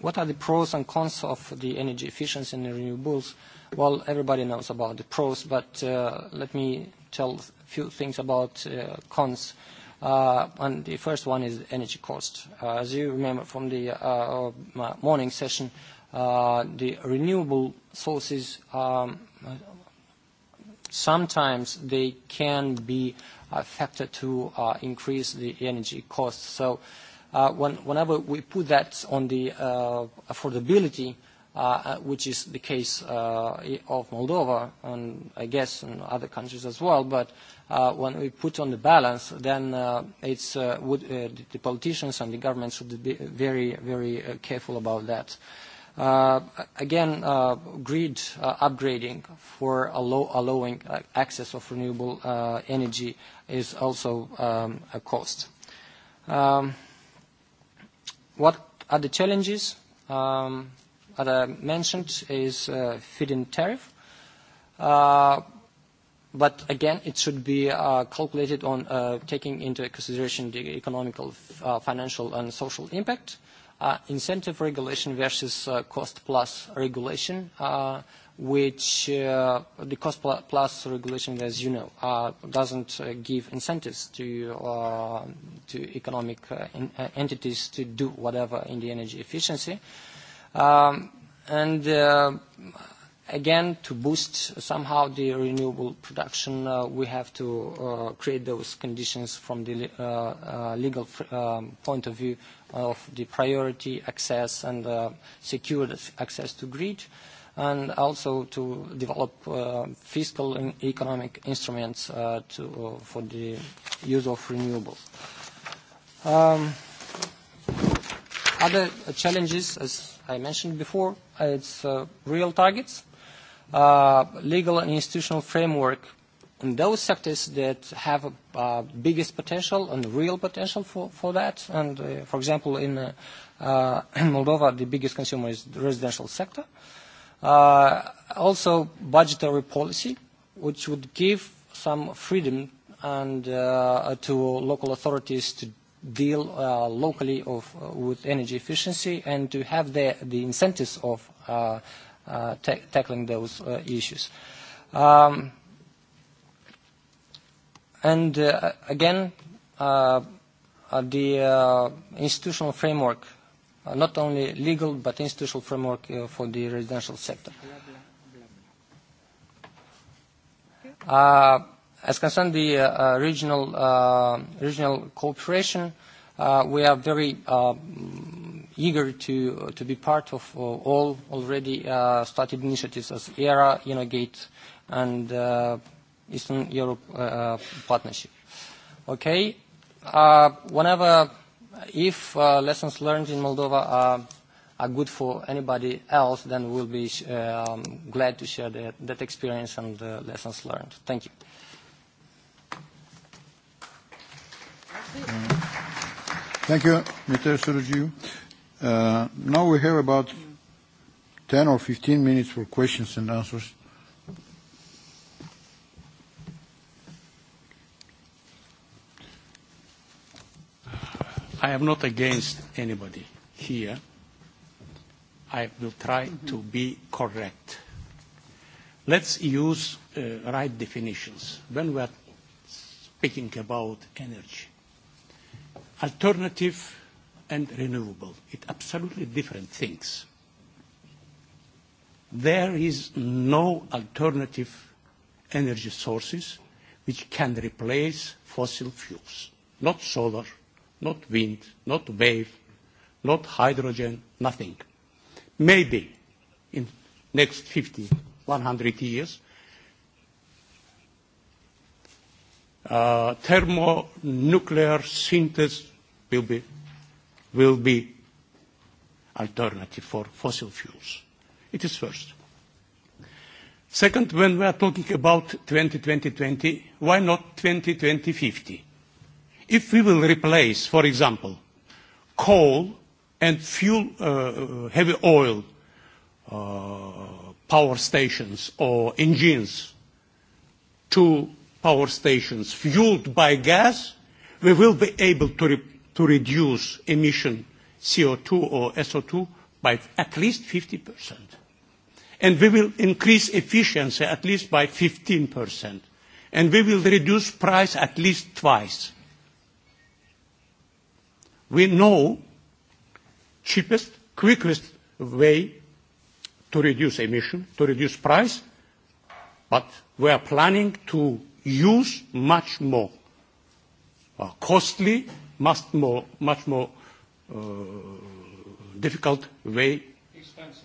What are the pros and cons of the energy efficiency in the renewables? Well, everybody knows about the pros, but uh, let me tell a few things about uh, cons. Uh, and the first one is energy cost. Uh, as you remember from the uh, morning session, uh, the renewable sources um, sometimes they can be affected factor to uh, increase the energy cost. So uh, when, whenever we put that on the uh, affordability, uh, uh, which is the case uh, of Moldova and I guess in other countries as well, but uh, when we put on the balance, then uh, it's, uh, would, uh, the politicians and the government should be very, very uh, careful about that. Uh, again, uh, grid uh, upgrading for allow allowing uh, access of renewable uh, energy is also um, a cost. Um, What are the challenges? Um, as I mentioned, is uh, feed-in tariff. Uh, but again, it should be uh, calculated on uh, taking into consideration the economical, uh, financial, and social impact. Uh, incentive regulation versus uh, cost-plus regulation. Uh, which uh, the cost plus regulation, as you know, uh, doesn't uh, give incentives to, uh, to economic uh, in, uh, entities to do whatever in the energy efficiency. Um, and uh, again, to boost somehow the renewable production, uh, we have to uh, create those conditions from the uh, uh, legal um, point of view of the priority access and uh, secured access to grid. Uh, and also to develop uh, fiscal and economic instruments uh, to, uh, for the use of renewables. Um, other challenges, as I mentioned before, it's uh, real targets, uh, legal and institutional framework in those sectors that have uh, biggest potential and real potential for, for that. And uh, for example, in uh, uh, Moldova, the biggest consumer is the residential sector. Uh, Uh, also budgetary policy, which would give some freedom and uh, to local authorities to deal uh, locally of, uh, with energy efficiency and to have the, the incentives of uh, uh, ta tackling those uh, issues. Um, and uh, again, uh, uh, the uh, institutional framework uh, not only legal but institutional framework uh, for the residential sector. Uh, as concerns the uh, uh, regional, uh, regional cooperation, uh, we are very uh, mm, eager to, uh, to be part of uh, all already uh, started initiatives as ERA, Unogate and uh, Eastern Europe uh, uh Partnership. Okay, uh, whenever if uh, lessons learned in Moldova are, are good for anybody else, then we'll be uh, um, glad to share that, that experience and the lessons learned. Thank you. Thank you, Mr. Surujiu. Uh, now we have about 10 or 15 minutes for questions and answers. I am not against anybody here. I will try mm -hmm. to mm-hmm. be correct. Let's use uh, right definitions when we are speaking about energy. Alternative and renewable, it's absolutely different things. There is no alternative energy sources which can replace fossil fuels, not solar, not wind, not wave, not hydrogen, nothing. Maybe in next 50, 100 years, uh, thermonuclear synthesis will be, will be alternative for fossil fuels. It is first. Second, when we are talking about 2020-20, why not 2020-50? If we will replace, for example, coal and fuel, uh, uh, heavy oil uh, power stations or engines to power stations fueled by gas, we will be able to, re to reduce emission CO2 or SO2 by at least 50%. And we will increase efficiency at least by 15%. And we will reduce price at least twice we know cheapest, quickest way to reduce emission, to reduce price, but we are planning to use much more uh, costly, much more, much more uh, difficult way, expensive.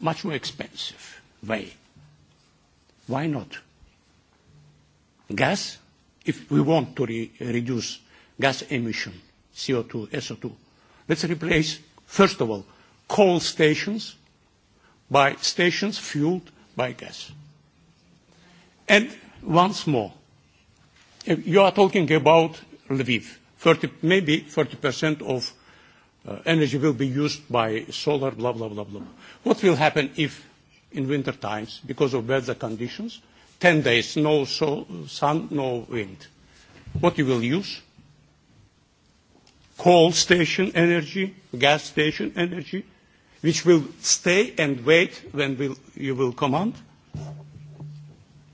much more expensive way. Why not? Gas, if we want to re reduce gas emissions. CO2, SO2. Let's replace, first of all, coal stations by stations fueled by gas. And once more, you are talking about Lviv. 30, maybe 30% of uh, energy will be used by solar, blah, blah, blah, blah. What will happen if in winter times, because of weather conditions, 10 days, no so, sun, no wind? What you will use? coal station energy, gas station energy, which will stay and wait when will, you will command.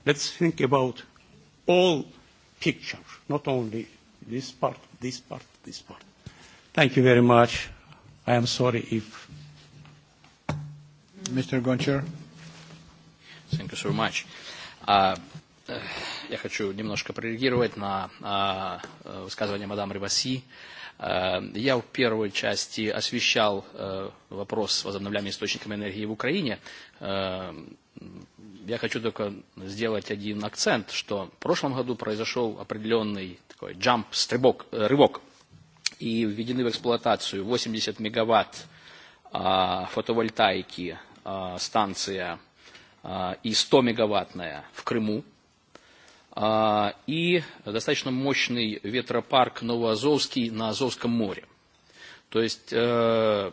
Let's think about all pictures, not only this part, this part, this part. Thank you very much. I am sorry if... Mr. Goncher. Thank you so much. Uh, я хочу немножко прореагировать на uh, высказывание мадам Рибаси. Uh, Я в первой части освещал э, вопрос возобновляемыми источниками энергии в Украине. Я хочу только сделать один акцент, что в прошлом году произошел определенный такой jump, стрибок, э, рывок, и введены в эксплуатацию 80 мегаватт э, фотовольтайки станция и 100 мегаваттная в Крыму и достаточно мощный ветропарк Новоазовский на Азовском море. То есть э,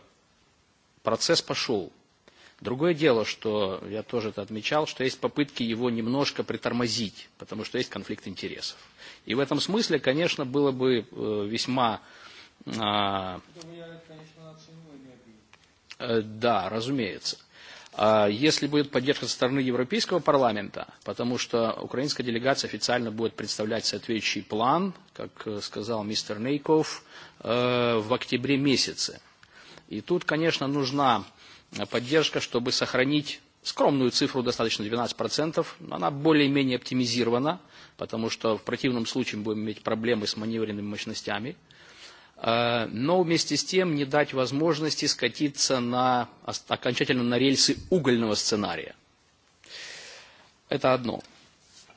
процесс пошел. Другое дело, что я тоже это отмечал, что есть попытки его немножко притормозить, потому что есть конфликт интересов. И в этом смысле, конечно, было бы э, весьма... я, конечно, э, Да, разумеется. Если будет поддержка со стороны Европейского парламента, потому что украинская делегация официально будет представлять соответствующий план, как э, сказал мистер Нейков, э, в октябре месяце. И тут, конечно, нужна э, поддержка, чтобы сохранить скромную цифру, достаточно 12%. Она более-менее оптимизирована, потому что в противном случае мы будем иметь проблемы с маневренными мощностями. Э, но вместе с тем не дать возможности скатиться на, окончательно на рельсы угольного сценария. Это одно.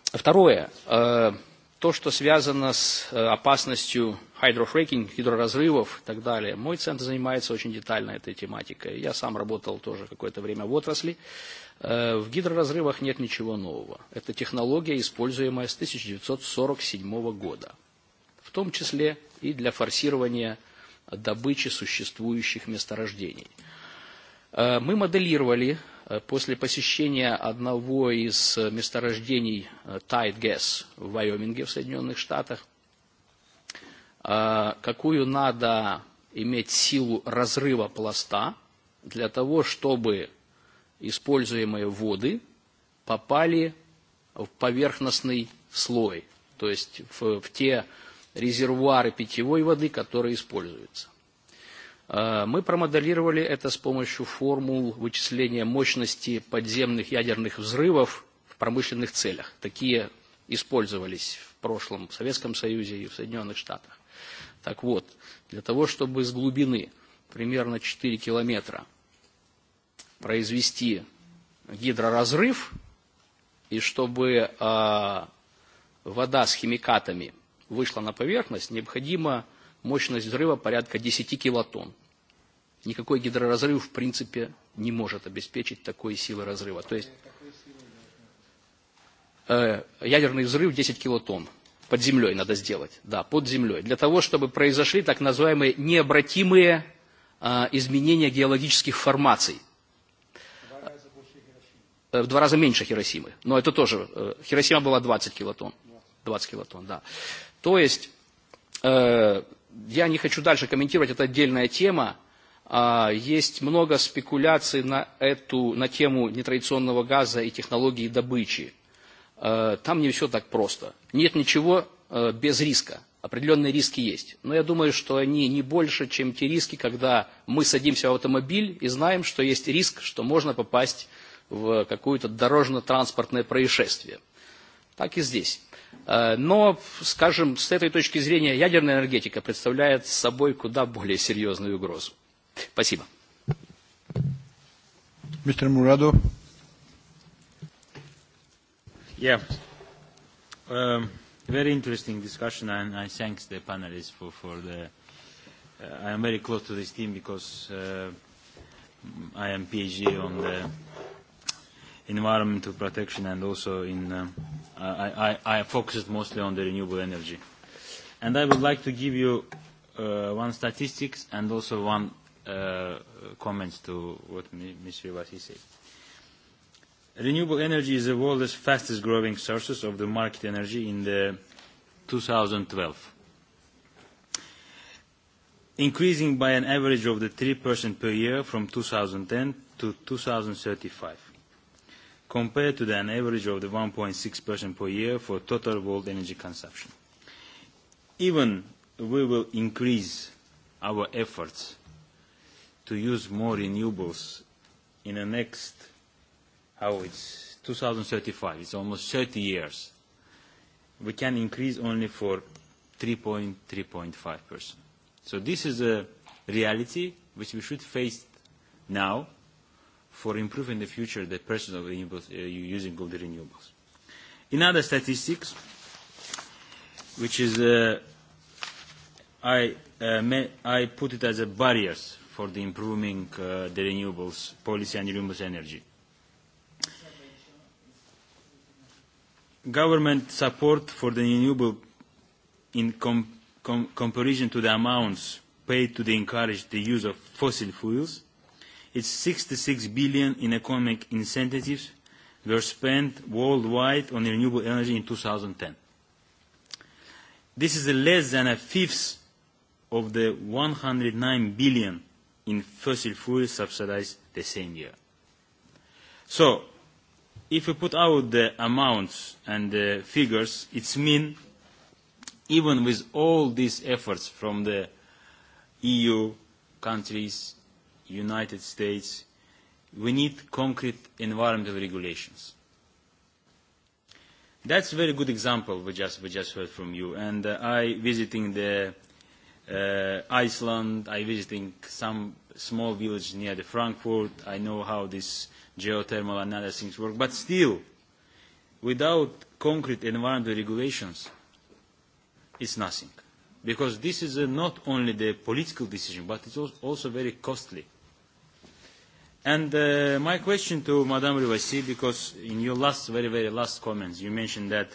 Второе. Э, то, что связано с э, опасностью хайдрофрекинг, гидроразрывов и так далее. Мой центр занимается очень детально этой тематикой. Я сам работал тоже какое-то время в отрасли. В гидроразрывах нет ничего нового. Это технология, используемая с 1947 года в том числе и для форсирования добычи существующих месторождений. Э, мы моделировали э, после посещения одного из э, месторождений Tide Gas в Вайоминге в Соединенных Штатах, какую надо иметь силу разрыва пласта для того, чтобы используемые воды попали в поверхностный слой, то есть в, в те резервуары питьевой воды, которые используются. Э, мы промоделировали это с помощью формул вычисления мощности подземных ядерных взрывов в промышленных целях. Такие использовались в прошлом в Советском Союзе и в Соединенных Штатах. Так вот, для того, чтобы с глубины примерно 4 километра произвести гидроразрыв, и чтобы э, вода с химикатами вышла на поверхность, необходима мощность взрыва порядка 10 килотонн. Никакой гидроразрыв в принципе не может обеспечить такой силы разрыва. То есть э, ядерный взрыв 10 килотонн под землей надо сделать. Да, под землей. Для того, чтобы произошли так называемые необратимые э, изменения геологических формаций. Э, в два раза меньше Хиросимы. Но это тоже... Э, Хиросима была 20 килотонн. 20 килотонн, да. То есть, э, я не хочу дальше комментировать, это отдельная тема. Э, есть много спекуляций на, эту, на тему нетрадиционного газа и технологии добычи. Э, там не все так просто. Нет ничего э, без риска. Определенные риски есть. Но я думаю, что они не больше, чем те риски, когда мы садимся в автомобиль и знаем, что есть риск, что можно попасть в какое-то дорожно-транспортное происшествие. Так и здесь. Э, но, скажем, с этой точки зрения ядерная энергетика представляет собой куда более серьезную угрозу. Спасибо. Мистер Мурадо. Yeah. Um, very interesting discussion, and I thank the panelists for, for the... Uh, I am very close to this team because uh, I am PhD on the environmental protection and also in, uh, I, I, I focused mostly on the renewable energy. And I would like to give you uh, one statistics and also one uh, comments to what Ms. Rivasi said. Renewable energy is the world's fastest growing sources of the market energy in the 2012, increasing by an average of the 3% per year from 2010 to 2035 compared to an average of the 1.6% per year for total world energy consumption. Even we will increase our efforts to use more renewables in the next, how it's 2035, it's almost 30 years, we can increase only for 3.3.5%. So this is a reality which we should face now for improving the future the person of renewables, uh, using of the renewables. In other statistics, which is uh, I, uh, may, I put it as a barriers for the improving uh, the renewables policy and renewables energy. Government support for the renewable in com com comparison to the amounts paid to the encourage the use of fossil fuels Its 66 billion in economic incentives were spent worldwide on renewable energy in 2010. This is less than a fifth of the 109 billion in fossil fuels subsidized the same year. So, if we put out the amounts and the figures, it's mean even with all these efforts from the EU countries, United States, we need concrete environmental regulations. That's a very good example we just, we just heard from you. And uh, I visiting the uh, Iceland, I visiting some small village near the Frankfurt. I know how this geothermal and other things work. But still, without concrete environmental regulations, it's nothing. Because this is uh, not only the political decision, but it's also very costly And uh, my question to Madame Rivasi, because in your last, very, very last comments, you mentioned that,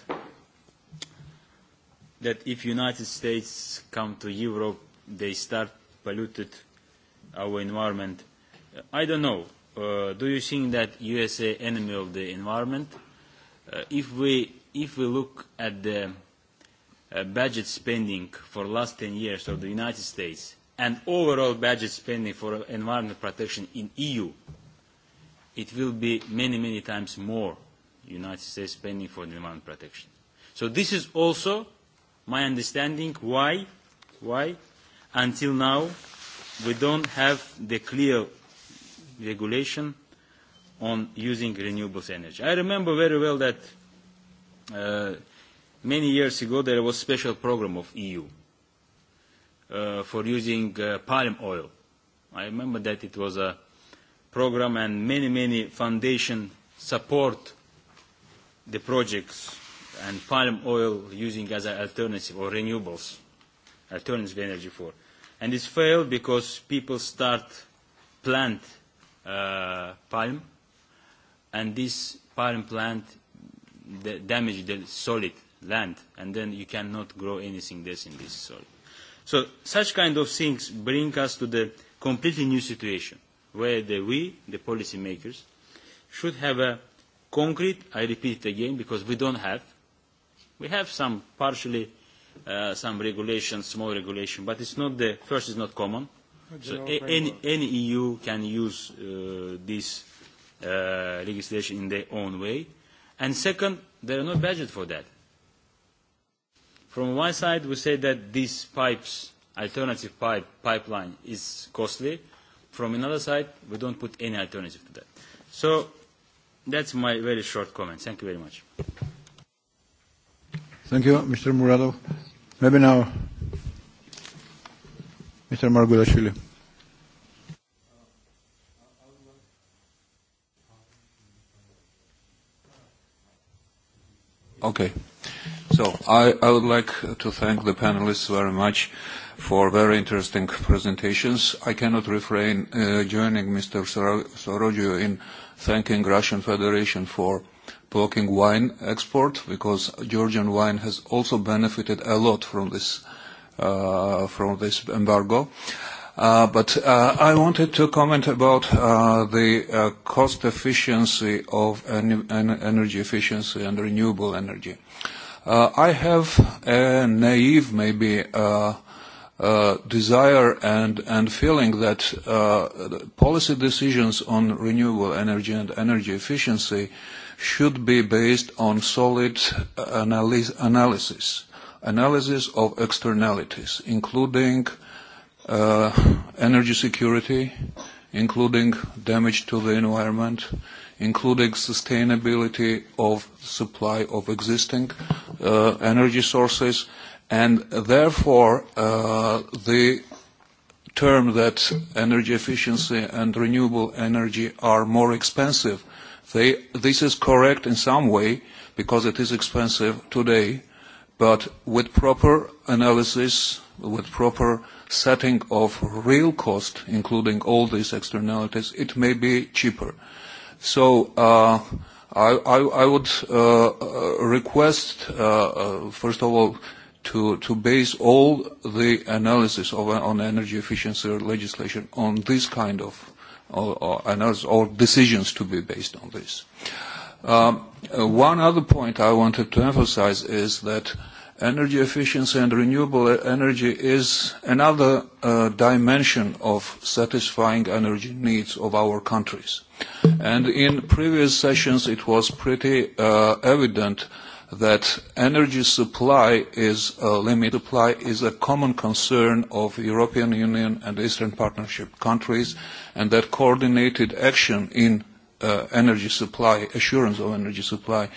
that if United States come to Europe, they start polluted our environment. I don't know. Uh, do you think that USA enemy of the environment? Uh, if, we, if we look at the uh, budget spending for last 10 years of the United States, and overall budget spending for environment protection in EU, it will be many, many times more United States spending for environment protection. So this is also my understanding why, why until now we don't have the clear regulation on using renewables energy. I remember very well that uh, many years ago there was a special program of EU uh, for using uh, palm oil. I remember that it was a program and many, many foundation support the projects and palm oil using as an alternative or renewables, alternative energy for. And it's failed because people start plant uh, palm and this palm plant damage the solid land and then you cannot grow anything this in this soil. So such kind of things bring us to the completely new situation where the, we, the policymakers, should have a concrete, I repeat it again, because we don't have. We have some partially uh, some regulations, small regulation, but it's not the first is not common. So any, any EU can use uh, this uh, legislation in their own way. And second, there are no budget for that. From one side, we say that these pipes, alternative pipe, pipeline is costly. From another side, we don't put any alternative to that. So that's my very short comment. Thank you very much. Thank you, Mr. Muradov. Maybe now, Mr. Margulashvili. Okay. So I, I would like to thank the panelists very much for very interesting presentations. I cannot refrain uh, joining Mr. Sorogio in thanking Russian Federation for blocking wine export because Georgian wine has also benefited a lot from this, uh, from this embargo. Uh, but uh, I wanted to comment about uh, the uh, cost efficiency of en en energy efficiency and renewable energy. Uh, Uh, I have a naive, maybe, uh, uh, desire and, and feeling that uh, policy decisions on renewable energy and energy efficiency should be based on solid uh, analy analysis, analysis of externalities, including uh, energy security, including damage to the environment, uh, including sustainability of supply of existing uh, energy sources, and therefore uh, the term that energy efficiency and renewable energy are more expensive. They, this is correct in some way because it is expensive today, but with proper analysis, with proper setting of real cost, including all these externalities, it may be cheaper. So uh, I, I, I would uh, uh, request, uh, uh, first of all, to, to base all the analysis of, on energy efficiency legislation on this kind of or, uh, or uh, analysis or decisions to be based on this. Um, one other point I wanted to emphasize is that energy efficiency and renewable energy is another uh, dimension of satisfying energy needs of our countries. And in previous sessions, it was pretty uh, evident that energy supply is a limit. Supply is a common concern of European Union and Eastern Partnership countries, and that coordinated action in uh, energy supply, assurance of energy supply,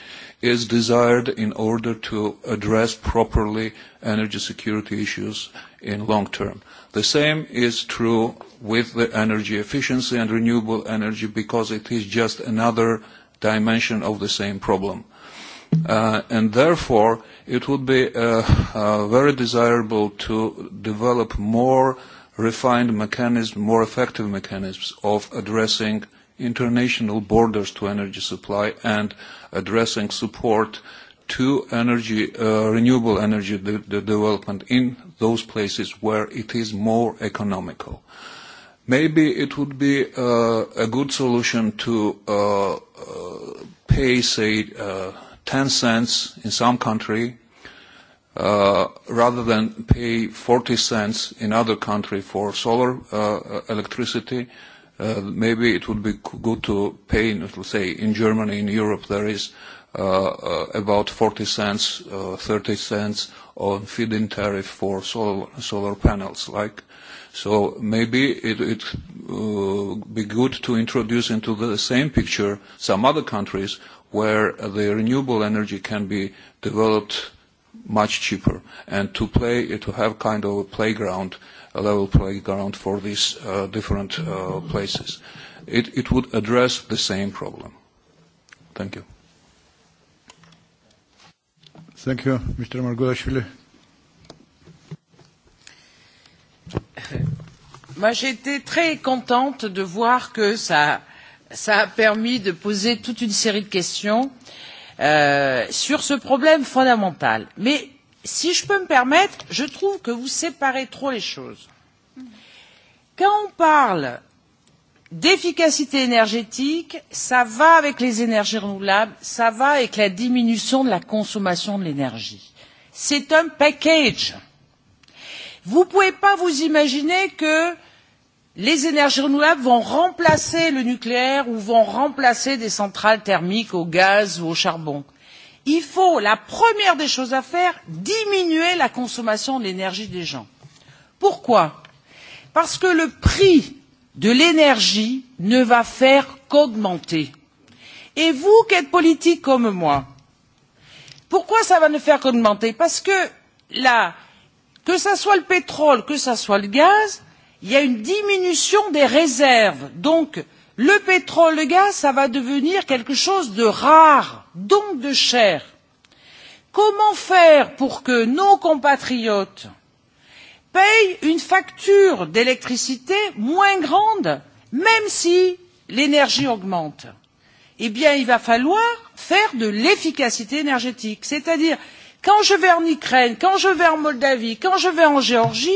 is desired in order to address properly energy security issues in long term. The same is true with the energy efficiency and renewable energy because it is just another dimension of the same problem. Uh, and therefore, it would be uh, uh, very desirable to develop more refined mechanisms, more effective mechanisms of addressing international borders to energy supply and addressing support uh, to energy, uh, renewable energy de de development in those places where it is more economical. Maybe it would be uh, a good solution to uh, uh, pay, say, uh, 10 cents in some country uh, rather than pay 40 cents in other country for solar uh, electricity. Uh, maybe it would be good to pay, let's say, in Germany, in Europe, there is uh, Uh, uh, about 40 cents, uh, 30 cents on feed-in tariff for solar, solar panels. Like, so maybe it it uh, be good to introduce into the same picture some other countries where the renewable energy can be developed much cheaper and to play to have kind of a playground a level playground for these uh, different uh, places it it would address the same problem thank you Thank you, Mr. Margulashvili. Moi, j'étais très contente de voir que ça, ça a permis de poser toute une série de questions euh, sur ce problème fondamental. Mais si je peux me permettre, je trouve que vous séparez trop les choses. Quand on parle d'efficacité énergétique, ça va avec les énergies renouvelables, ça va avec la diminution de la consommation de l'énergie. C'est un package. Vous ne pouvez pas vous imaginer que les énergies renouvelables vont remplacer le nucléaire ou vont remplacer des centrales thermiques au gaz ou au charbon. Il faut, la première des choses à faire, diminuer la consommation de l'énergie des gens. Pourquoi Parce que le prix de l'énergie ne va faire qu'augmenter. Et vous qui êtes politique comme moi, pourquoi ça va ne faire qu'augmenter Parce que là, que ce soit le pétrole, que ce soit le gaz, il y a une diminution des réserves. Donc, le pétrole, le gaz, ça va devenir quelque chose de rare, donc de cher. Comment faire pour que nos compatriotes paye une facture d'électricité moins grande, même si l'énergie augmente. Eh bien, il va falloir faire de l'efficacité énergétique. C'est-à-dire, quand je vais en Ukraine, quand je vais en Moldavie, quand je vais en Géorgie,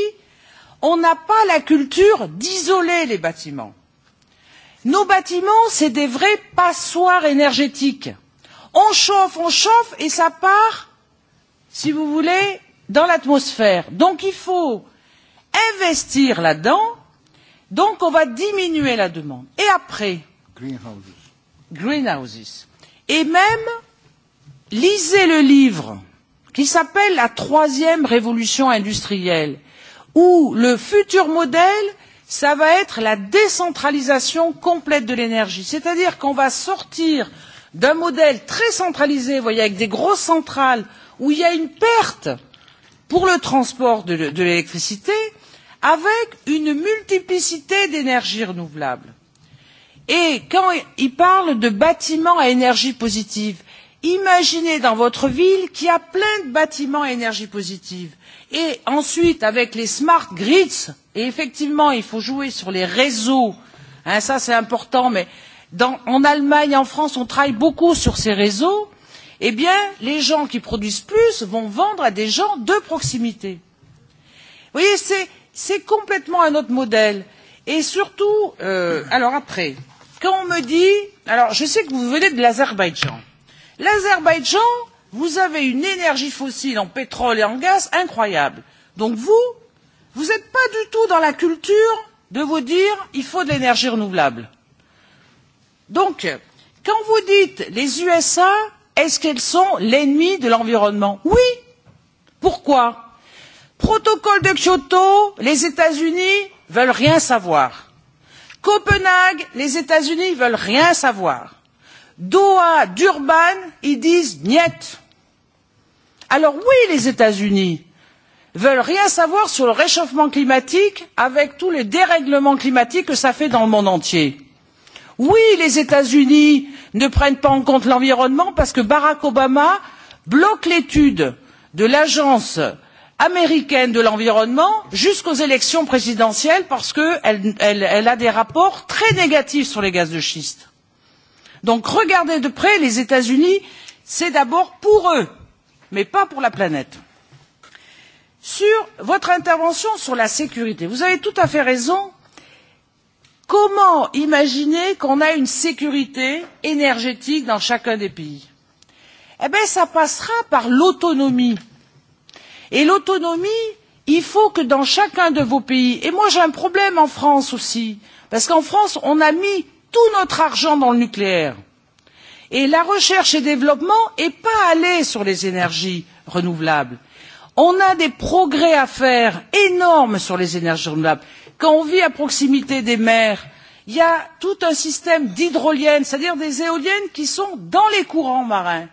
on n'a pas la culture d'isoler les bâtiments. Nos bâtiments, c'est des vrais passoires énergétiques. On chauffe, on chauffe et ça part, si vous voulez, dans l'atmosphère. Donc il faut investir là-dedans, donc on va diminuer la demande. Et après Greenhouses. Greenhouses. Et même, lisez le livre qui s'appelle La troisième révolution industrielle, où le futur modèle, ça va être la décentralisation complète de l'énergie. C'est-à-dire qu'on va sortir d'un modèle très centralisé, vous voyez, avec des grosses centrales, où il y a une perte pour le transport de, de l'électricité, avec une multiplicité d'énergies renouvelables. Et quand il parle de bâtiments à énergie positive, imaginez dans votre ville qu'il y a plein de bâtiments à énergie positive. Et ensuite, avec les smart grids, et effectivement, il faut jouer sur les réseaux, hein, ça c'est important, mais dans, en Allemagne, en France, on travaille beaucoup sur ces réseaux, eh bien, les gens qui produisent plus vont vendre à des gens de proximité. Vous voyez, c'est C'est complètement un autre modèle. Et surtout, euh, alors après, quand on me dit, alors je sais que vous venez de l'Azerbaïdjan. L'Azerbaïdjan, vous avez une énergie fossile en pétrole et en gaz incroyable. Donc vous, vous n'êtes pas du tout dans la culture de vous dire il faut de l'énergie renouvelable. Donc, quand vous dites les USA, est-ce qu'elles sont l'ennemi de l'environnement Oui. Pourquoi Protocole de Kyoto, les États-Unis veulent rien savoir. Copenhague, les États-Unis veulent rien savoir. Doha, Durban, ils disent niet. Alors oui, les États-Unis veulent rien savoir sur le réchauffement climatique avec tous les dérèglements climatiques que ça fait dans le monde entier. Oui, les États-Unis ne prennent pas en compte l'environnement parce que Barack Obama bloque l'étude de l'agence américaine de l'environnement jusqu'aux élections présidentielles parce qu'elle elle, elle a des rapports très négatifs sur les gaz de schiste. Donc regardez de près les États-Unis, c'est d'abord pour eux, mais pas pour la planète. Sur votre intervention sur la sécurité, vous avez tout à fait raison. Comment imaginer qu'on a une sécurité énergétique dans chacun des pays Eh bien, ça passera par l'autonomie Et l'autonomie, il faut que dans chacun de vos pays, et moi j'ai un problème en France aussi, parce qu'en France, on a mis tout notre argent dans le nucléaire. Et la recherche et développement n'est pas allée sur les énergies renouvelables. On a des progrès à faire énormes sur les énergies renouvelables. Quand on vit à proximité des mers, il y a tout un système d'hydroliennes, c'est-à-dire des éoliennes qui sont dans les courants marins.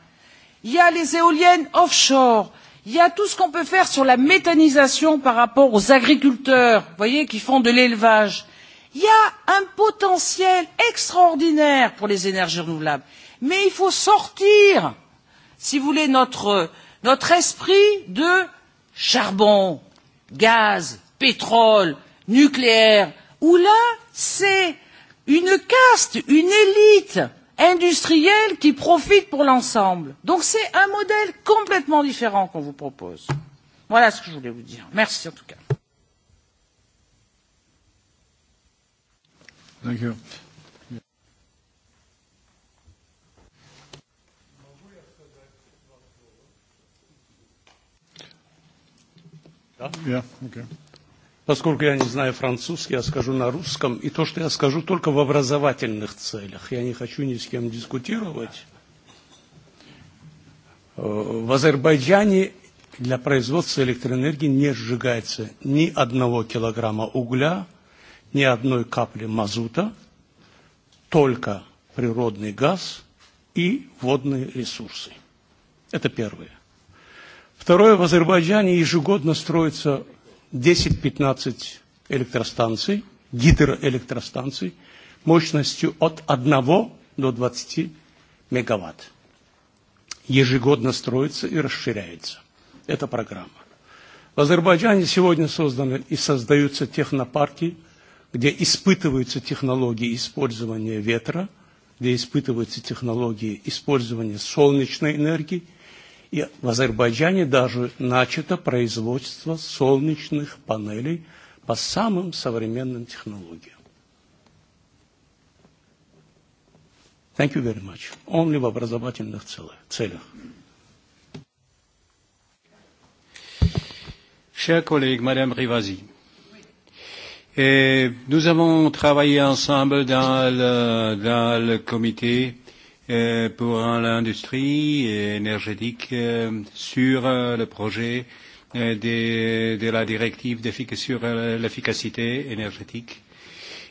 Il y a les éoliennes offshore. Il y a tout ce qu'on peut faire sur la méthanisation par rapport aux agriculteurs, vous voyez, qui font de l'élevage. Il y a un potentiel extraordinaire pour les énergies renouvelables. Mais il faut sortir, si vous voulez, notre, notre esprit de charbon, gaz, pétrole, nucléaire, où là, c'est une caste, une élite industriel qui profite pour l'ensemble. Donc c'est un modèle complètement différent qu'on vous propose. Voilà ce que je voulais vous dire. Merci en tout cas. Thank you. yeah okay. Поскольку я не знаю французский, я скажу на русском. И то, что я скажу, только в образовательных целях. Я не хочу ни с кем дискутировать. Э, в Азербайджане для производства электроэнергии не сжигается ни одного килограмма угля, ни одной капли мазута, только природный газ и водные ресурсы. Это первое. Второе, в Азербайджане ежегодно строится 10-15 электростанций, гидроэлектростанций мощностью от 1 до 20 мегаватт. Ежегодно строится и расширяется эта программа. В Азербайджане сегодня созданы и создаются технопарки, где испытываются технологии использования ветра, где испытываются технологии использования солнечной энергии – И в Азербайджане даже начато производство солнечных панелей по самым современным технологиям. Thank you very much. Only в образовательных целях. Chers collègues, Madame Rivasi, et eh, nous avons travaillé ensemble dans le, dans le comité Euh, pour l'industrie énergétique euh, sur euh, le projet de, de la directive sur l'efficacité énergétique.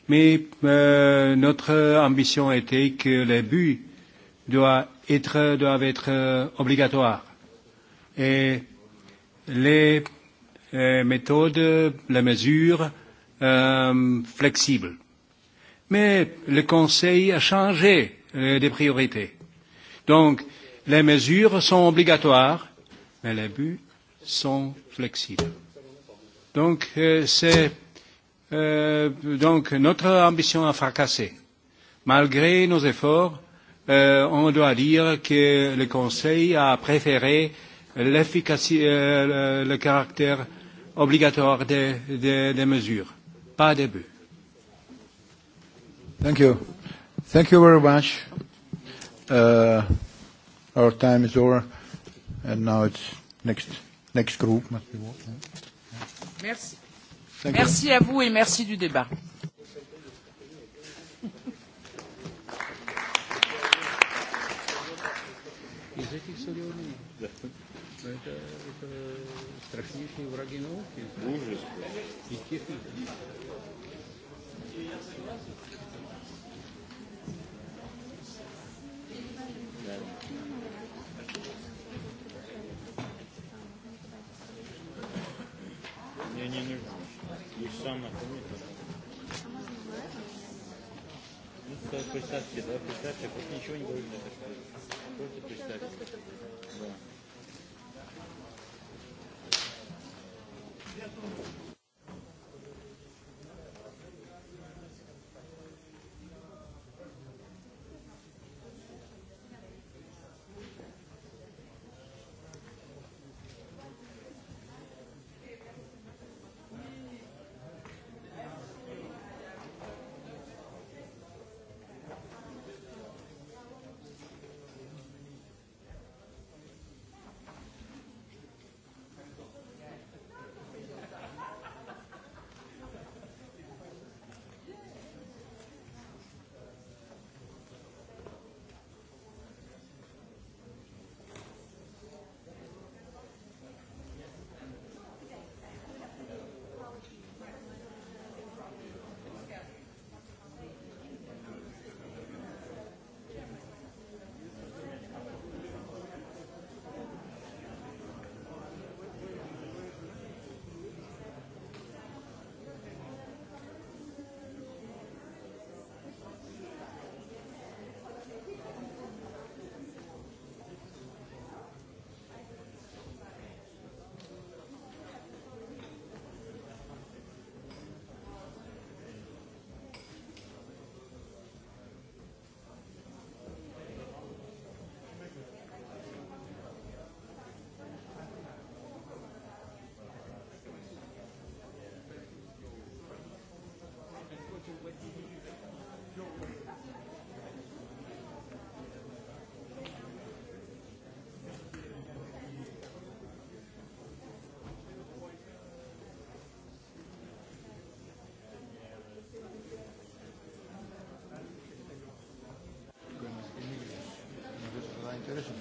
Mais euh, notre ambition était que les buts doivent être, doivent être obligatoires. Et les euh, méthodes, les mesures euh, flexibles. Mais le Conseil a changé euh, des priorités. Donc, les mesures sont obligatoires, mais les buts sont flexibles. Donc, euh, c'est euh, donc notre ambition à fracasser. Malgré nos efforts, euh, on doit dire que le Conseil a préféré l'efficacité, euh, le, le caractère obligatoire des, des, des mesures, pas des buts. Thank you. Thank you very much. Uh, our time is over, and now it's next next group. merci. Thank merci you. à vous et merci du débat. из этих солений. Да. Это, это страшнейшие враги науки. Ужас. И техники. не нужно. И сам на комнате. Ну, то представьте, да, представьте, просто ничего не говорили. Просто представьте. Да. интересно.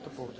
Это повод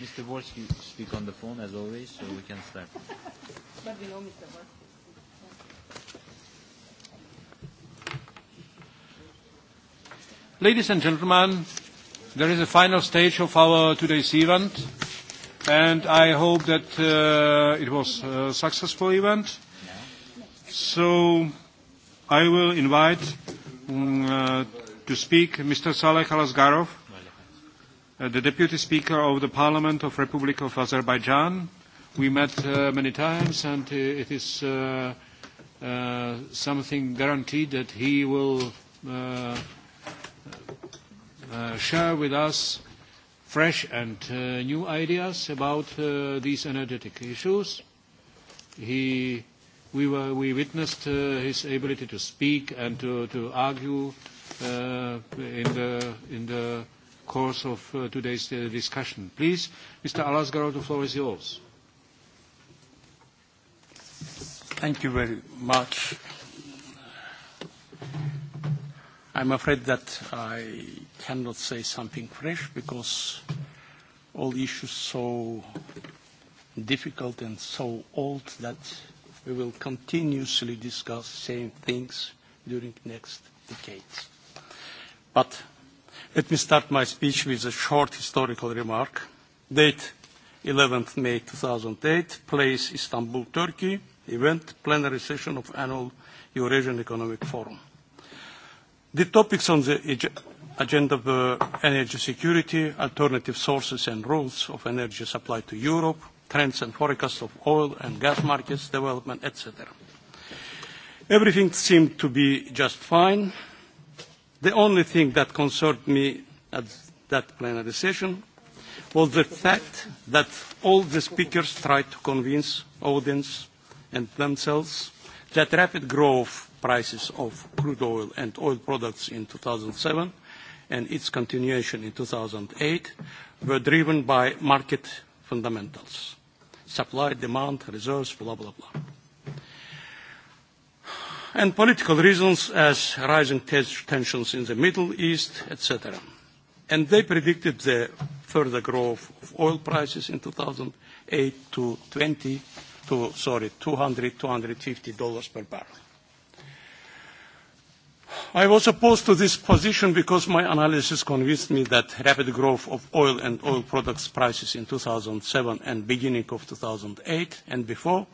Mr. Borsk, you speak on the phone as always, so we can start. but we know Mr. Borsk. Ladies and gentlemen, there is a final stage of our today's event, and I hope that uh, it was a successful event. So I will invite um, uh, to speak Mr. Saleh Kalasgarov, Uh, the Deputy Speaker of the Parliament of Republic of Azerbaijan. We met uh, many times and uh, it is uh, uh, something guaranteed that he will uh, uh, share with us fresh and uh, new ideas about uh, these energetic issues. He, we, were, we witnessed uh, his ability to speak and to, to argue uh, in the, in the course of uh, today's uh, discussion. Please, Mr. Alasgaro, the floor is yours. Thank you very much. I'm afraid that I cannot say something fresh because all issues so difficult and so old that we will continuously discuss same things during next decades. But Let me start my speech with a short historical remark. Date 11th May 2008, place Istanbul, Turkey, event plenary session of annual Eurasian Economic Forum. The topics on the agenda were energy security, alternative sources and rules of energy supply to Europe, trends and forecasts of oil and gas markets development, etc. Everything seemed to be just fine The only thing that concerned me at that plenary session was the fact that all the speakers tried to convince audience and themselves that rapid growth prices of crude oil and oil products in 2007 and its continuation in 2008 were driven by market fundamentals, supply, demand, reserves, blah, blah, blah and political reasons as rising tensions in the Middle East, etc. And they predicted the further growth of oil prices in 2008 to 20 to sorry 200 250 dollars per barrel. I was opposed to this position because my analysis convinced me that rapid growth of oil and oil products prices in 2007 and beginning of 2008 and before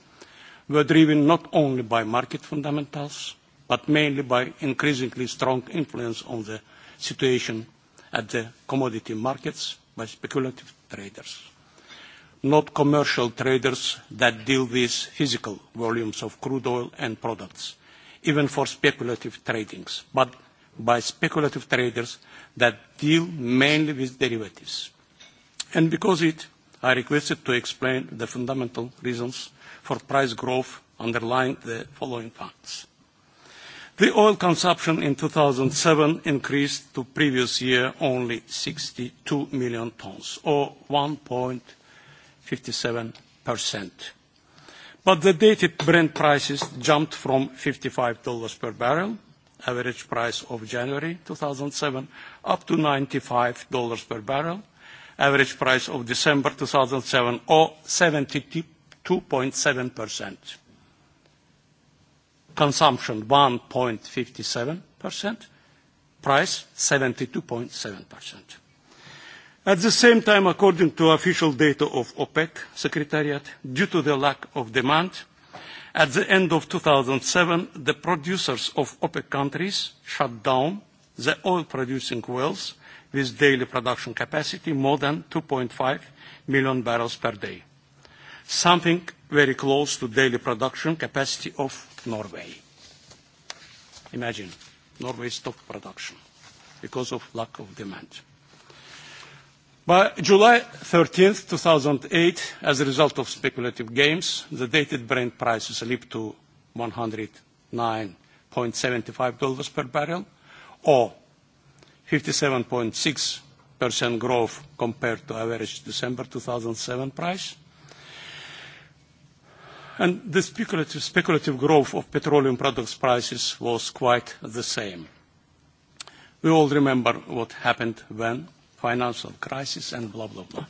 were driven not only by market fundamentals, but mainly by increasingly strong influence on the situation at the commodity markets by speculative traders, not commercial traders that deal with physical volumes of crude oil and products, even for speculative tradings, but by speculative traders that deal mainly with derivatives. And because it, I requested to explain the fundamental reasons for price growth underlined the following facts. The oil consumption in 2007 increased to previous year only 62 million tons, or 1.57%. But the dated Brent prices jumped from $55 per barrel, average price of January 2007, up to $95 per barrel, average price of December 2007, or 72 2.7%. Consumption 1.57%. Price 72.7%. At the same time, according to official data of OPEC Secretariat, due to the lack of demand, at the end of 2007, the producers of OPEC countries shut down the oil-producing wells with daily production capacity more than 2.5 million barrels per day something very close to daily production capacity of Norway. Imagine, Norway stopped production because of lack of demand. By July 13, 2008, as a result of speculative games, the dated Brent prices leaped to 109.75 dollars per barrel, or 57.6% growth compared to average December 2007 price. And the speculative, speculative growth of petroleum products prices was quite the same. We all remember what happened when financial crisis and blah, blah, blah.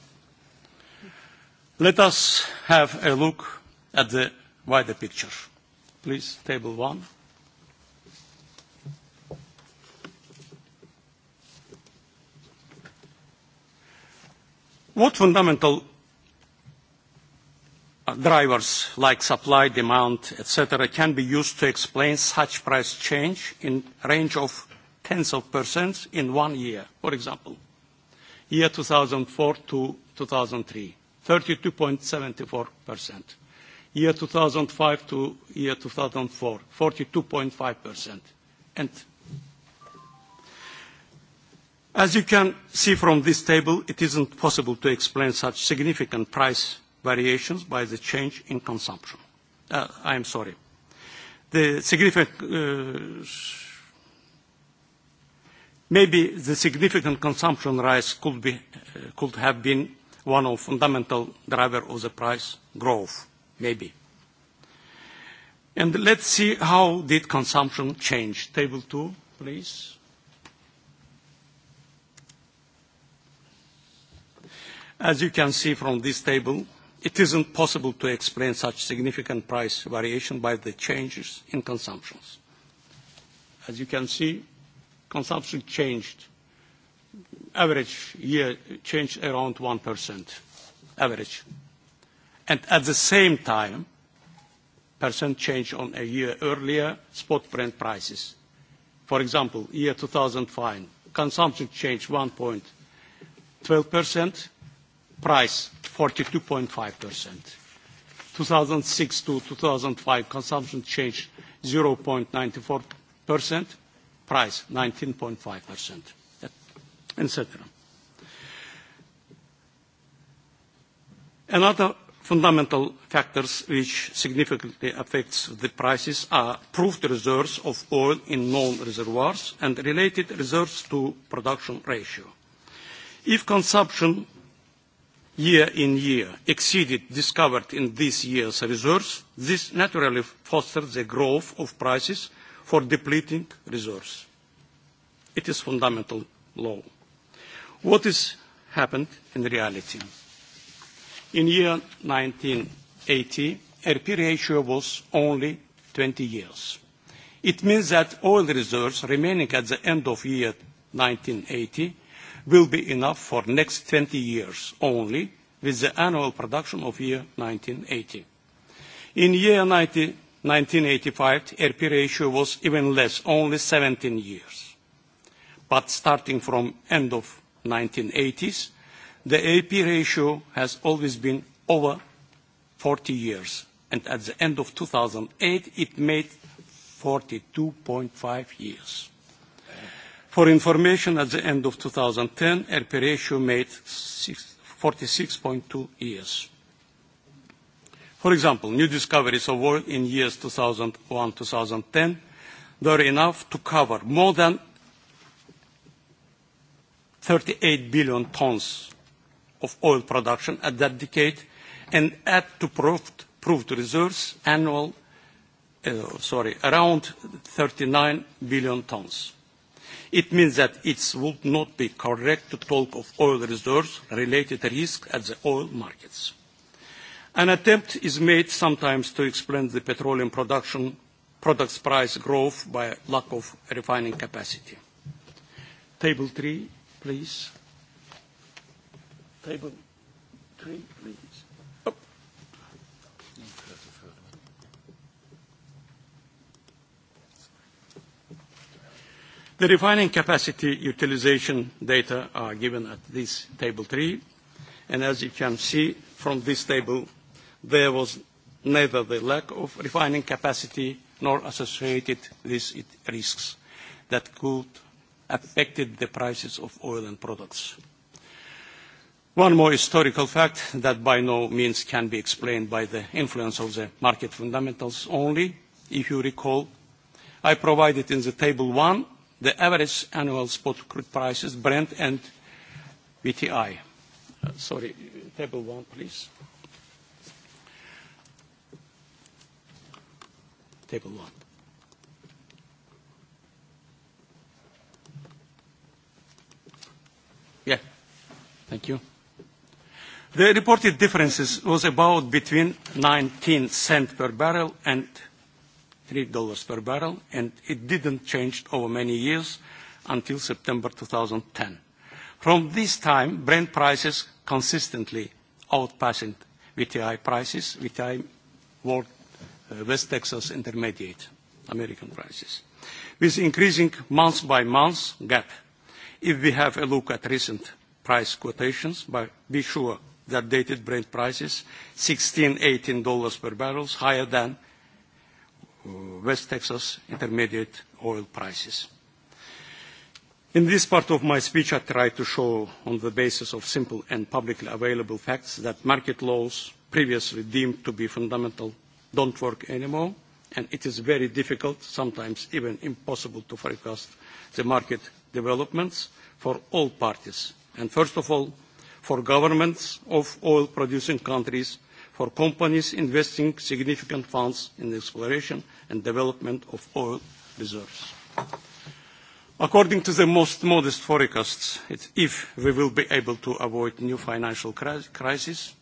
Let us have a look at the wider picture. Please, table one. What fundamental Uh, drivers like supply, demand, etc., can be used to explain such price change in range of tens of percents in one year. For example, year 2004 to 2003, 32.74%. Year 2005 to year 2004, 42.5%. And as you can see from this table, it isn't possible to explain such significant price variations by the change in consumption. Uh, I'm sorry. The significant, uh, maybe the significant consumption rise could, be, uh, could have been one of fundamental driver of the price growth, maybe. And let's see how did consumption change. Table two, please. As you can see from this table, it isn't possible to explain such significant price variation by the changes in consumptions. As you can see, consumption changed. Average year changed around 1%, average. And at the same time, percent change on a year earlier spot print prices. For example, year 2005, consumption changed 1.12%, price 42.5%. 2006 to 2005 consumption change 0.94%, price 19.5%, etc. Another fundamental factors which significantly affects the prices are proved reserves of oil in known reservoirs and related reserves to production ratio. If consumption year in year exceeded discovered in this year's reserves, this naturally fosters the growth of prices for depleting reserves. It is fundamental law. What has happened in reality? In year 1980, RP ratio was only 20 years. It means that oil reserves remaining at the end of year 1980 will be enough for next 20 years only with the annual production of year 1980. In year 90, 1985, RP ratio was even less, only 17 years. But starting from end of 1980s, the AP ratio has always been over 40 years, and at the end of 2008, it made 42.5 years. For information, at the end of 2010, RP ratio made 46.2 years. For example, new discoveries of oil in years 2001-2010 were enough to cover more than 38 billion tons of oil production at that decade and add to proved, proved reserves annual, uh, sorry, around 39 billion tons. It means that it would not be correct to talk of oil reserves related risk at the oil markets. An attempt is made sometimes to explain the petroleum production products price growth by lack of refining capacity. Table 3, please. Table 3, please. The refining capacity utilization data are given at this table 3, and as you can see from this table, there was neither the lack of refining capacity nor associated these risks that could affect the prices of oil and products. One more historical fact that by no means can be explained by the influence of the market fundamentals only, if you recall, I provided in the table one the average annual spot crude prices, Brent and WTI. Uh, sorry, table one, please. Table one. Yeah, thank you. The reported differences was about between 19 cents per barrel and $3 per barrel, and it didn't change over many years until September 2010. From this time, Brent prices consistently outpassing VTI prices, VTI World uh, West Texas Intermediate American prices, with increasing month by month gap. If we have a look at recent price quotations, but be sure that dated Brent prices, $16, $18 per barrel, higher than West Texas intermediate oil prices. In this part of my speech, I try to show, on the basis of simple and publicly available facts, that market laws previously deemed to be fundamental don't work anymore, and it is very difficult, sometimes even impossible, to forecast the market developments for all parties, and first of all, for governments of oil-producing countries, for companies investing significant funds in exploration and development of oil reserves. According to the most modest forecasts, it's if we will be able to avoid new financial crisis,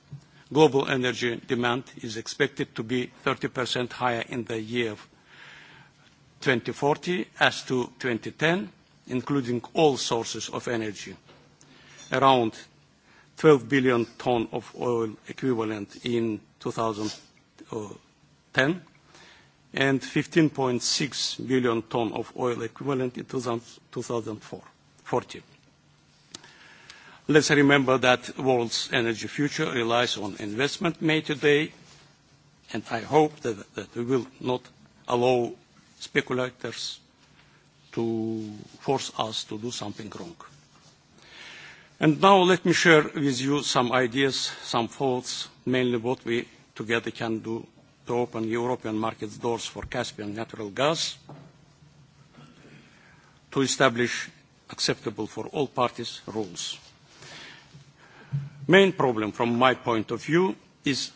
global energy demand is expected to be 30% higher in the year 2040 as to 2010, including all sources of energy. Around 12 billion ton of oil equivalent in 2010 and 15.6 billion ton of oil equivalent in 2040. Let's remember that the world's energy future relies on investment made today, and I hope that, that we will not allow speculators to force us to do something wrong. And now let me share with you some ideas, some thoughts, mainly what we together can do to open European market doors for Caspian natural gas, to establish acceptable for all parties rules. Main problem from my point of view is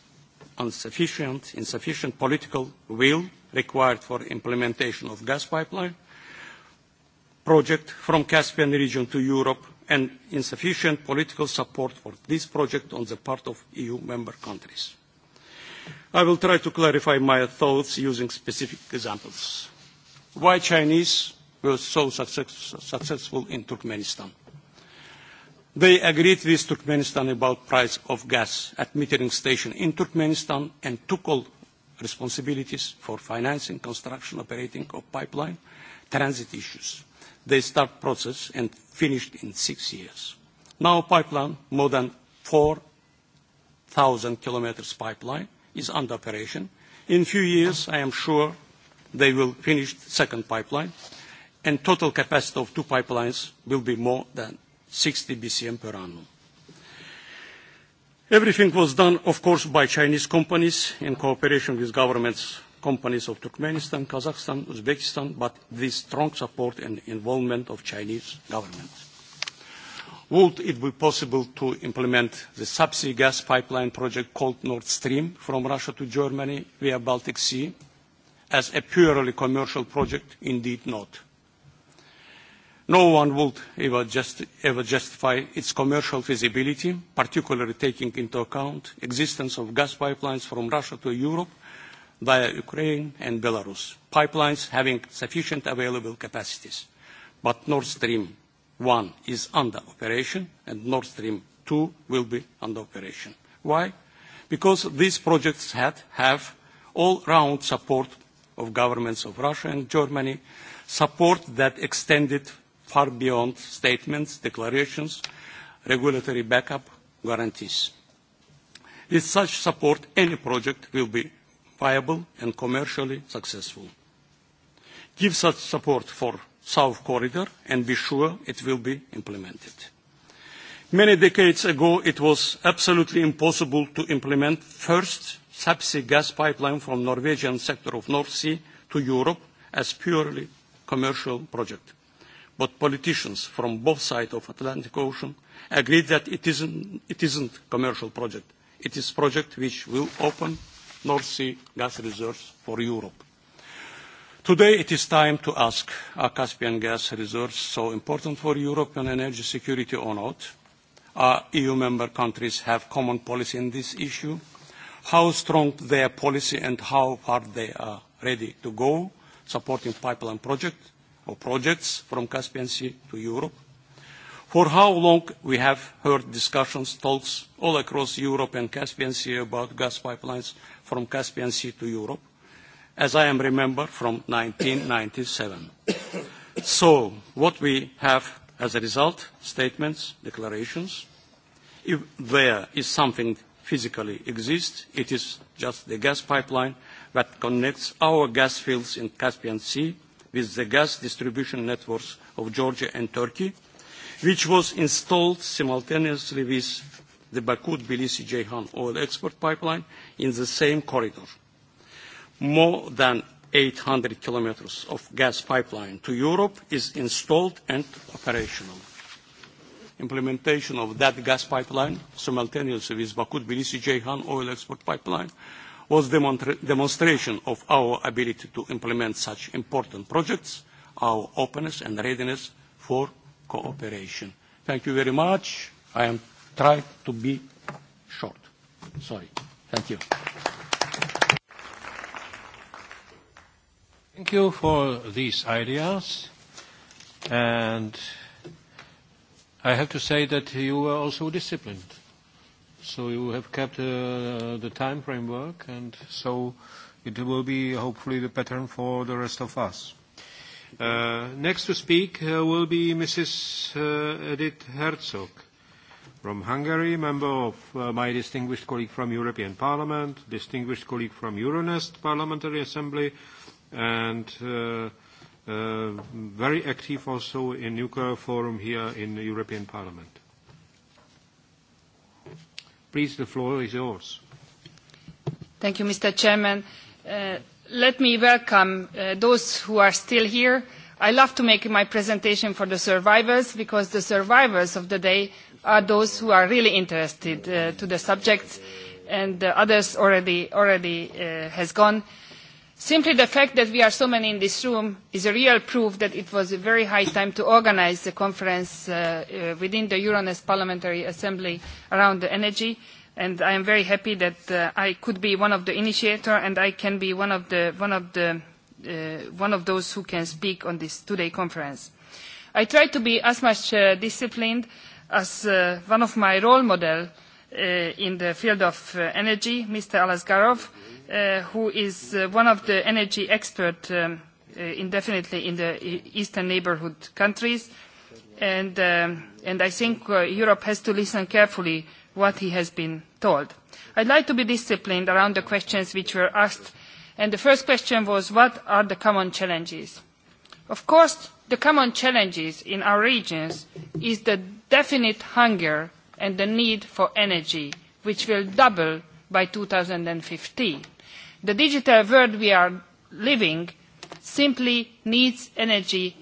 insufficient, insufficient political will required for implementation of gas pipeline project from Caspian region to Europe and insufficient political support for this project on the part of EU member countries. I will try to clarify my thoughts using specific examples. Why Chinese were so success, successful in Turkmenistan? They agreed with Turkmenistan about price of gas at metering station in Turkmenistan and took all responsibilities for financing, construction, operating of pipeline, transit issues. They start process and finished in six years. Now pipeline, more than 4,000 kilometers pipeline, is under operation. In a few years, I am sure they will finish the second pipeline, and total capacity of two pipelines will be more than 60 BCM per annum. Everything was done, of course, by Chinese companies in cooperation with governments, companies of Turkmenistan, Kazakhstan, Uzbekistan, but this strong support and involvement of Chinese governments. Would it be possible to implement the subsea gas pipeline project called Nord Stream from Russia to Germany via Baltic Sea as a purely commercial project? Indeed not. No one would ever, just, ever justify its commercial feasibility, particularly taking into account existence of gas pipelines from Russia to Europe via Ukraine and Belarus, pipelines having sufficient available capacities. But Nord Stream 1 is under operation and Nord Stream 2 will be under operation. Why? Because these projects had, have all-round support of governments of Russia and Germany, support that extended far beyond statements, declarations, regulatory backup, guarantees. With such support, any project will be viable and commercially successful. Give such support for South Corridor and be sure it will be implemented. Many decades ago, it was absolutely impossible to implement first subsea gas pipeline from Norwegian sector of North Sea to Europe as purely commercial project. But politicians from both sides of Atlantic Ocean agreed that it isn't, it isn't commercial project. It is project which will open North Sea gas reserves for Europe. Today it is time to ask, are Caspian gas reserves so important for European energy security or not? Are EU member countries have common policy in this issue? How strong their policy and how far they are ready to go, supporting pipeline project or projects from Caspian Sea to Europe? For how long we have heard discussions, talks all across Europe and Caspian Sea about gas pipelines from Caspian Sea to Europe? as I am remember from 1997. so what we have as a result, statements, declarations, if there is something physically exists, it is just the gas pipeline that connects our gas fields in Caspian Sea with the gas distribution networks of Georgia and Turkey, which was installed simultaneously with the baku tbilisi Jehan oil export pipeline in the same corridor more than 800 kilometers of gas pipeline to Europe is installed and operational. Implementation of that gas pipeline, simultaneously with baku tbilisi jehan oil export pipeline, was demonstra demonstration of our ability to implement such important projects, our openness and readiness for cooperation. Thank you very much. I am trying to be short. Sorry. Thank you. Thank you for these ideas. And I have to say that you were also disciplined. So you have kept uh, the time framework, and so it will be hopefully the pattern for the rest of us. Uh, next to speak uh, will be Mrs. Uh, Edith Herzog from Hungary, member of uh, my distinguished colleague from European Parliament, distinguished colleague from Euronest Parliamentary Assembly, and uh, uh, very active also in nuclear forum here in the European Parliament. Please, the floor is yours. Thank you, Mr. Chairman. Uh, let me welcome uh, those who are still here. I love to make my presentation for the survivors because the survivors of the day are those who are really interested uh, to the subjects and the others already, already uh, has gone. Uh, Simply the fact that we are so many in this room is a real proof that it was a very high time to organize the conference uh, uh, within the Euronest Parliamentary Assembly around the energy. And I am very happy that uh, I could be one of the initiator and I can be one of, the, one, of the, uh, one of those who can speak on this today conference. I try to be as much uh, disciplined as uh, one of my role models uh, in the field of uh, energy, Mr. Alasgarov, uh, who is uh, one of the energy experts um, uh, indefinitely in the e-, eastern neighborhood countries. And, um, and I think uh, Europe has to listen carefully what he has been told. I'd like to be disciplined around the questions which were asked. And the first question was, what are the common challenges? Of course, the common challenges in our regions is the definite hunger and the need for energy, which will double by 2015. The digital world we are living simply needs energy,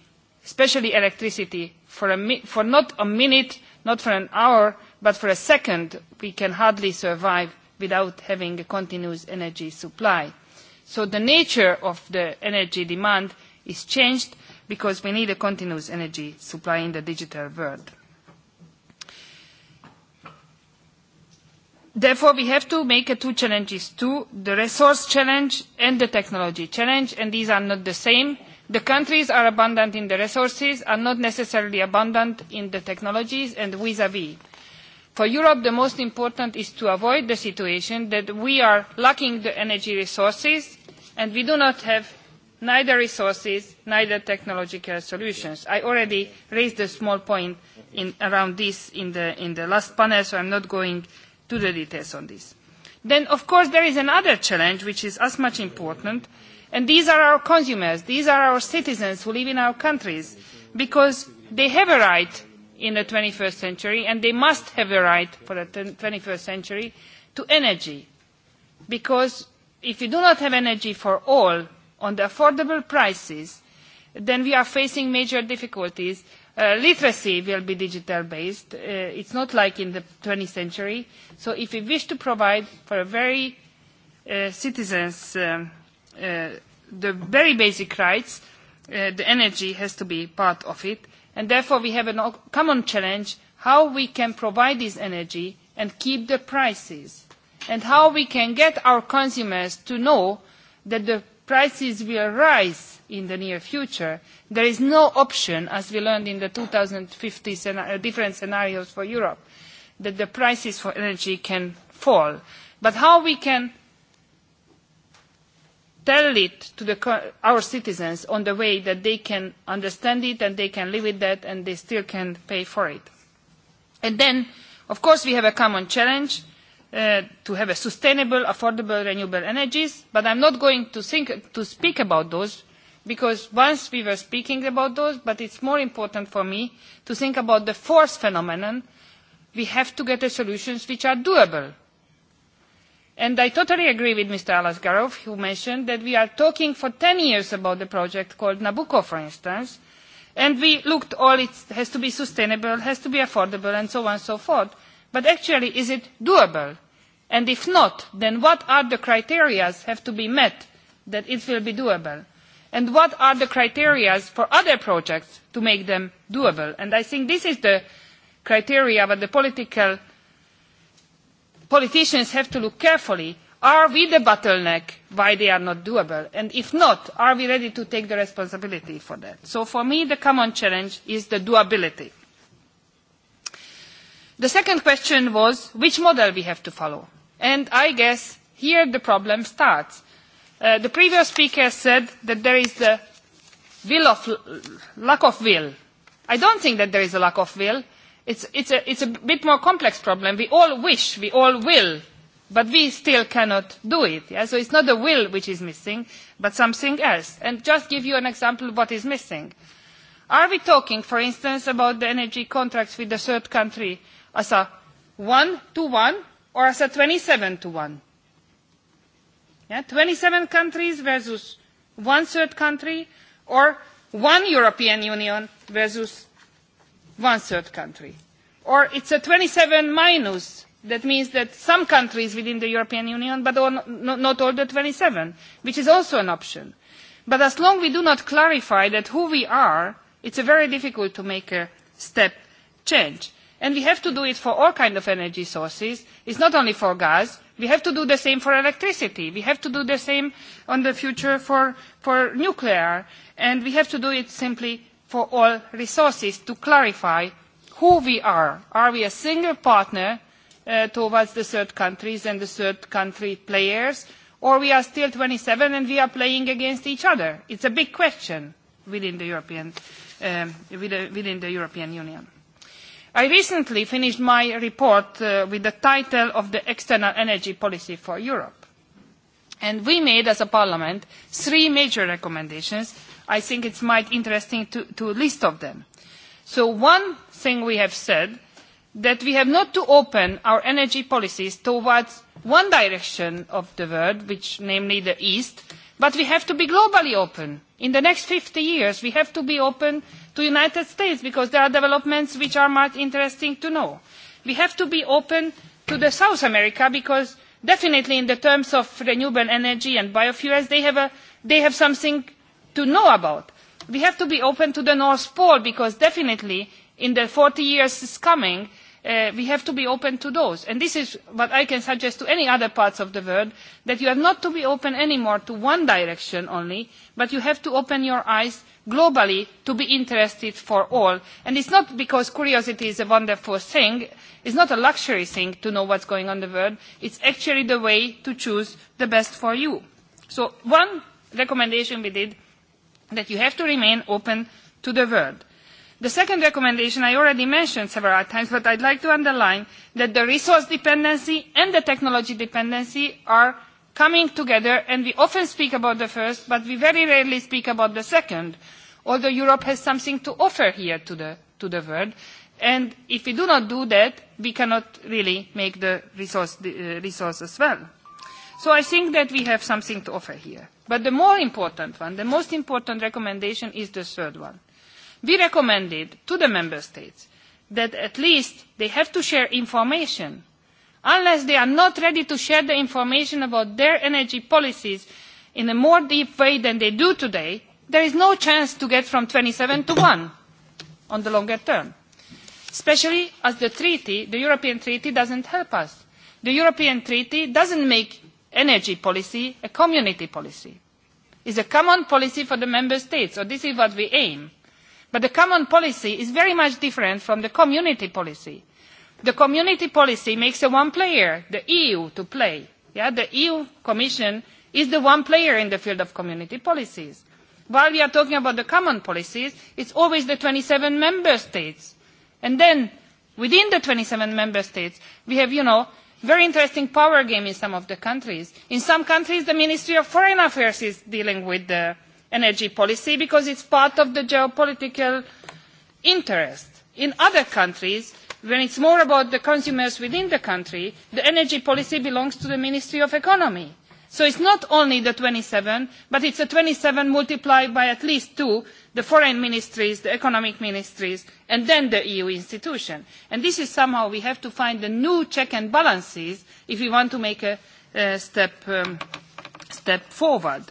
especially electricity, for, a mi for not a minute, not for an hour, but for a second we can hardly survive without having a continuous energy supply. So the nature of the energy demand is changed because we need a continuous energy supply in the digital world. Therefore, we have to make a two challenges too, the resource challenge and the technology challenge, and these are not the same. The countries are abundant in the resources, are not necessarily abundant in the technologies and vis-a-vis. -vis. For Europe, the most important is to avoid the situation that we are lacking the energy resources and we do not have neither resources, neither technological solutions. I already raised a small point in, around this in the, in the last panel, so I'm not going to the details on this. Then, of course, there is another challenge which is as much important, and these are our consumers, these are our citizens who live in our countries, because they have a right in the 21st century, and they must have a right for the 21st century to energy. Because if you do not have energy for all on the affordable prices, then we are facing major difficulties Uh, literacy will be digital based. Uh, it's not like in the 20th century. So if we wish to provide for a very uh, citizens um, uh, the very basic rights, uh, the energy has to be part of it. And therefore we have a common challenge how we can provide this energy and keep the prices and how we can get our consumers to know that the prices will rise in the near future. There is no option, as we learned in the 2050 scena uh, different scenarios for Europe, that the prices for energy can fall. But how we can tell it to the, our citizens on the way that they can understand it and they can live with that and they still can pay for it. And then, of course, we have a common challenge uh, to have a sustainable, affordable, renewable energies, but I'm not going to, think, to speak about those because once we were speaking about those, but it's more important for me to think about the fourth phenomenon. We have to get the solutions which are doable. And I totally agree with Mr. Alasgarov, who mentioned that we are talking for 10 years about the project called Nabucco, for instance, and we looked all it has to be sustainable, has to be affordable, and so on and so forth. But actually, is it doable? And if not, then what are the criteria have to be met that it will be doable? and what are the criteria for other projects to make them doable. And I think this is the criteria that the political politicians have to look carefully. Are we the bottleneck why they are not doable? And if not, are we ready to take the responsibility for that? So for me, the common challenge is the doability. The second question was which model we have to follow. And I guess here the problem starts Uh, the previous speaker said that there is the will of, lack of will. I don't think that there is a lack of will. It's, it's, a, it's a bit more complex problem. We all wish, we all will, but we still cannot do it. Yeah? So it's not the will which is missing, but something else. And just give you an example of what is missing. Are we talking, for instance, about the energy contracts with the third country as a one to one or as a 27 to one? Yeah? 27 countries versus one third country or one European Union versus one third country. Or it's a 27 minus. That means that some countries within the European Union, but all, no, not all the 27, which is also an option. But as long as we do not clarify that who we are, it's very difficult to make a step change. And we have to do it for all kinds of energy sources. It's not only for gas, We have to do the same for electricity. We have to do the same on the future for, for nuclear. And we have to do it simply for all resources to clarify who we are. Are we a single partner uh, towards the third countries and the third country players? Or we are still 27 and we are playing against each other? It's a big question within the European, um, within the European Union. I recently finished my report uh, with the title of the External Energy Policy for Europe. And we made, as a parliament, three major recommendations. I think it's might interesting to, to list of them. So one thing we have said, that we have not to open our energy policies towards one direction of the world, which namely the East, but we have to be globally open. In the next 50 years, we have to be open to the United States because there are developments which are much interesting to know. We have to be open to the South America because definitely in the terms of renewable energy and biofuels they have, a, they have something to know about. We have to be open to the North Pole because definitely in the 40 years is coming uh, we have to be open to those. And this is what I can suggest to any other parts of the world, that you have not to be open anymore to one direction only, but you have to open your eyes globally to be interested for all. And it's not because curiosity is a wonderful thing, it's not a luxury thing to know what's going on in the world, it's actually the way to choose the best for you. So one recommendation we did, that you have to remain open to the world. The second recommendation I already mentioned several times, but I'd like to underline that the resource dependency and the technology dependency are coming together, and we often speak about the first, but we very rarely speak about the second, although Europe has something to offer here to the, to the world. And if we do not do that, we cannot really make the resource, the, uh, resource as well. So I think that we have something to offer here. But the more important one, the most important recommendation is the third one. We recommended to the member states that at least they have to share information unless they are not ready to share the information about their energy policies in a more deep way than they do today, there is no chance to get from twenty seven to one on the longer term. Especially as the treaty, the European treaty doesn't help us. The European treaty doesn't make energy policy a community policy. It's a common policy for the member states, or this is what we aim. But the common policy is very much different from the community policy. The community policy makes a one player, the EU, to play. Yeah, the EU Commission is the one player in the field of community policies. While we are talking about the common policies, it's always the 27 member states. And then within the 27 member states, we have, you know, very interesting power game in some of the countries. In some countries, the Ministry of Foreign Affairs is dealing with the energy policy because it's part of the geopolitical interest. In other countries, When it's more about the consumers within the country, the energy policy belongs to the Ministry of Economy. So it's not only the twenty seven, but it's the twenty seven multiplied by at least two, the foreign ministries, the economic ministries, and then the EU institution. And this is somehow we have to find the new check and balances if we want to make a, a step, um, step forward.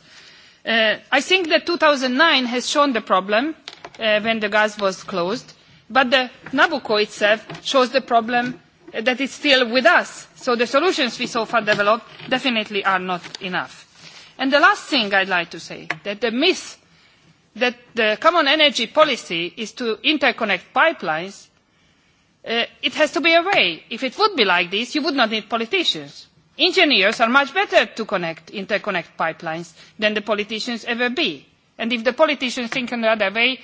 Uh, I think that two thousand nine has shown the problem uh, when the gas was closed. But the Nabucco itself shows the problem that is still with us. So the solutions we so far developed definitely are not enough. And the last thing I'd like to say, that the myth that the common energy policy is to interconnect pipelines, uh, it has to be a way. If it would be like this, you would not need politicians. Engineers are much better to connect, interconnect pipelines than the politicians ever be. And if the politicians think another way,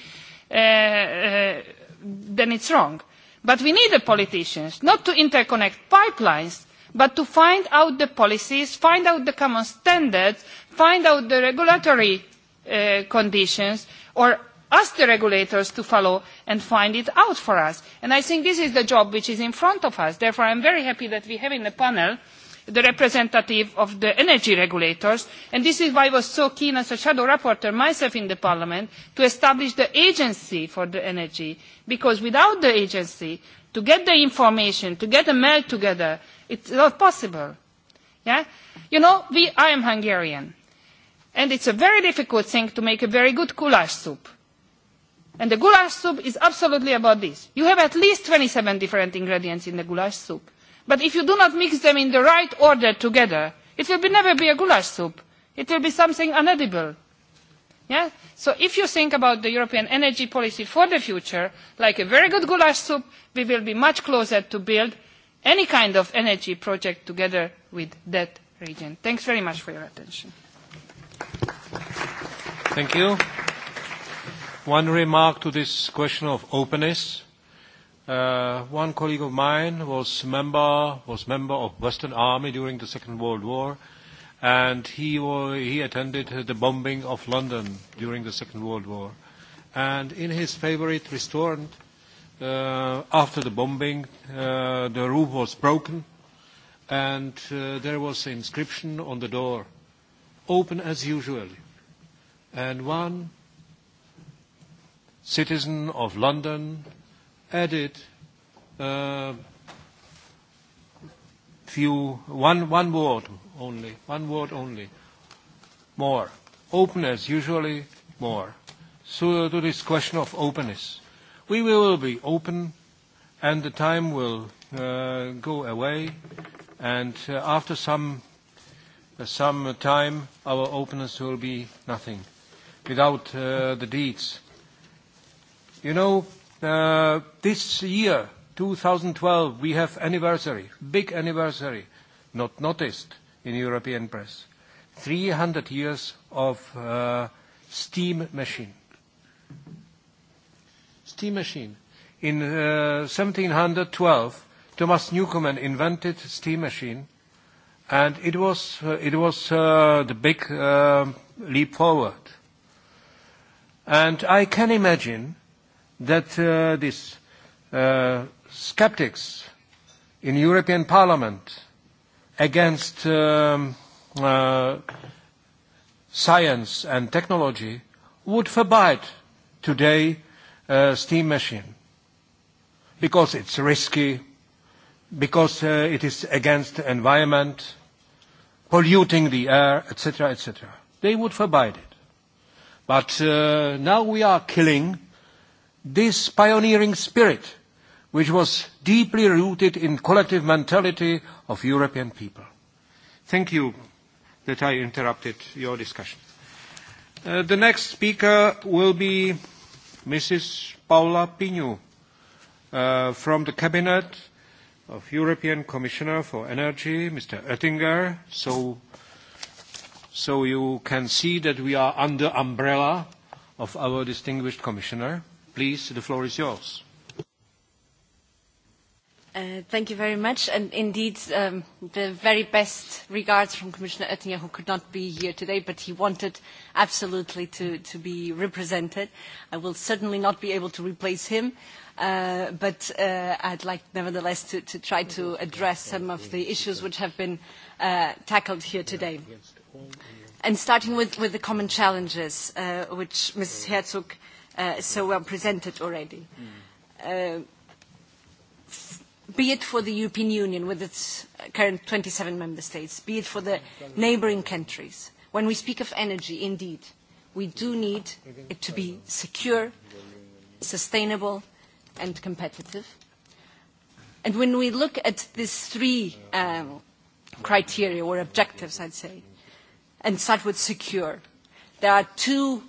uh, uh, then it's wrong. But we need the politicians, not to interconnect pipelines, but to find out the policies, find out the common standards, find out the regulatory uh, conditions, or ask the regulators to follow and find it out for us. And I think this is the job which is in front of us. Therefore, I'm very happy that we have in the panel uh, the representative of the energy regulators, and this is why I was so keen as a shadow rapporteur myself in the parliament to establish the agency for the energy, because without the agency, to get the information, to get a mail together, it's not possible. Yeah? You know, we, I am Hungarian, and it's a very difficult thing to make a very good goulash soup. And the goulash soup is absolutely about this. You have at least 27 different ingredients in the goulash soup But if you do not mix them in the right order together, it will be, never be a goulash soup. It will be something unedible. Yeah? So if you think about the European energy policy for the future, like a very good goulash soup, we will be much closer to build any kind of energy project together with that region. Thanks very much for your attention. Thank you. One remark to this question of openness. Uh, one colleague of mine was member was member of Western Army during the Second World War, and he uh, he attended the bombing of London during the Second World War, and in his favorite restaurant, uh, after the bombing, uh, the roof was broken, and uh, there was an inscription on the door, "Open as usual," and one citizen of London added uh, few, one, one word only, one word only, more. Openness, usually more. So to this question of openness. We will be open and the time will uh, go away and uh, after some, uh, some time our openness will be nothing without uh, the deeds. You know, Uh, this year, 2012, we have anniversary, big anniversary, not noticed in European press. 300 years of uh, steam machine. Steam machine. In uh, 1712, Thomas Newcomen invented steam machine, and it was, uh, it was uh, the big uh, leap forward. And I can imagine that uh, these uh, skeptics in European Parliament against um, uh, science and technology would forbid today uh, steam machine because it's risky, because uh, it is against the environment, polluting the air, etc., etc. They would forbid it. But uh, now we are killing This pioneering spirit, which was deeply rooted in collective mentality of European people. Thank you that I interrupted your discussion. Uh, the next speaker will be Mrs. Paula Pinu uh, from the Cabinet of European Commissioner for Energy, Mr. Oettinger. So, so you can see that we are under umbrella of our distinguished commissioner. Please, the floor is yours. Uh, thank you very much, and indeed um, the very best regards from Commissioner Oettinger, who could not be here today, but he wanted absolutely to, to be represented. I will certainly not be able to replace him, uh, but uh, I'd like nevertheless to, to try to address some of the issues which have been uh, tackled here today. And starting with, with the common challenges, uh, which Mrs. Herzog uh, Uh, so well presented already. Mm. Uh, be it for the European Union with its current 27 member states, be it for the neighboring countries. When we speak of energy, indeed, we do need it to be secure, sustainable and competitive. And when we look at these three um, criteria or objectives, I'd say, and start with secure, there are two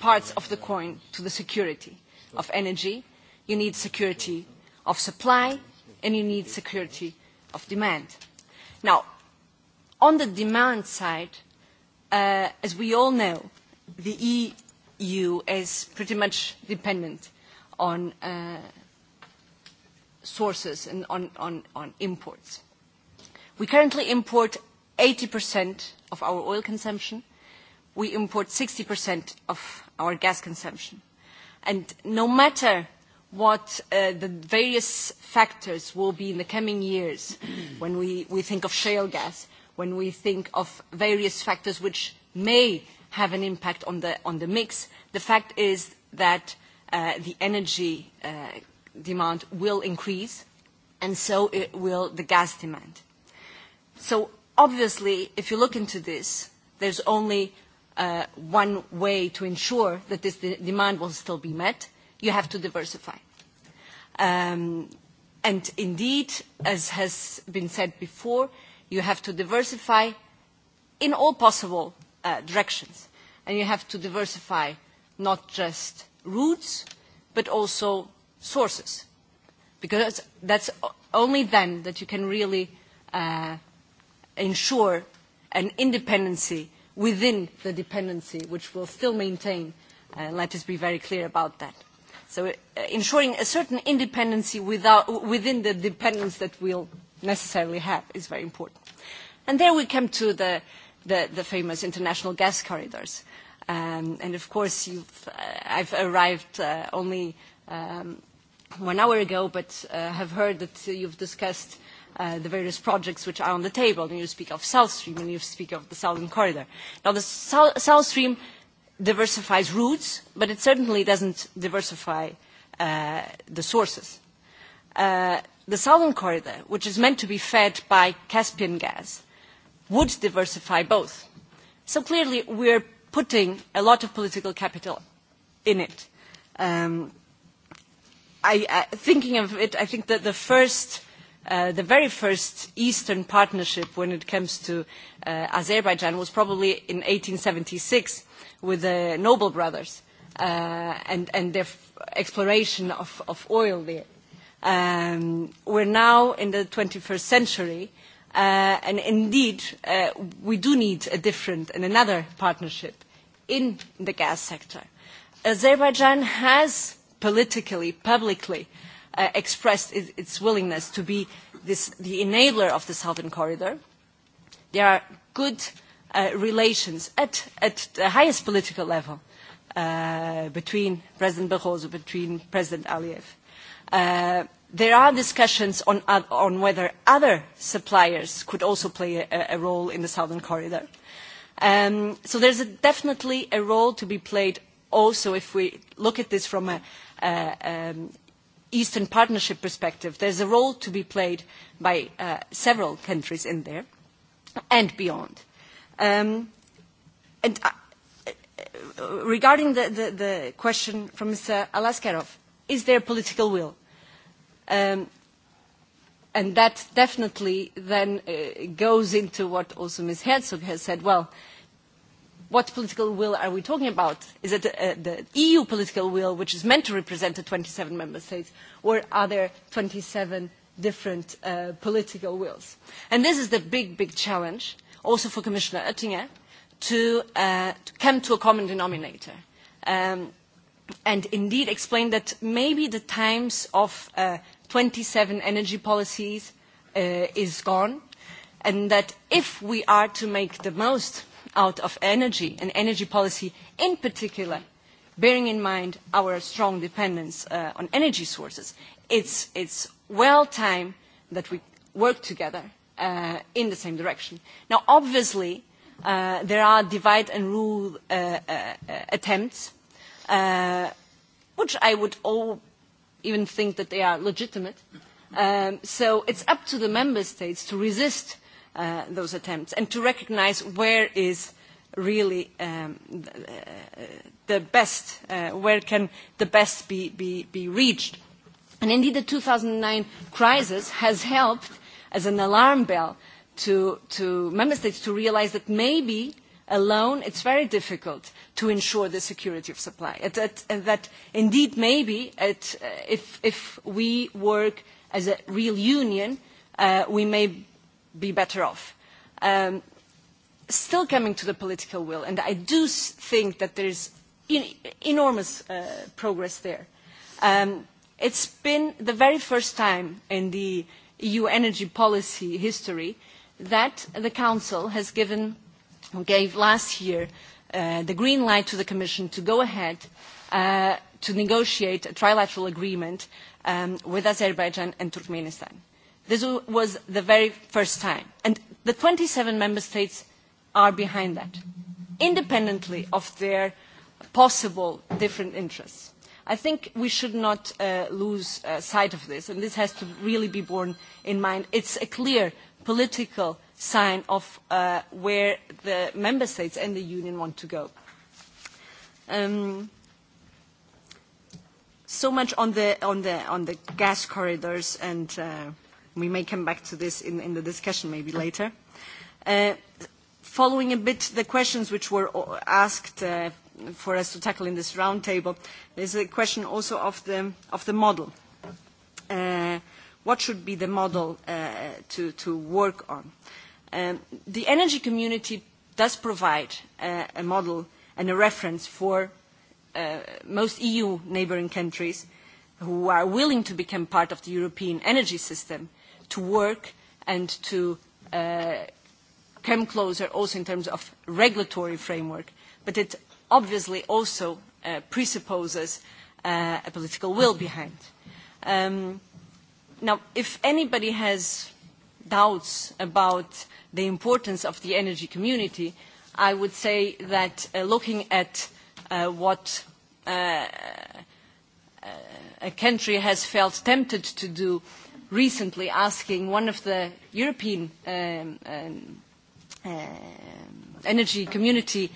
parts of the coin to the security of energy. You need security of supply and you need security of demand. Now, on the demand side, uh, as we all know, the EU is pretty much dependent on uh, sources and on, on, on imports. We currently import 80% of our oil consumption. We import 60% of our gas consumption. And no matter what uh, the various factors will be in the coming years when we, we think of shale gas, when we think of various factors which may have an impact on the, on the mix, the fact is that uh, the energy uh, demand will increase and so it will the gas demand. So obviously, if you look into this, there's only uh, one way to ensure that this de demand will still be met, you have to diversify. Um, and indeed, as has been said before, you have to diversify in all possible uh, directions. And you have to diversify not just routes, but also sources. Because that's only then that you can really uh, ensure an independency within the dependency, which will still maintain, uh, let us be very clear about that. So uh, ensuring a certain independency without, within the dependence that we'll necessarily have is very important. And there we come to the, the, the famous international gas corridors. Um, and of course, you've, uh, I've arrived uh, only um, one hour ago, but uh, have heard that you've discussed Uh, the various projects which are on the table. And you speak of South Stream and you speak of the Southern Corridor. Now, the South, South Stream diversifies routes, but it certainly doesn't diversify uh, the sources. Uh, the Southern Corridor, which is meant to be fed by Caspian gas, would diversify both. So clearly, we're putting a lot of political capital in it. Um, I, uh, thinking of it, I think that the first Uh, the very first Eastern partnership when it comes to uh, Azerbaijan was probably in 1876 with the Noble brothers uh, and, and their exploration of, of oil there. Um, we're now in the 21st century, uh, and indeed uh, we do need a different and another partnership in the gas sector. Azerbaijan has politically, publicly, uh, uh, expressed it, its willingness to be this, the enabler of the Southern Corridor. There are good uh, relations at, at the highest political level uh, between President Barroso, between President Aliyev. Uh, there are discussions on, uh, on whether other suppliers could also play a, a role in the Southern Corridor. Um, so there's a, definitely a role to be played also if we look at this from a, uh, um, Eastern Partnership perspective, there's a role to be played by uh, several countries in there and beyond. Um, and uh, uh regarding the, the, the question from Mr. Alaskarov, is there political will? Um, and that definitely then uh, goes into what also Ms. Herzog has said. Well, uh, what political will are we talking about? Is it uh, the EU political will, which is meant to represent the 27 member states, or are there 27 different uh, political wills? And this is the big, big challenge, also for Commissioner Oettinger, to, uh, to come to a common denominator. Um, and indeed explain that maybe the times of uh, 27 energy policies uh, is gone, and that if we are to make the most out of energy and energy policy in particular, bearing in mind our strong dependence uh, on energy sources, it's, it's well time that we work together uh, in the same direction. Now, obviously, uh, there are divide and rule uh, uh, attempts, uh, which I would all even think that they are legitimate. Um, so it's up to the member states to resist uh, Uh, those attempts and to recognize where is really um, uh, the best, uh, where can the best be, be, be reached. And indeed the 2009 crisis has helped as an alarm bell to, to member states to realize that maybe alone it's very difficult to ensure the security of supply. And that, and that indeed maybe it, uh, if, if we work as a real union, uh, we may be better off. Um, still coming to the political will, and I do think that there is enormous uh, progress there. Um, it's been the very first time in the EU energy policy history that the Council has given, gave last year uh, the green light to the Commission to go ahead uh, to negotiate a trilateral agreement um, with Azerbaijan and Turkmenistan. This was the very first time. And the 27 member states are behind that, independently of their possible different interests. I think we should not uh, lose uh, sight of this, and this has to really be borne in mind. It's a clear political sign of uh, where the member states and the union want to go. Um, so much on the, on the, on the gas corridors and uh, We may come back to this in, in the discussion maybe later. Uh, following a bit the questions which were asked uh, for us to tackle in this roundtable, there's a question also of the, of the model. Uh, what should be the model uh, to, to work on? Um, the energy community does provide uh, a model and a reference for uh, most EU neighboring countries who are willing to become part of the European energy system to work and to uh, come closer also in terms of regulatory framework. But it obviously also uh, presupposes uh, a political will behind. Um, now, if anybody has doubts about the importance of the energy community, I would say that uh, looking at uh, what uh, uh a country has felt tempted to do recently asking one of the European um, um, uh, energy community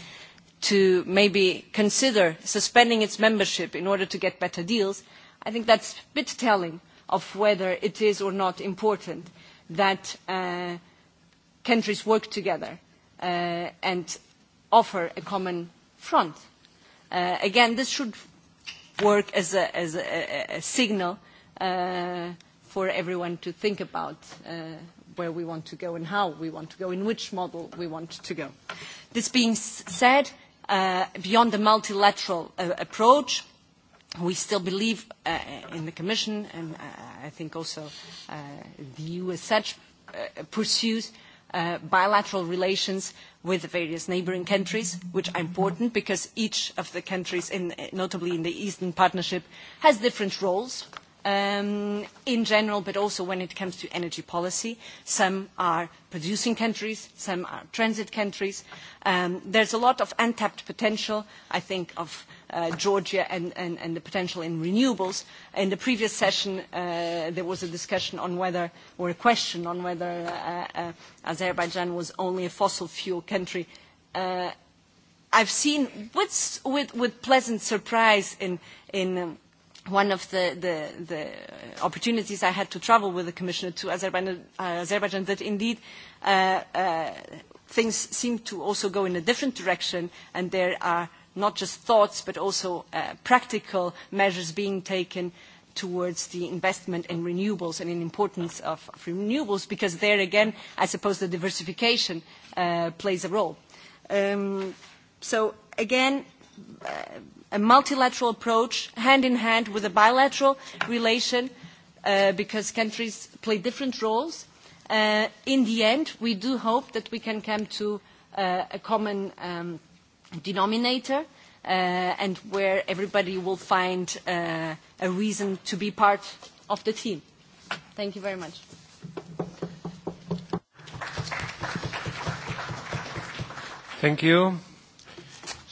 to maybe consider suspending its membership in order to get better deals, I think that's a bit telling of whether it is or not important that uh, countries work together uh, and offer a common front. Uh, again, this should work as a, as a, a signal uh, for everyone to think about uh, where we want to go and how we want to go, in which model we want to go. This being said, uh, beyond the multilateral uh, approach, we still believe uh, in the Commission, and uh, I think also uh, the EU as such uh, pursues uh, bilateral relations with the various neighboring countries, which are important because each of the countries, in, uh, notably in the Eastern Partnership, has different roles um, in general, but also when it comes to energy policy. Some are producing countries, some are transit countries. Um, there's a lot of untapped potential, I think, of uh, Georgia and, and, and the potential in renewables. In the previous session, uh, there was a discussion on whether, or a question on whether uh, uh, Azerbaijan was only a fossil fuel country. Uh, I've seen with, with, with pleasant surprise in, in um, one of the, the, the opportunities I had to travel with the Commissioner to Azerbaijan, uh, Azerbaijan that indeed uh, uh, things seem to also go in a different direction and there are not just thoughts but also uh, practical measures being taken towards the investment in renewables and in importance of, of renewables because there again I suppose the diversification uh, plays a role. Um, so again, uh, a multilateral approach hand in hand with a bilateral relation uh, because countries play different roles. Uh, in the end, we do hope that we can come to uh, a common um, denominator uh, and where everybody will find uh, a reason to be part of the team. Thank you very much. Thank you.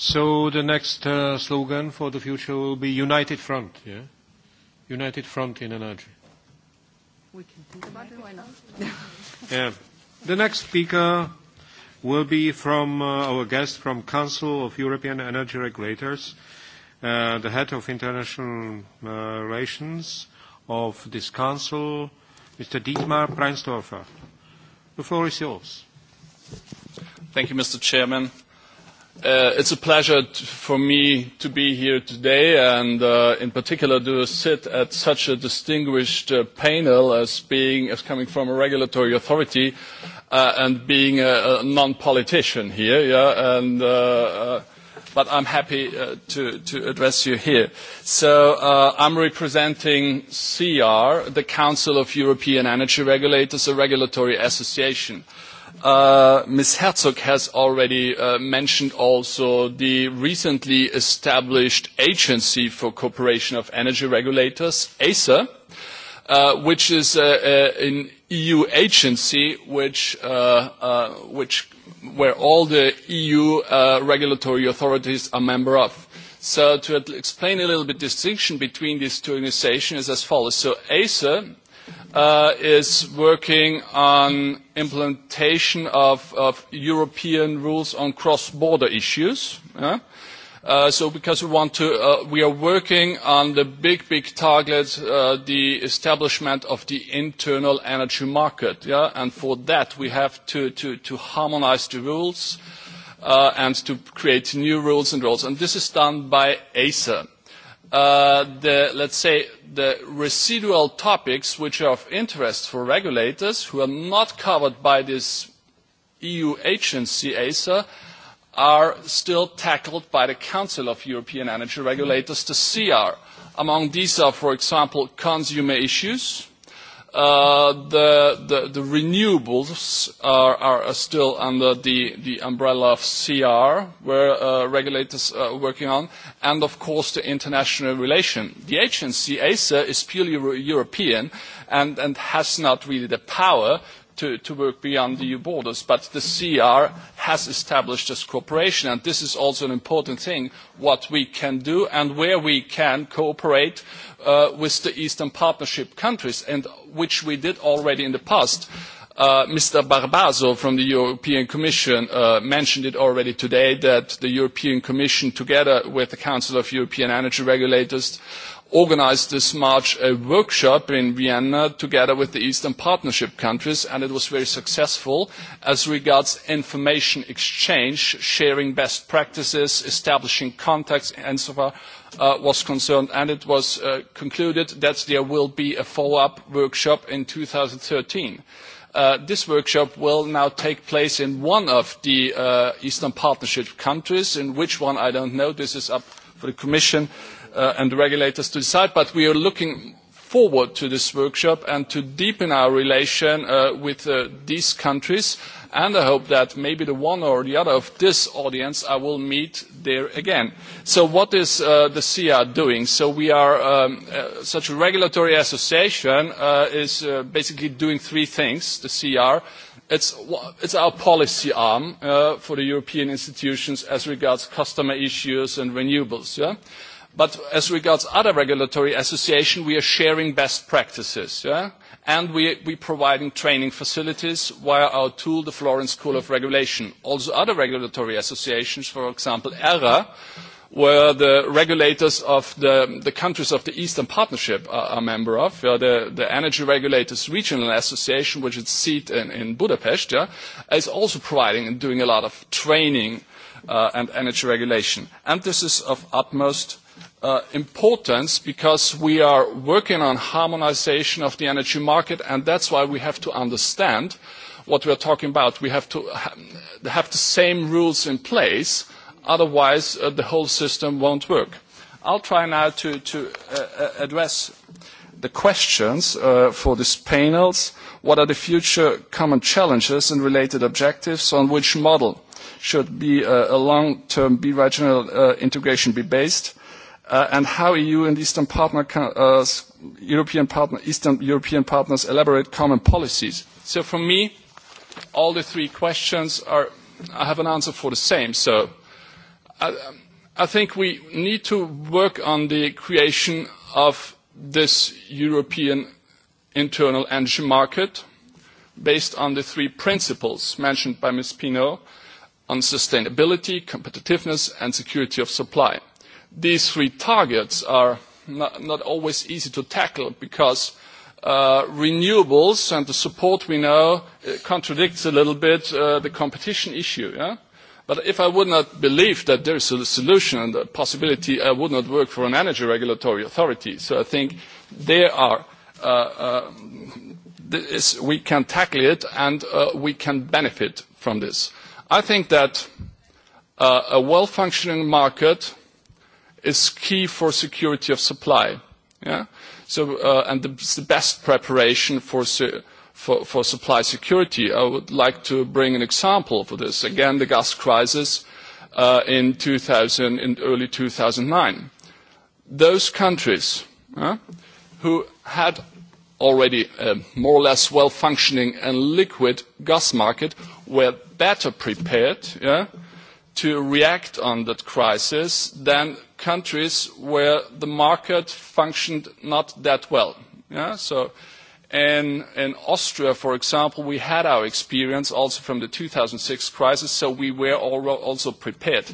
So the next uh, slogan for the future will be United Front, yeah? United Front in energy. We can think about it, why not? yeah. The next speaker will be from uh, our guest from Council of European Energy Regulators, uh, the head of international uh, relations of this council, Mr. Dietmar Preinstorfer. The floor is yours. Thank you, Mr. Chairman. Uh, it's a pleasure t for me to be here today and uh, in particular to sit at such a distinguished uh, panel as being as coming from a regulatory authority uh, and being a, a non-politician here yeah and uh, uh, but I'm happy uh, to, to address you here. So uh, I'm representing CR, the Council of European Energy Regulators, a regulatory association. Uh, Uh, Ms. Herzog has already uh, mentioned also the recently established Agency for Cooperation of Energy Regulators, ACER, uh, which is uh, uh, an EU agency which, uh, uh, which, where all the EU uh, regulatory authorities are member of. So to explain a little bit distinction between these two organizations is as follows. So ACER uh, is working on implementation of, of European rules on cross-border issues. Yeah? Uh, so because we want to, uh, we are working on the big, big target, uh, the establishment of the internal energy market. Yeah? And for that, we have to, to, to harmonize the rules uh, and to create new rules and rules. And this is done by ACER uh, the, let's say, the residual topics which are of interest for regulators who are not covered by this EU agency, ACER, are still tackled by the Council of European Energy Regulators, the CR. Among these are, for example, consumer issues, Uh, the, the, the renewables are, are still under the, the umbrella of CR, where uh, regulators are working on, and of course the international relation. The agency, ACER, is purely European and, and has not really the power to, to work beyond the EU borders, but the CR has established this cooperation, and this is also an important thing, what we can do and where we can cooperate uh, uh, with the Eastern Partnership countries, and which we did already in the past. Uh, Mr. Barbazo from the European Commission uh, mentioned it already today that the European Commission, together with the Council of European Energy Regulators, organized this March a workshop in Vienna together with the Eastern Partnership countries, and it was very successful as regards information exchange, sharing best practices, establishing contacts, and so forth. Uh, was concerned, and it was uh, concluded that there will be a follow-up workshop in 2013. Uh, this workshop will now take place in one of the uh, Eastern Partnership countries, in which one I don't know. This is up for the Commission uh, and the regulators to decide, but we are looking forward to this workshop and to deepen our relation uh, with uh, these countries and I hope that maybe the one or the other of this audience I will meet there again. So what is uh, the CIA doing? So we are um, uh, such a regulatory association uh, is uh, basically doing three things, the CR. It's, it's our policy arm uh, for the European institutions as regards customer issues and renewables. Yeah? But as regards other regulatory association, we are sharing best practices. Yeah? and we, we providing training facilities via our tool, the Florence School of Regulation. Also other regulatory associations, for example, ERA, where the regulators of the, the countries of the Eastern Partnership are, a member of, yeah, the, the Energy Regulators Regional Association, which is seat in, in Budapest, yeah, is also providing and doing a lot of training uh, and energy regulation. And this is of utmost Uh, importance because we are working on harmonization of the energy market and that's why we have to understand what we are talking about. We have to ha have the same rules in place, otherwise uh, the whole system won't work. I'll try now to, to uh, uh address the questions uh, for these panels. What are the future common challenges and related objectives on which model should be uh, a long-term bi-regional uh, integration be based? uh, and how EU and Eastern partner, uh, European partner, Eastern European partners elaborate common policies. So for me, all the three questions are, I have an answer for the same. So I, I think we need to work on the creation of this European internal energy market based on the three principles mentioned by Ms. Pino on sustainability, competitiveness and security of supply these three targets are not, not always easy to tackle because uh, renewables and the support we know uh, contradicts a little bit uh, the competition issue. Yeah? But if I would not believe that there is a solution and a possibility, I would not work for an energy regulatory authority. So I think there are, uh, uh, this, we can tackle it and uh, we can benefit from this. I think that uh, a well-functioning market is key for security of supply. Yeah? So, uh, and the, the best preparation for, for, for supply security. I would like to bring an example for this. Again, the gas crisis uh, in, 2000, in early 2009. Those countries uh, who had already a more or less well-functioning and liquid gas market were better prepared yeah, – to react on that crisis than countries where the market functioned not that well. Yeah? So in, in Austria, for example, we had our experience also from the 2006 crisis, so we were also prepared.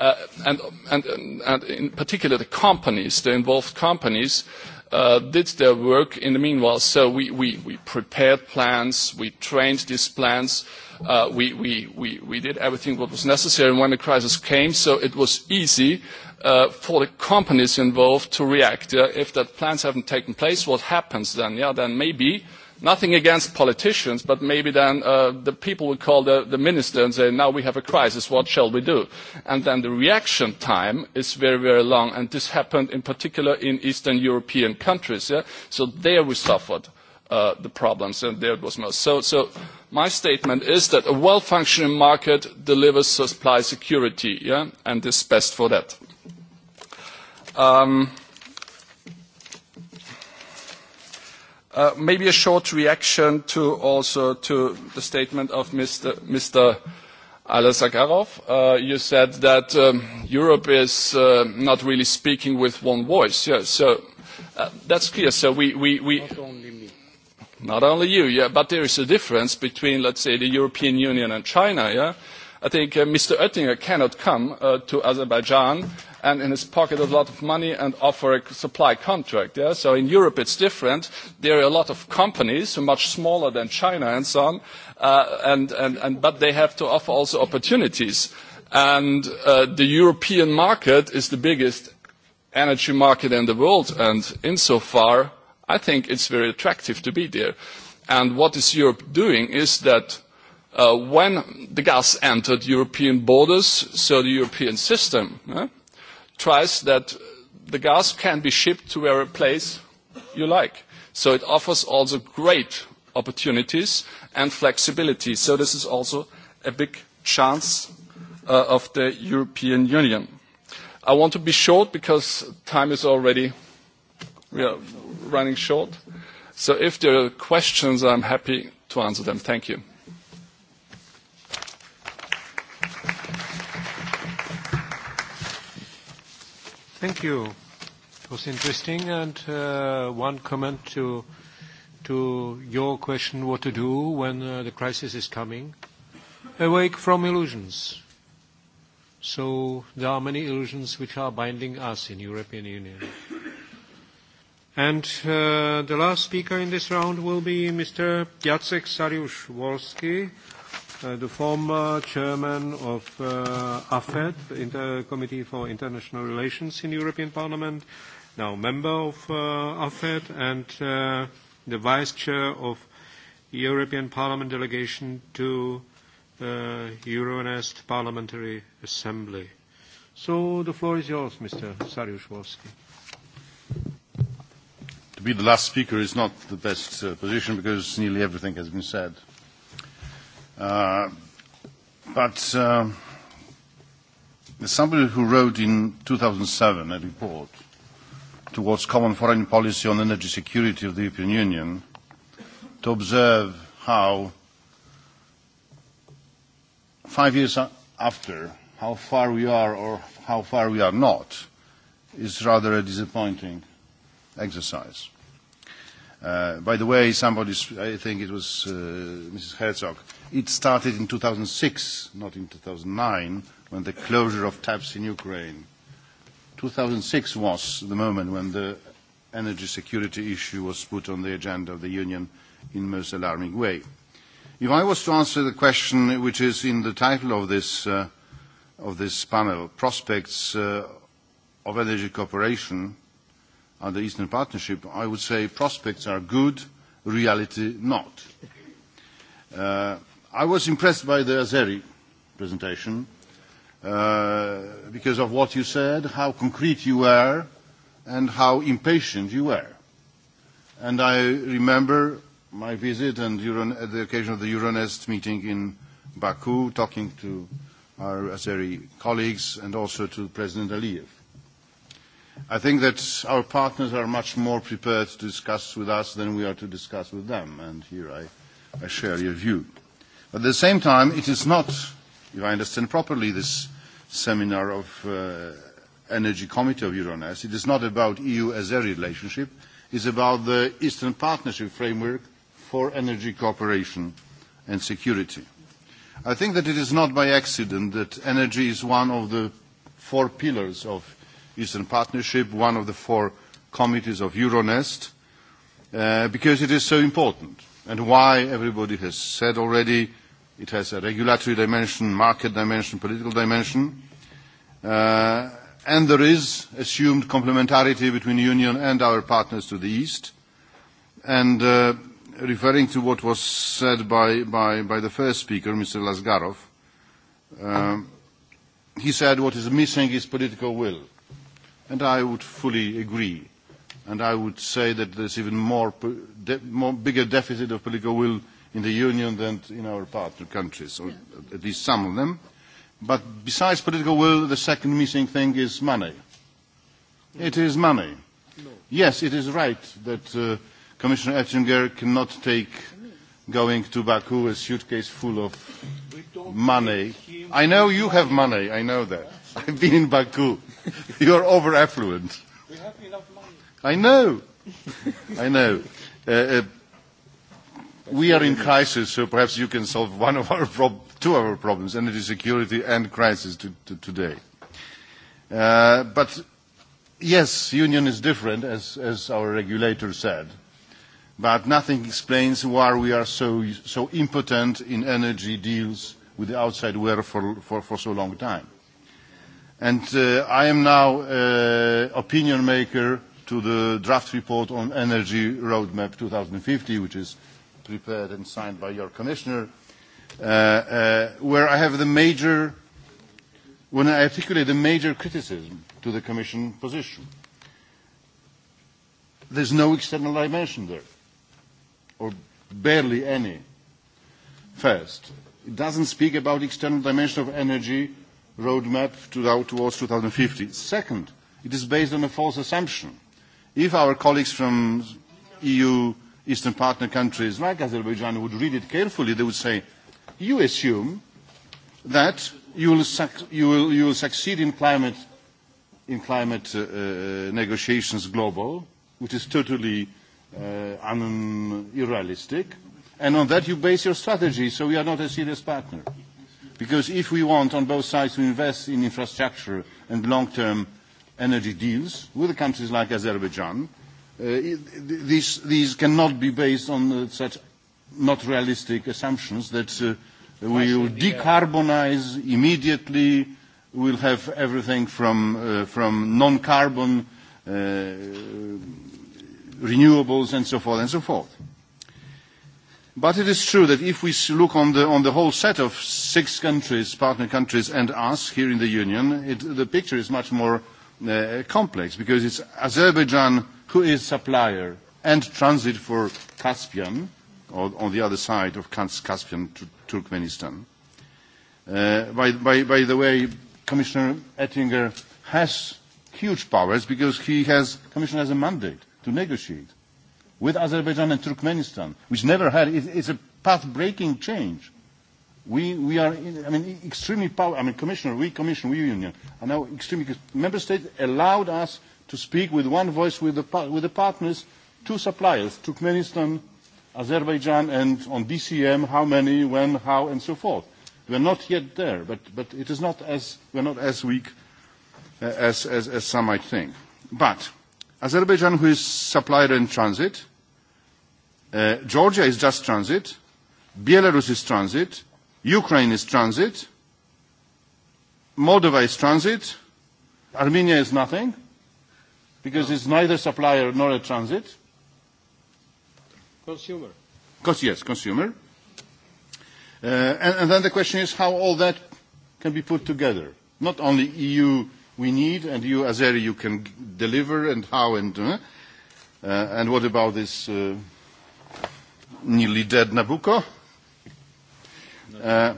Uh, and, and, and in particular, the companies, the involved companies, uh, did their work in the meanwhile. So we, we, we prepared plans, we trained these plans, uh, uh, we, we, we, we did everything what was necessary when the crisis came, so it was easy uh, for the companies involved to react. Uh, if that plans haven't taken place, what happens then? Yeah, then maybe, nothing against politicians, but maybe then uh, the people will call the, the minister and say, now we have a crisis, what shall we do? And then the reaction time is very, very long, and this happened in particular in Eastern European countries. Yeah? So there we suffered uh, the problems, and there it was most. So, so my statement is that a well-functioning market delivers supply security, yeah, and is best for that. Um, Uh, maybe a short reaction to also to the statement of Mr. Mr. Alasakarov. Uh, you said that um, Europe is uh, not really speaking with one voice. Yeah, so uh, that's clear. So we, we, we not only me. Not only you, yeah, but there is a difference between, let's say, the European Union and China, yeah? I think uh, Mr. Oettinger cannot come uh, to Azerbaijan and in his pocket a lot of money and offer a supply contract. Yeah? So in Europe it's different. There are a lot of companies, much smaller than China and so on, uh, and, and, and, but they have to offer also opportunities. And uh, the European market is the biggest energy market in the world, and insofar I think it's very attractive to be there. And what is Europe doing is that uh, when the gas entered European borders, so the European system uh, tries that the gas can be shipped to wherever place you like. So it offers also great opportunities and flexibility. So this is also a big chance uh, of the European Union. I want to be short because time is already we are running short. So if there are questions, I'm happy to answer them. Thank you. Thank you. It was interesting. And uh, one comment to, to your question, what to do when uh, the crisis is coming. Awake from illusions. So there are many illusions which are binding us in European Union. And uh, the last speaker in this round will be Mr. Jacek Sariusz-Wolski, uh, the former chairman of uh, AFED, the Committee for International Relations in the European Parliament, now member of uh, AFED and uh, the vice chair of European Parliament delegation to uh, Euronest Parliamentary Assembly. So the floor is yours, Mr. Sariusz-Wolski be the last speaker is not the best uh, position because nearly everything has been said. Uh, but uh, somebody who wrote in 2007 a report towards common foreign policy on energy security of the European Union to observe how five years after how far we are or how far we are not is rather a disappointing exercise. Uh, by the way, somebody, I think it was uh, Mrs. Herzog, it started in 2006, not in 2009, when the closure of taps in Ukraine. 2006 was the moment when the energy security issue was put on the agenda of the Union in the most alarming way. If I was to answer the question which is in the title of this, uh, of this panel, Prospects uh, of Energy Cooperation, on the Eastern Partnership, I would say prospects are good, reality not. Uh, I was impressed by the Azeri presentation uh, because of what you said, how concrete you were, and how impatient you were. And I remember my visit and Euron at uh, the occasion of the Euronest meeting in Baku, talking to our Azeri colleagues and also to President Aliyev. I think that our partners are much more prepared to discuss with us than we are to discuss with them, and here I, I share your view. But at the same time, it is not, if I understand properly, this seminar of uh, Energy Committee of Euronest, it is not about EU as a relationship, it is about the Eastern Partnership framework for energy cooperation and security. I think that it is not by accident that energy is one of the four pillars of Eastern Partnership, one of the four committees of Euronest, uh, because it is so important. And why everybody has said already, it has a regulatory dimension, market dimension, political dimension, uh, and there is assumed complementarity between Union and our partners to the East. And uh, referring to what was said by, by, by the first speaker, Mr. Lasgarov, um, he said what is missing is political will and I would fully agree. And I would say that there's even more, de more bigger deficit of political will in the Union than in our partner countries, or at least some of them. But besides political will, the second missing thing is money. It is money. No. Yes, it is right that uh, Commissioner Ettinger cannot take going to Baku a suitcase full of money. I know you have money, I know that. I've been in Baku. You're over affluent. We have enough money. I know. I know. Uh, uh, we are in crisis, so perhaps you can solve one of our prob two of our problems, energy security and crisis to, to today. Uh, but yes, union is different, as, as our regulator said, but nothing explains why we are so, so impotent in energy deals with the outside world for, for, for so long time. And uh, I am now uh, opinion maker to the draft report on Energy Roadmap 2050, which is prepared and signed by your commissioner, uh, uh, where I have the major, when I articulate the major criticism to the commission position. There's no external dimension there, or barely any. First, it doesn't speak about the external dimension of energy roadmap to, towards 2050. Second, it is based on a false assumption. If our colleagues from EU Eastern partner countries like Azerbaijan would read it carefully, they would say, you assume that you will, su you will, you will succeed in climate, in climate uh, uh, negotiations global, which is totally uh, un irrealistic, and on that you base your strategy, so we are not a serious partner. Because if we want on both sides to invest in infrastructure and long-term energy deals with countries like Azerbaijan, uh, these, these cannot be based on uh, such not realistic assumptions that uh, we will uh, decarbonize immediately, we'll have everything from, uh, from non-carbon uh, renewables and so forth and so forth. But it is true that if we look on the, on the whole set of six countries, partner countries, and us here in the Union, it, the picture is much more uh, complex because it's Azerbaijan who is supplier and transit for Caspian, or on the other side of Caspian to Turkmenistan. Uh, by, by, by the way, Commissioner Ettinger has huge powers because he has, Commission has a mandate to negotiate with Azerbaijan and Turkmenistan, which never had, it, it's a path-breaking change. We, we are, in, I mean, extremely powerful, I mean, Commissioner, we Commission, we Union, are now extremely, Member States allowed us to speak with one voice with the, with the partners, two suppliers, Turkmenistan, Azerbaijan, and on BCM, how many, when, how, and so forth. We're not yet there, but, but it is not as, we're not as weak uh, as, as, as some might think. But Azerbaijan, who is supplier in transit, uh, Georgia is just transit, Belarus is transit, Ukraine is transit, Moldova is transit, Armenia is nothing, because no. Oh. it's neither supplier nor a transit. Consumer. Cos yes, consumer. Uh, and, and then the question is how all that can be put together. Not only EU we need, and you, Azeri, you can deliver, and how, and, uh, uh, and what about this uh, nearly dead Nabucco? Uh,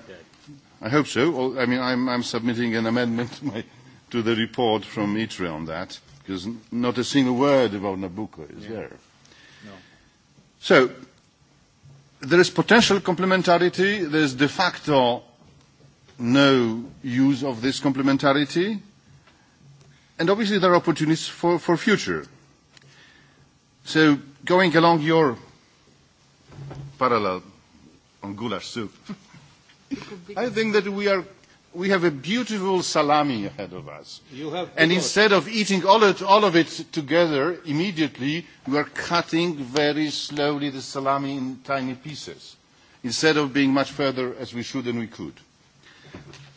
I hope so. I mean, I'm, I'm submitting an amendment to, my, to the report from ITRE on that, because not a single word about Nabucco is yeah. there. No. So, there is potential complementarity. There is de facto no use of this complementarity. And obviously there are opportunities for, for future. So going along your parallel on goulash soup, I think that we, are, we have a beautiful salami ahead of us. You have and instead of eating all, it, all of it together immediately, we are cutting very slowly the salami in tiny pieces instead of being much further as we should and we could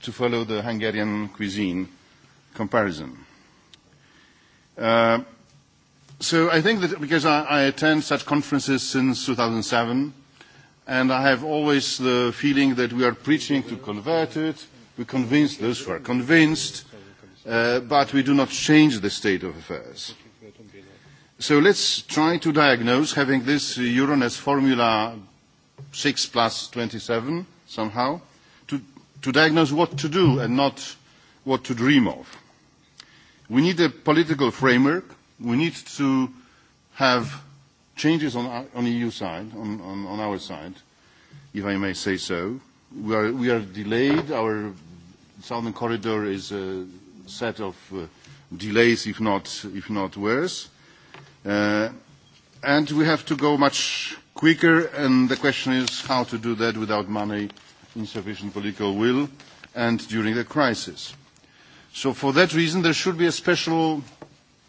to follow the Hungarian cuisine comparison. Uh, so I think that because I, I attend such conferences since 2007, and I have always the feeling that we are preaching to converted, we convince those who are convinced, uh, but we do not change the state of affairs. So let's try to diagnose, having this Euronest formula 6 plus 27 somehow, to, to diagnose what to do and not what to dream of. We need a political framework. We need to have changes on, our, on EU side, on, on, on our side, if I may say so. We are, we are delayed. Our Southern Corridor is a set of uh, delays, if not, if not worse. Uh, and we have to go much quicker, and the question is how to do that without money, insufficient political will, and during the crisis. So for that reason, there should be a special,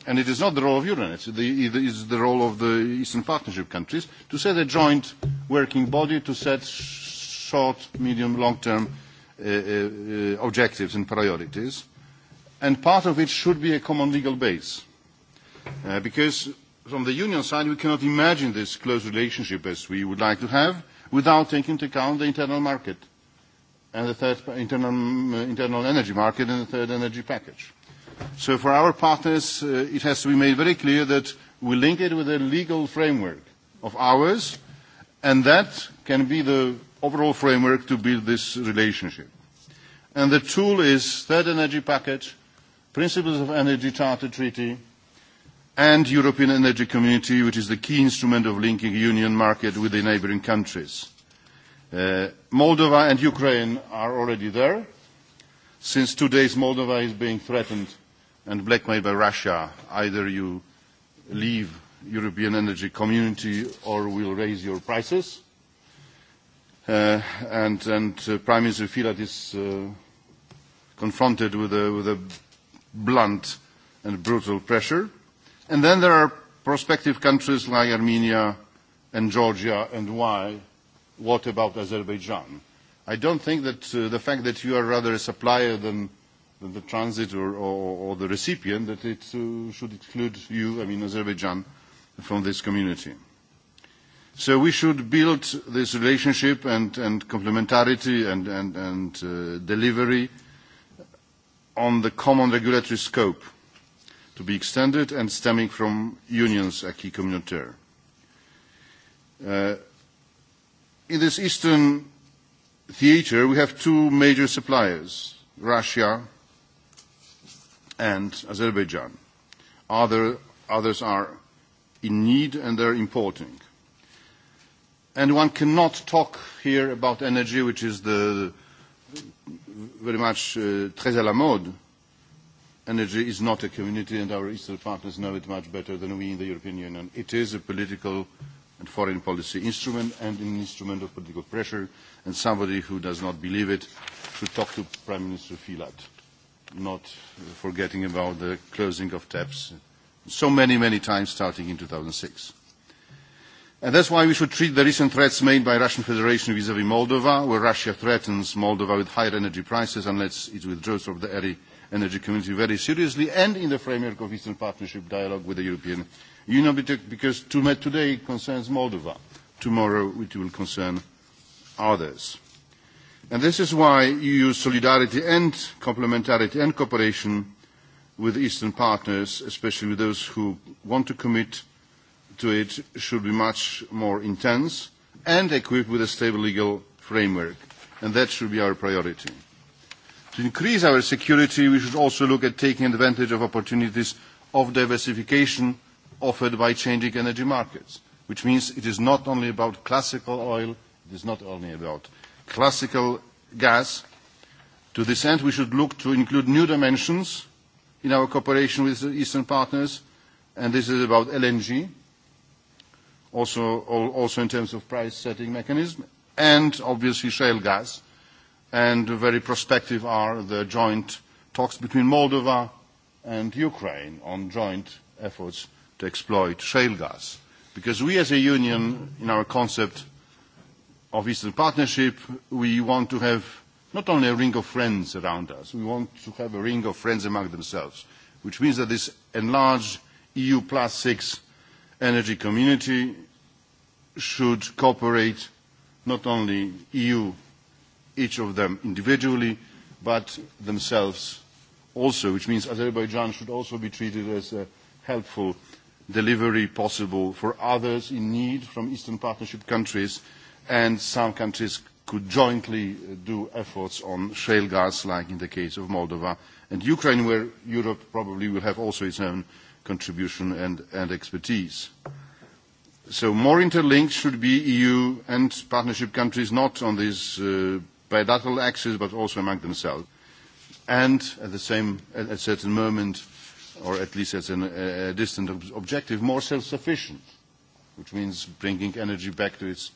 and it is not the role of Euronet, it is the role of the Eastern Partnership countries, to set a joint working body to set short, medium, long-term uh, uh, objectives and priorities. And part of it should be a common legal base. Uh, because from the union side, we cannot imagine this close relationship as we would like to have without taking into account the internal market and the third internal, uh, internal energy market and the third energy package. So for our partners, uh, it has to be made very clear that we link it with a legal framework of ours, and that can be the overall framework to build this relationship. And the tool is third energy package, principles of energy charter treaty, and European Energy Community, which is the key instrument of linking union market with the neighboring countries. Uh, Moldova and Ukraine are already there. Since two days, Moldova is being threatened and blackmailed by Russia. Either you leave European energy community or we'll raise your prices. Uh, and and uh, Prime Minister Filat is uh, confronted with a, with a blunt and brutal pressure. And then there are prospective countries like Armenia and Georgia and why what about Azerbaijan? I don't think that uh, the fact that you are rather a supplier than, than the transit or, or, or the recipient, that it uh, should exclude you, I mean Azerbaijan, from this community. So we should build this relationship and, and complementarity and, and, and uh, delivery on the common regulatory scope to be extended and stemming from unions acquis communautaire. Uh, in this eastern theater, we have two major suppliers, Russia and Azerbaijan. Other, others are in need and they're importing. And one cannot talk here about energy, which is the, the very much uh, très à la mode. Energy is not a community, and our Eastern partners know it much better than we in the European Union. It is a political and foreign policy instrument and an instrument of political pressure, and somebody who does not believe it should talk to Prime Minister Filat, not forgetting about the closing of TAPS so many, many times starting in 2006. And that's why we should treat the recent threats made by Russian Federation vis-à-vis -vis Moldova, where Russia threatens Moldova with higher energy prices unless it withdraws from the energy community very seriously and in the framework of Eastern Partnership dialogue with the European You know, because today it concerns Moldova. Tomorrow it will concern others. And this is why you e use solidarity and complementarity and cooperation with Eastern partners, especially with those who want to commit to it, should be much more intense and equipped with a stable legal framework. And that should be our priority. To increase our security, we should also look at taking advantage of opportunities of diversification offered by changing energy markets, which means it is not only about classical oil, it is not only about classical gas. To this end, we should look to include new dimensions in our cooperation with the Eastern partners, and this is about LNG, also, also in terms of price setting mechanism, and obviously shale gas. And very prospective are the joint talks between Moldova and Ukraine on joint efforts to exploit shale gas. Because we as a union, in our concept of Eastern Partnership, we want to have not only a ring of friends around us, we want to have a ring of friends among themselves, which means that this enlarged EU plus six energy community should cooperate not only EU, each of them individually, but themselves also, which means Azerbaijan should also be treated as a helpful delivery possible for others in need from Eastern Partnership countries, and some countries could jointly uh, do efforts on shale gas, like in the case of Moldova and Ukraine, where Europe probably will have also its own contribution and, and expertise. So more interlinks should be EU and partnership countries, not on this uh, bilateral axis, but also among themselves. And at the same, at a certain moment, or at least as an, a distant ob objective, more self-sufficient, which means bringing energy back to its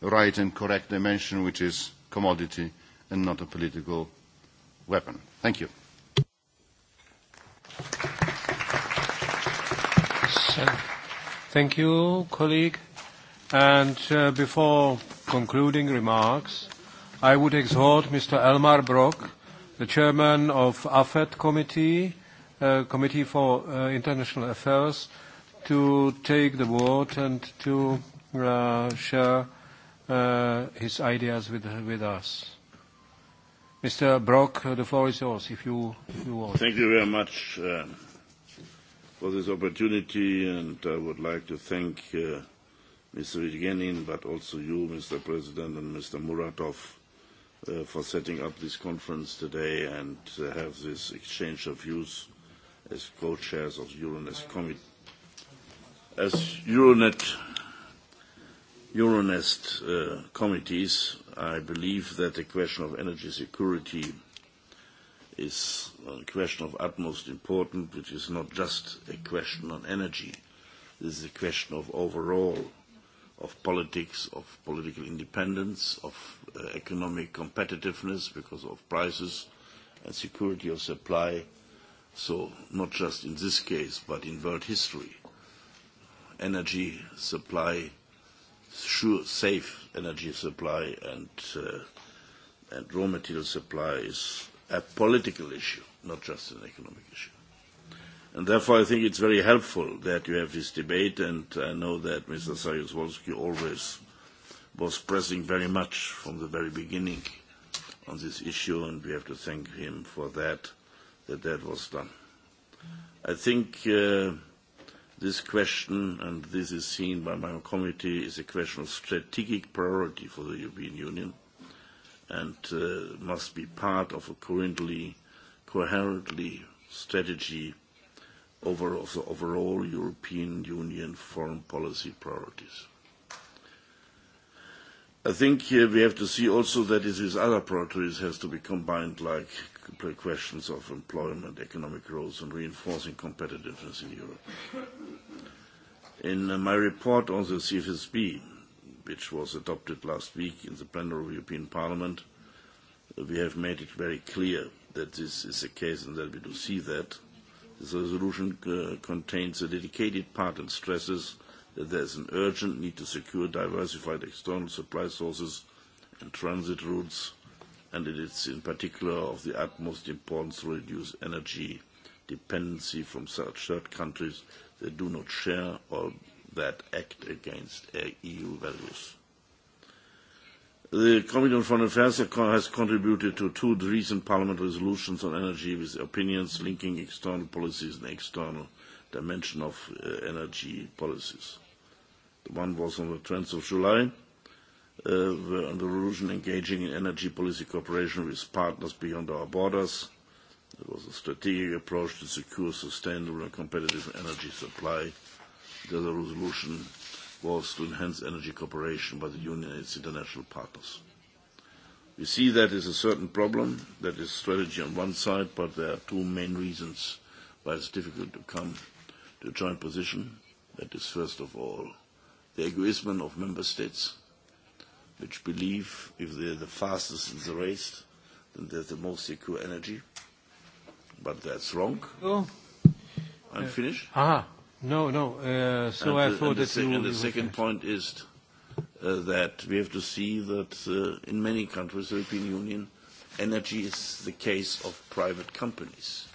right and correct dimension, which is commodity and not a political weapon. Thank you. Thank you, colleague. And uh, before concluding remarks, I would exhort Mr. Elmar Brock, the chairman of AFET committee, uh, Committee for uh, International Affairs to take the word and to uh, share uh, his ideas with, with us. Mr. Brock, uh, the floor is yours, if you, if you want. Thank you very much uh, for this opportunity, and I would like to thank uh, Mr. Vigenin, but also you, Mr. President, and Mr. Muratov, uh, for setting up this conference today and uh, have this exchange of views as co-chairs of Euronest committee. As Euronet, Euronest uh, committees, I believe that the question of energy security is a question of utmost importance, which is not just a question on energy. This is a question of overall, of politics, of political independence, of uh, economic competitiveness because of prices and security of supply So not just in this case, but in world history, energy supply, sure, safe energy supply and, uh, and raw material supply is a political issue, not just an economic issue. And therefore I think it's very helpful that you have this debate, and I know that Mr. Sajuswolski always was pressing very much from the very beginning on this issue, and we have to thank him for that that that was done. I think uh, this question, and this is seen by my committee, is a question of strategic priority for the European Union and uh, must be part of a currently, coherently strategy over, of the overall European Union foreign policy priorities. I think uh, we have to see also that it is other priorities has to be combined like questions of employment, economic growth, and reinforcing competitiveness in Europe. In uh, my report on the CFSB, which was adopted last week in the plenary of the European Parliament, we have made it very clear that this is the case and that we do see that. This resolution uh, contains a dedicated part and stresses that there is an urgent need to secure diversified external supply sources and transit routes and it is in particular of the utmost importance to reduce energy dependency from such third countries that do not share or that act against EU e values. The Committee on Foreign Affairs has contributed to two recent Parliament resolutions on energy with opinions linking external policies and external dimension of uh, energy policies. The one was on the 20 th of July uh, on the resolution engaging in energy policy cooperation with partners beyond our borders. It was a strategic approach to secure sustainable and competitive energy supply. The other resolution was to enhance energy cooperation by the Union and its international partners. We see that is a certain problem, that is strategy on one side, but there are two main reasons why it's difficult to come to a joint position. That is, first of all, the egoism of member states which believe if they're the fastest in the race, then they're the most secure energy. But that's wrong. Oh. I'm uh, finished. Ah, no, no. Uh, so and I the, thought that the, you... And the second point is uh, that we have to see that uh, in many countries, the European Union, energy is the case of private companies,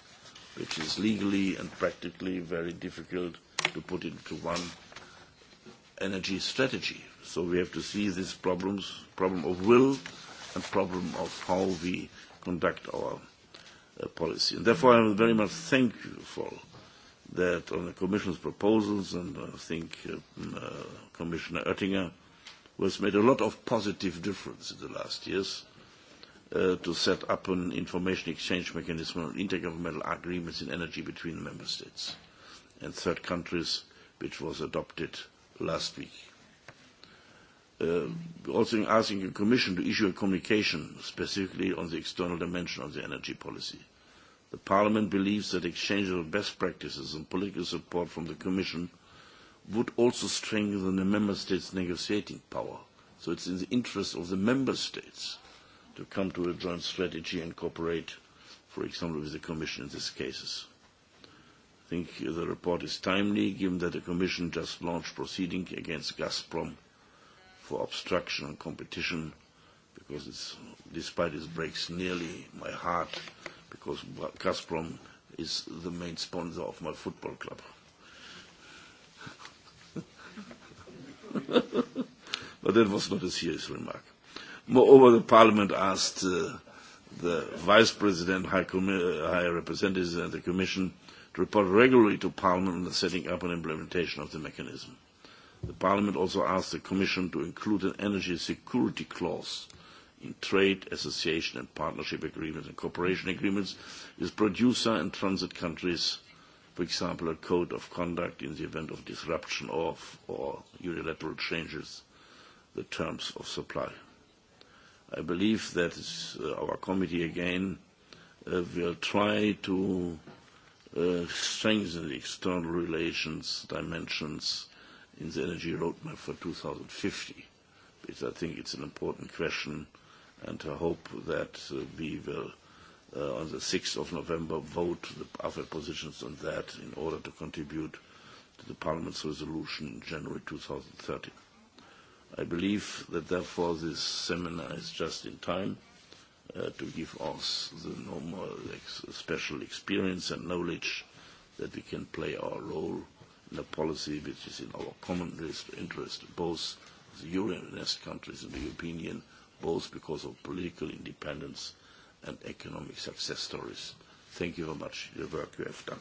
which is legally and practically very difficult to put into one energy strategy So we have to see these problems, problem of will and problem of how we conduct our uh, policy. And therefore, I am very much thank you for that on the Commission's proposals, and I think uh, mm, uh, Commissioner Oettinger has made a lot of positive difference in the last years uh, to set up an information exchange mechanism on intergovernmental agreements in energy between member states and third countries, which was adopted last week uh, also asking the Commission to issue a communication specifically on the external dimension of the energy policy. The Parliament believes that exchange of best practices and political support from the Commission would also strengthen the Member States' negotiating power. So it's in the interest of the Member States to come to a joint strategy and cooperate, for example, with the Commission in these cases. I think the report is timely, given that the Commission just launched proceeding against Gazprom for obstruction and competition because it's, despite its breaks nearly my heart because Gazprom is the main sponsor of my football club. but that was not a serious remark. Moreover, the Parliament asked uh, the Vice President, High, Com uh, High Representative and the Commission to report regularly to Parliament on the setting up and implementation of the mechanism. The Parliament also asked the Commission to include an energy security clause in trade, association and partnership agreements and cooperation agreements with producer and transit countries, for example, a code of conduct in the event of disruption of or unilateral changes the terms of supply. I believe that uh, our committee again uh, will try to uh, strengthen the external relations dimensions in the energy roadmap for 2050? Because I think it's an important question and I hope that uh, we will, uh, on the 6th of November, vote the other positions on that in order to contribute to the Parliament's resolution in January 2030. I believe that therefore this seminar is just in time uh, to give us the normal ex special experience and knowledge that we can play our role in a policy which is in our common interest, both the Euronest countries and the European Union, both because of political independence and economic success stories. Thank you very much for the work you have done.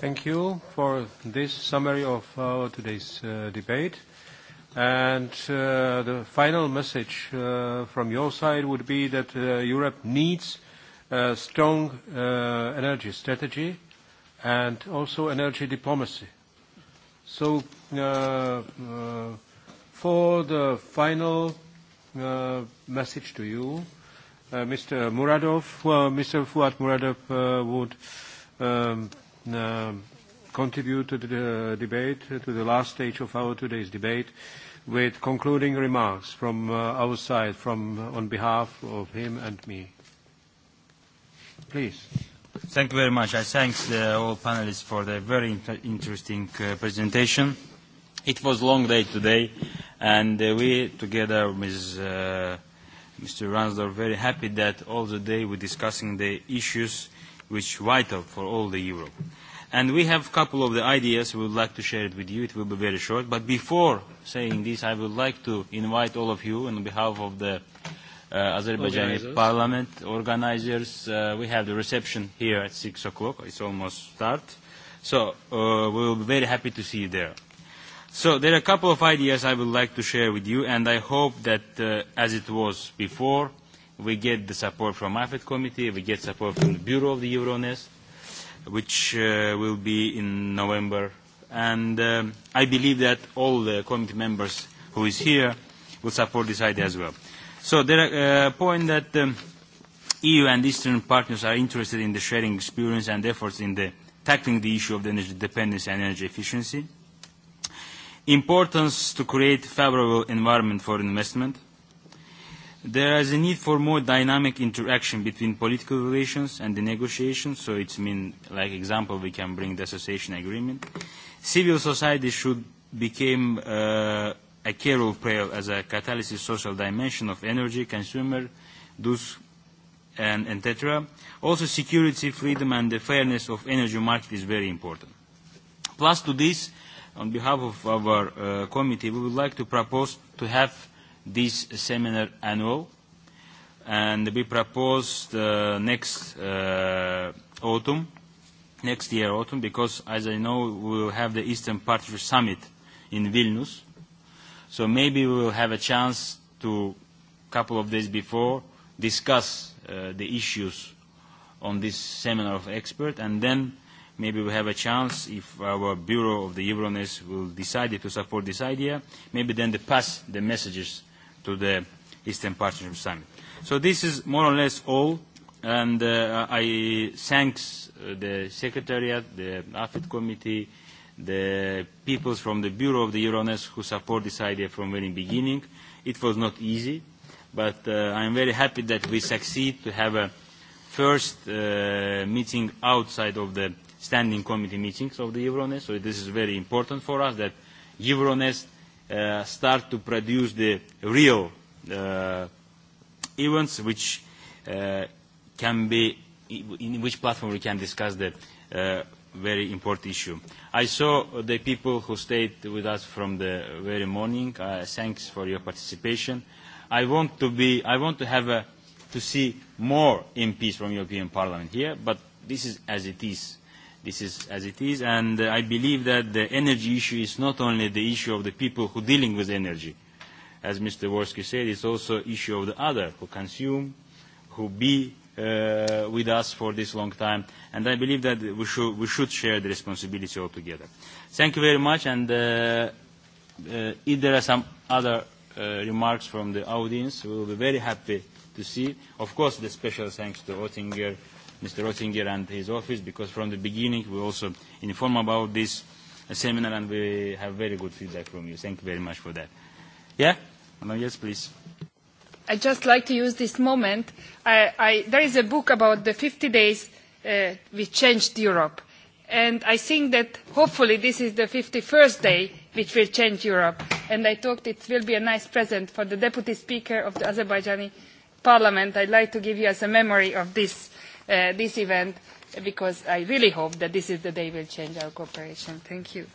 Thank you for this summary of uh, today's uh, debate. And uh, the final message uh, from your side would be that uh, Europe needs a strong uh, energy strategy and also energy diplomacy. So uh, uh, for the final uh, message to you, uh, Mr. Muradov, well, Mr. Fuat Muradov uh, would um, uh, contribute to the uh, debate, to the last stage of our today's debate, with concluding remarks from uh, our side, from, uh, on behalf of him and me. Please. Thank you very much. I thank the, all panelists for their very inter interesting uh, presentation. It was a long day today, and uh, we together with uh, Mr. Ransdorf very happy that all the day we're discussing the issues which are vital for all the Europe. And we have a couple of the ideas we would like to share it with you. It will be very short. But before saying this, I would like to invite all of you on behalf of the uh, Azerbaijani organizers. parliament organizers. Uh, we have the reception here at 6 o'clock. It's almost start. So uh, we will be very happy to see you there. So there are a couple of ideas I would like to share with you, and I hope that, uh, as it was before, we get the support from AFET committee, we get support from the Bureau of the Euronest, which uh, will be in November. And um, I believe that all the committee members who is here will support this idea as well. So the uh, point that um, EU and Eastern partners are interested in the sharing experience and efforts in the tackling the issue of the energy dependency and energy efficiency. Importance to create favorable environment for investment. There is a need for more dynamic interaction between political relations and the negotiations, so it's mean, like example, we can bring the association agreement. Civil society should become uh, a key role play as a catalysis social dimension of energy, consumer, dues and etc. Also security, freedom and the fairness of energy market is very important. Plus to this, on behalf of our uh, committee, we would like to propose to have this seminar annual and we proposed uh, next uh, autumn, next year autumn, because as I know we will have the Eastern Partnership Summit in Vilnius So maybe we will have a chance to, a couple of days before, discuss uh, the issues on this seminar of experts, and then maybe we have a chance, if our Bureau of the Euronest will decide to support this idea, maybe then to pass the messages to the Eastern Partnership Summit. So this is more or less all, and uh, I thanks uh, the Secretariat, the AFID Committee, the people from the Bureau of the Euronest who support this idea from the very beginning. It was not easy, but uh, I'm very happy that we succeed to have a first uh, meeting outside of the standing committee meetings of the Euronest. So this is very important for us that Euronest uh, start to produce the real uh, events which uh, can be in which platform we can discuss the uh, very important issue. I saw the people who stayed with us from the very morning. Uh, thanks for your participation. I want to, be, I want to, have a, to see more MPs from European Parliament here, but this is as it is. This is as it is, and uh, I believe that the energy issue is not only the issue of the people who are dealing with energy. As Mr. Worski said, it's also issue of the other who consume, who be uh, with us for this long time. And I believe that we should, we should share the responsibility all together. Thank you very much. And uh, uh, if there are some other uh, remarks from the audience, we will be very happy to see. Of course, the special thanks to Oettinger, Mr. Oettinger and his office, because from the beginning we also informed about this seminar and we have very good feedback from you. Thank you very much for that. Yeah? No, yes, please. I'd just like to use this moment. I, I, there is a book about the 50 days uh, which changed Europe. And I think that hopefully this is the 51st day which will change Europe. And I thought it will be a nice present for the Deputy Speaker of the Azerbaijani Parliament. I'd like to give you as a memory of this, uh, this event because I really hope that this is the day will change our cooperation. Thank you.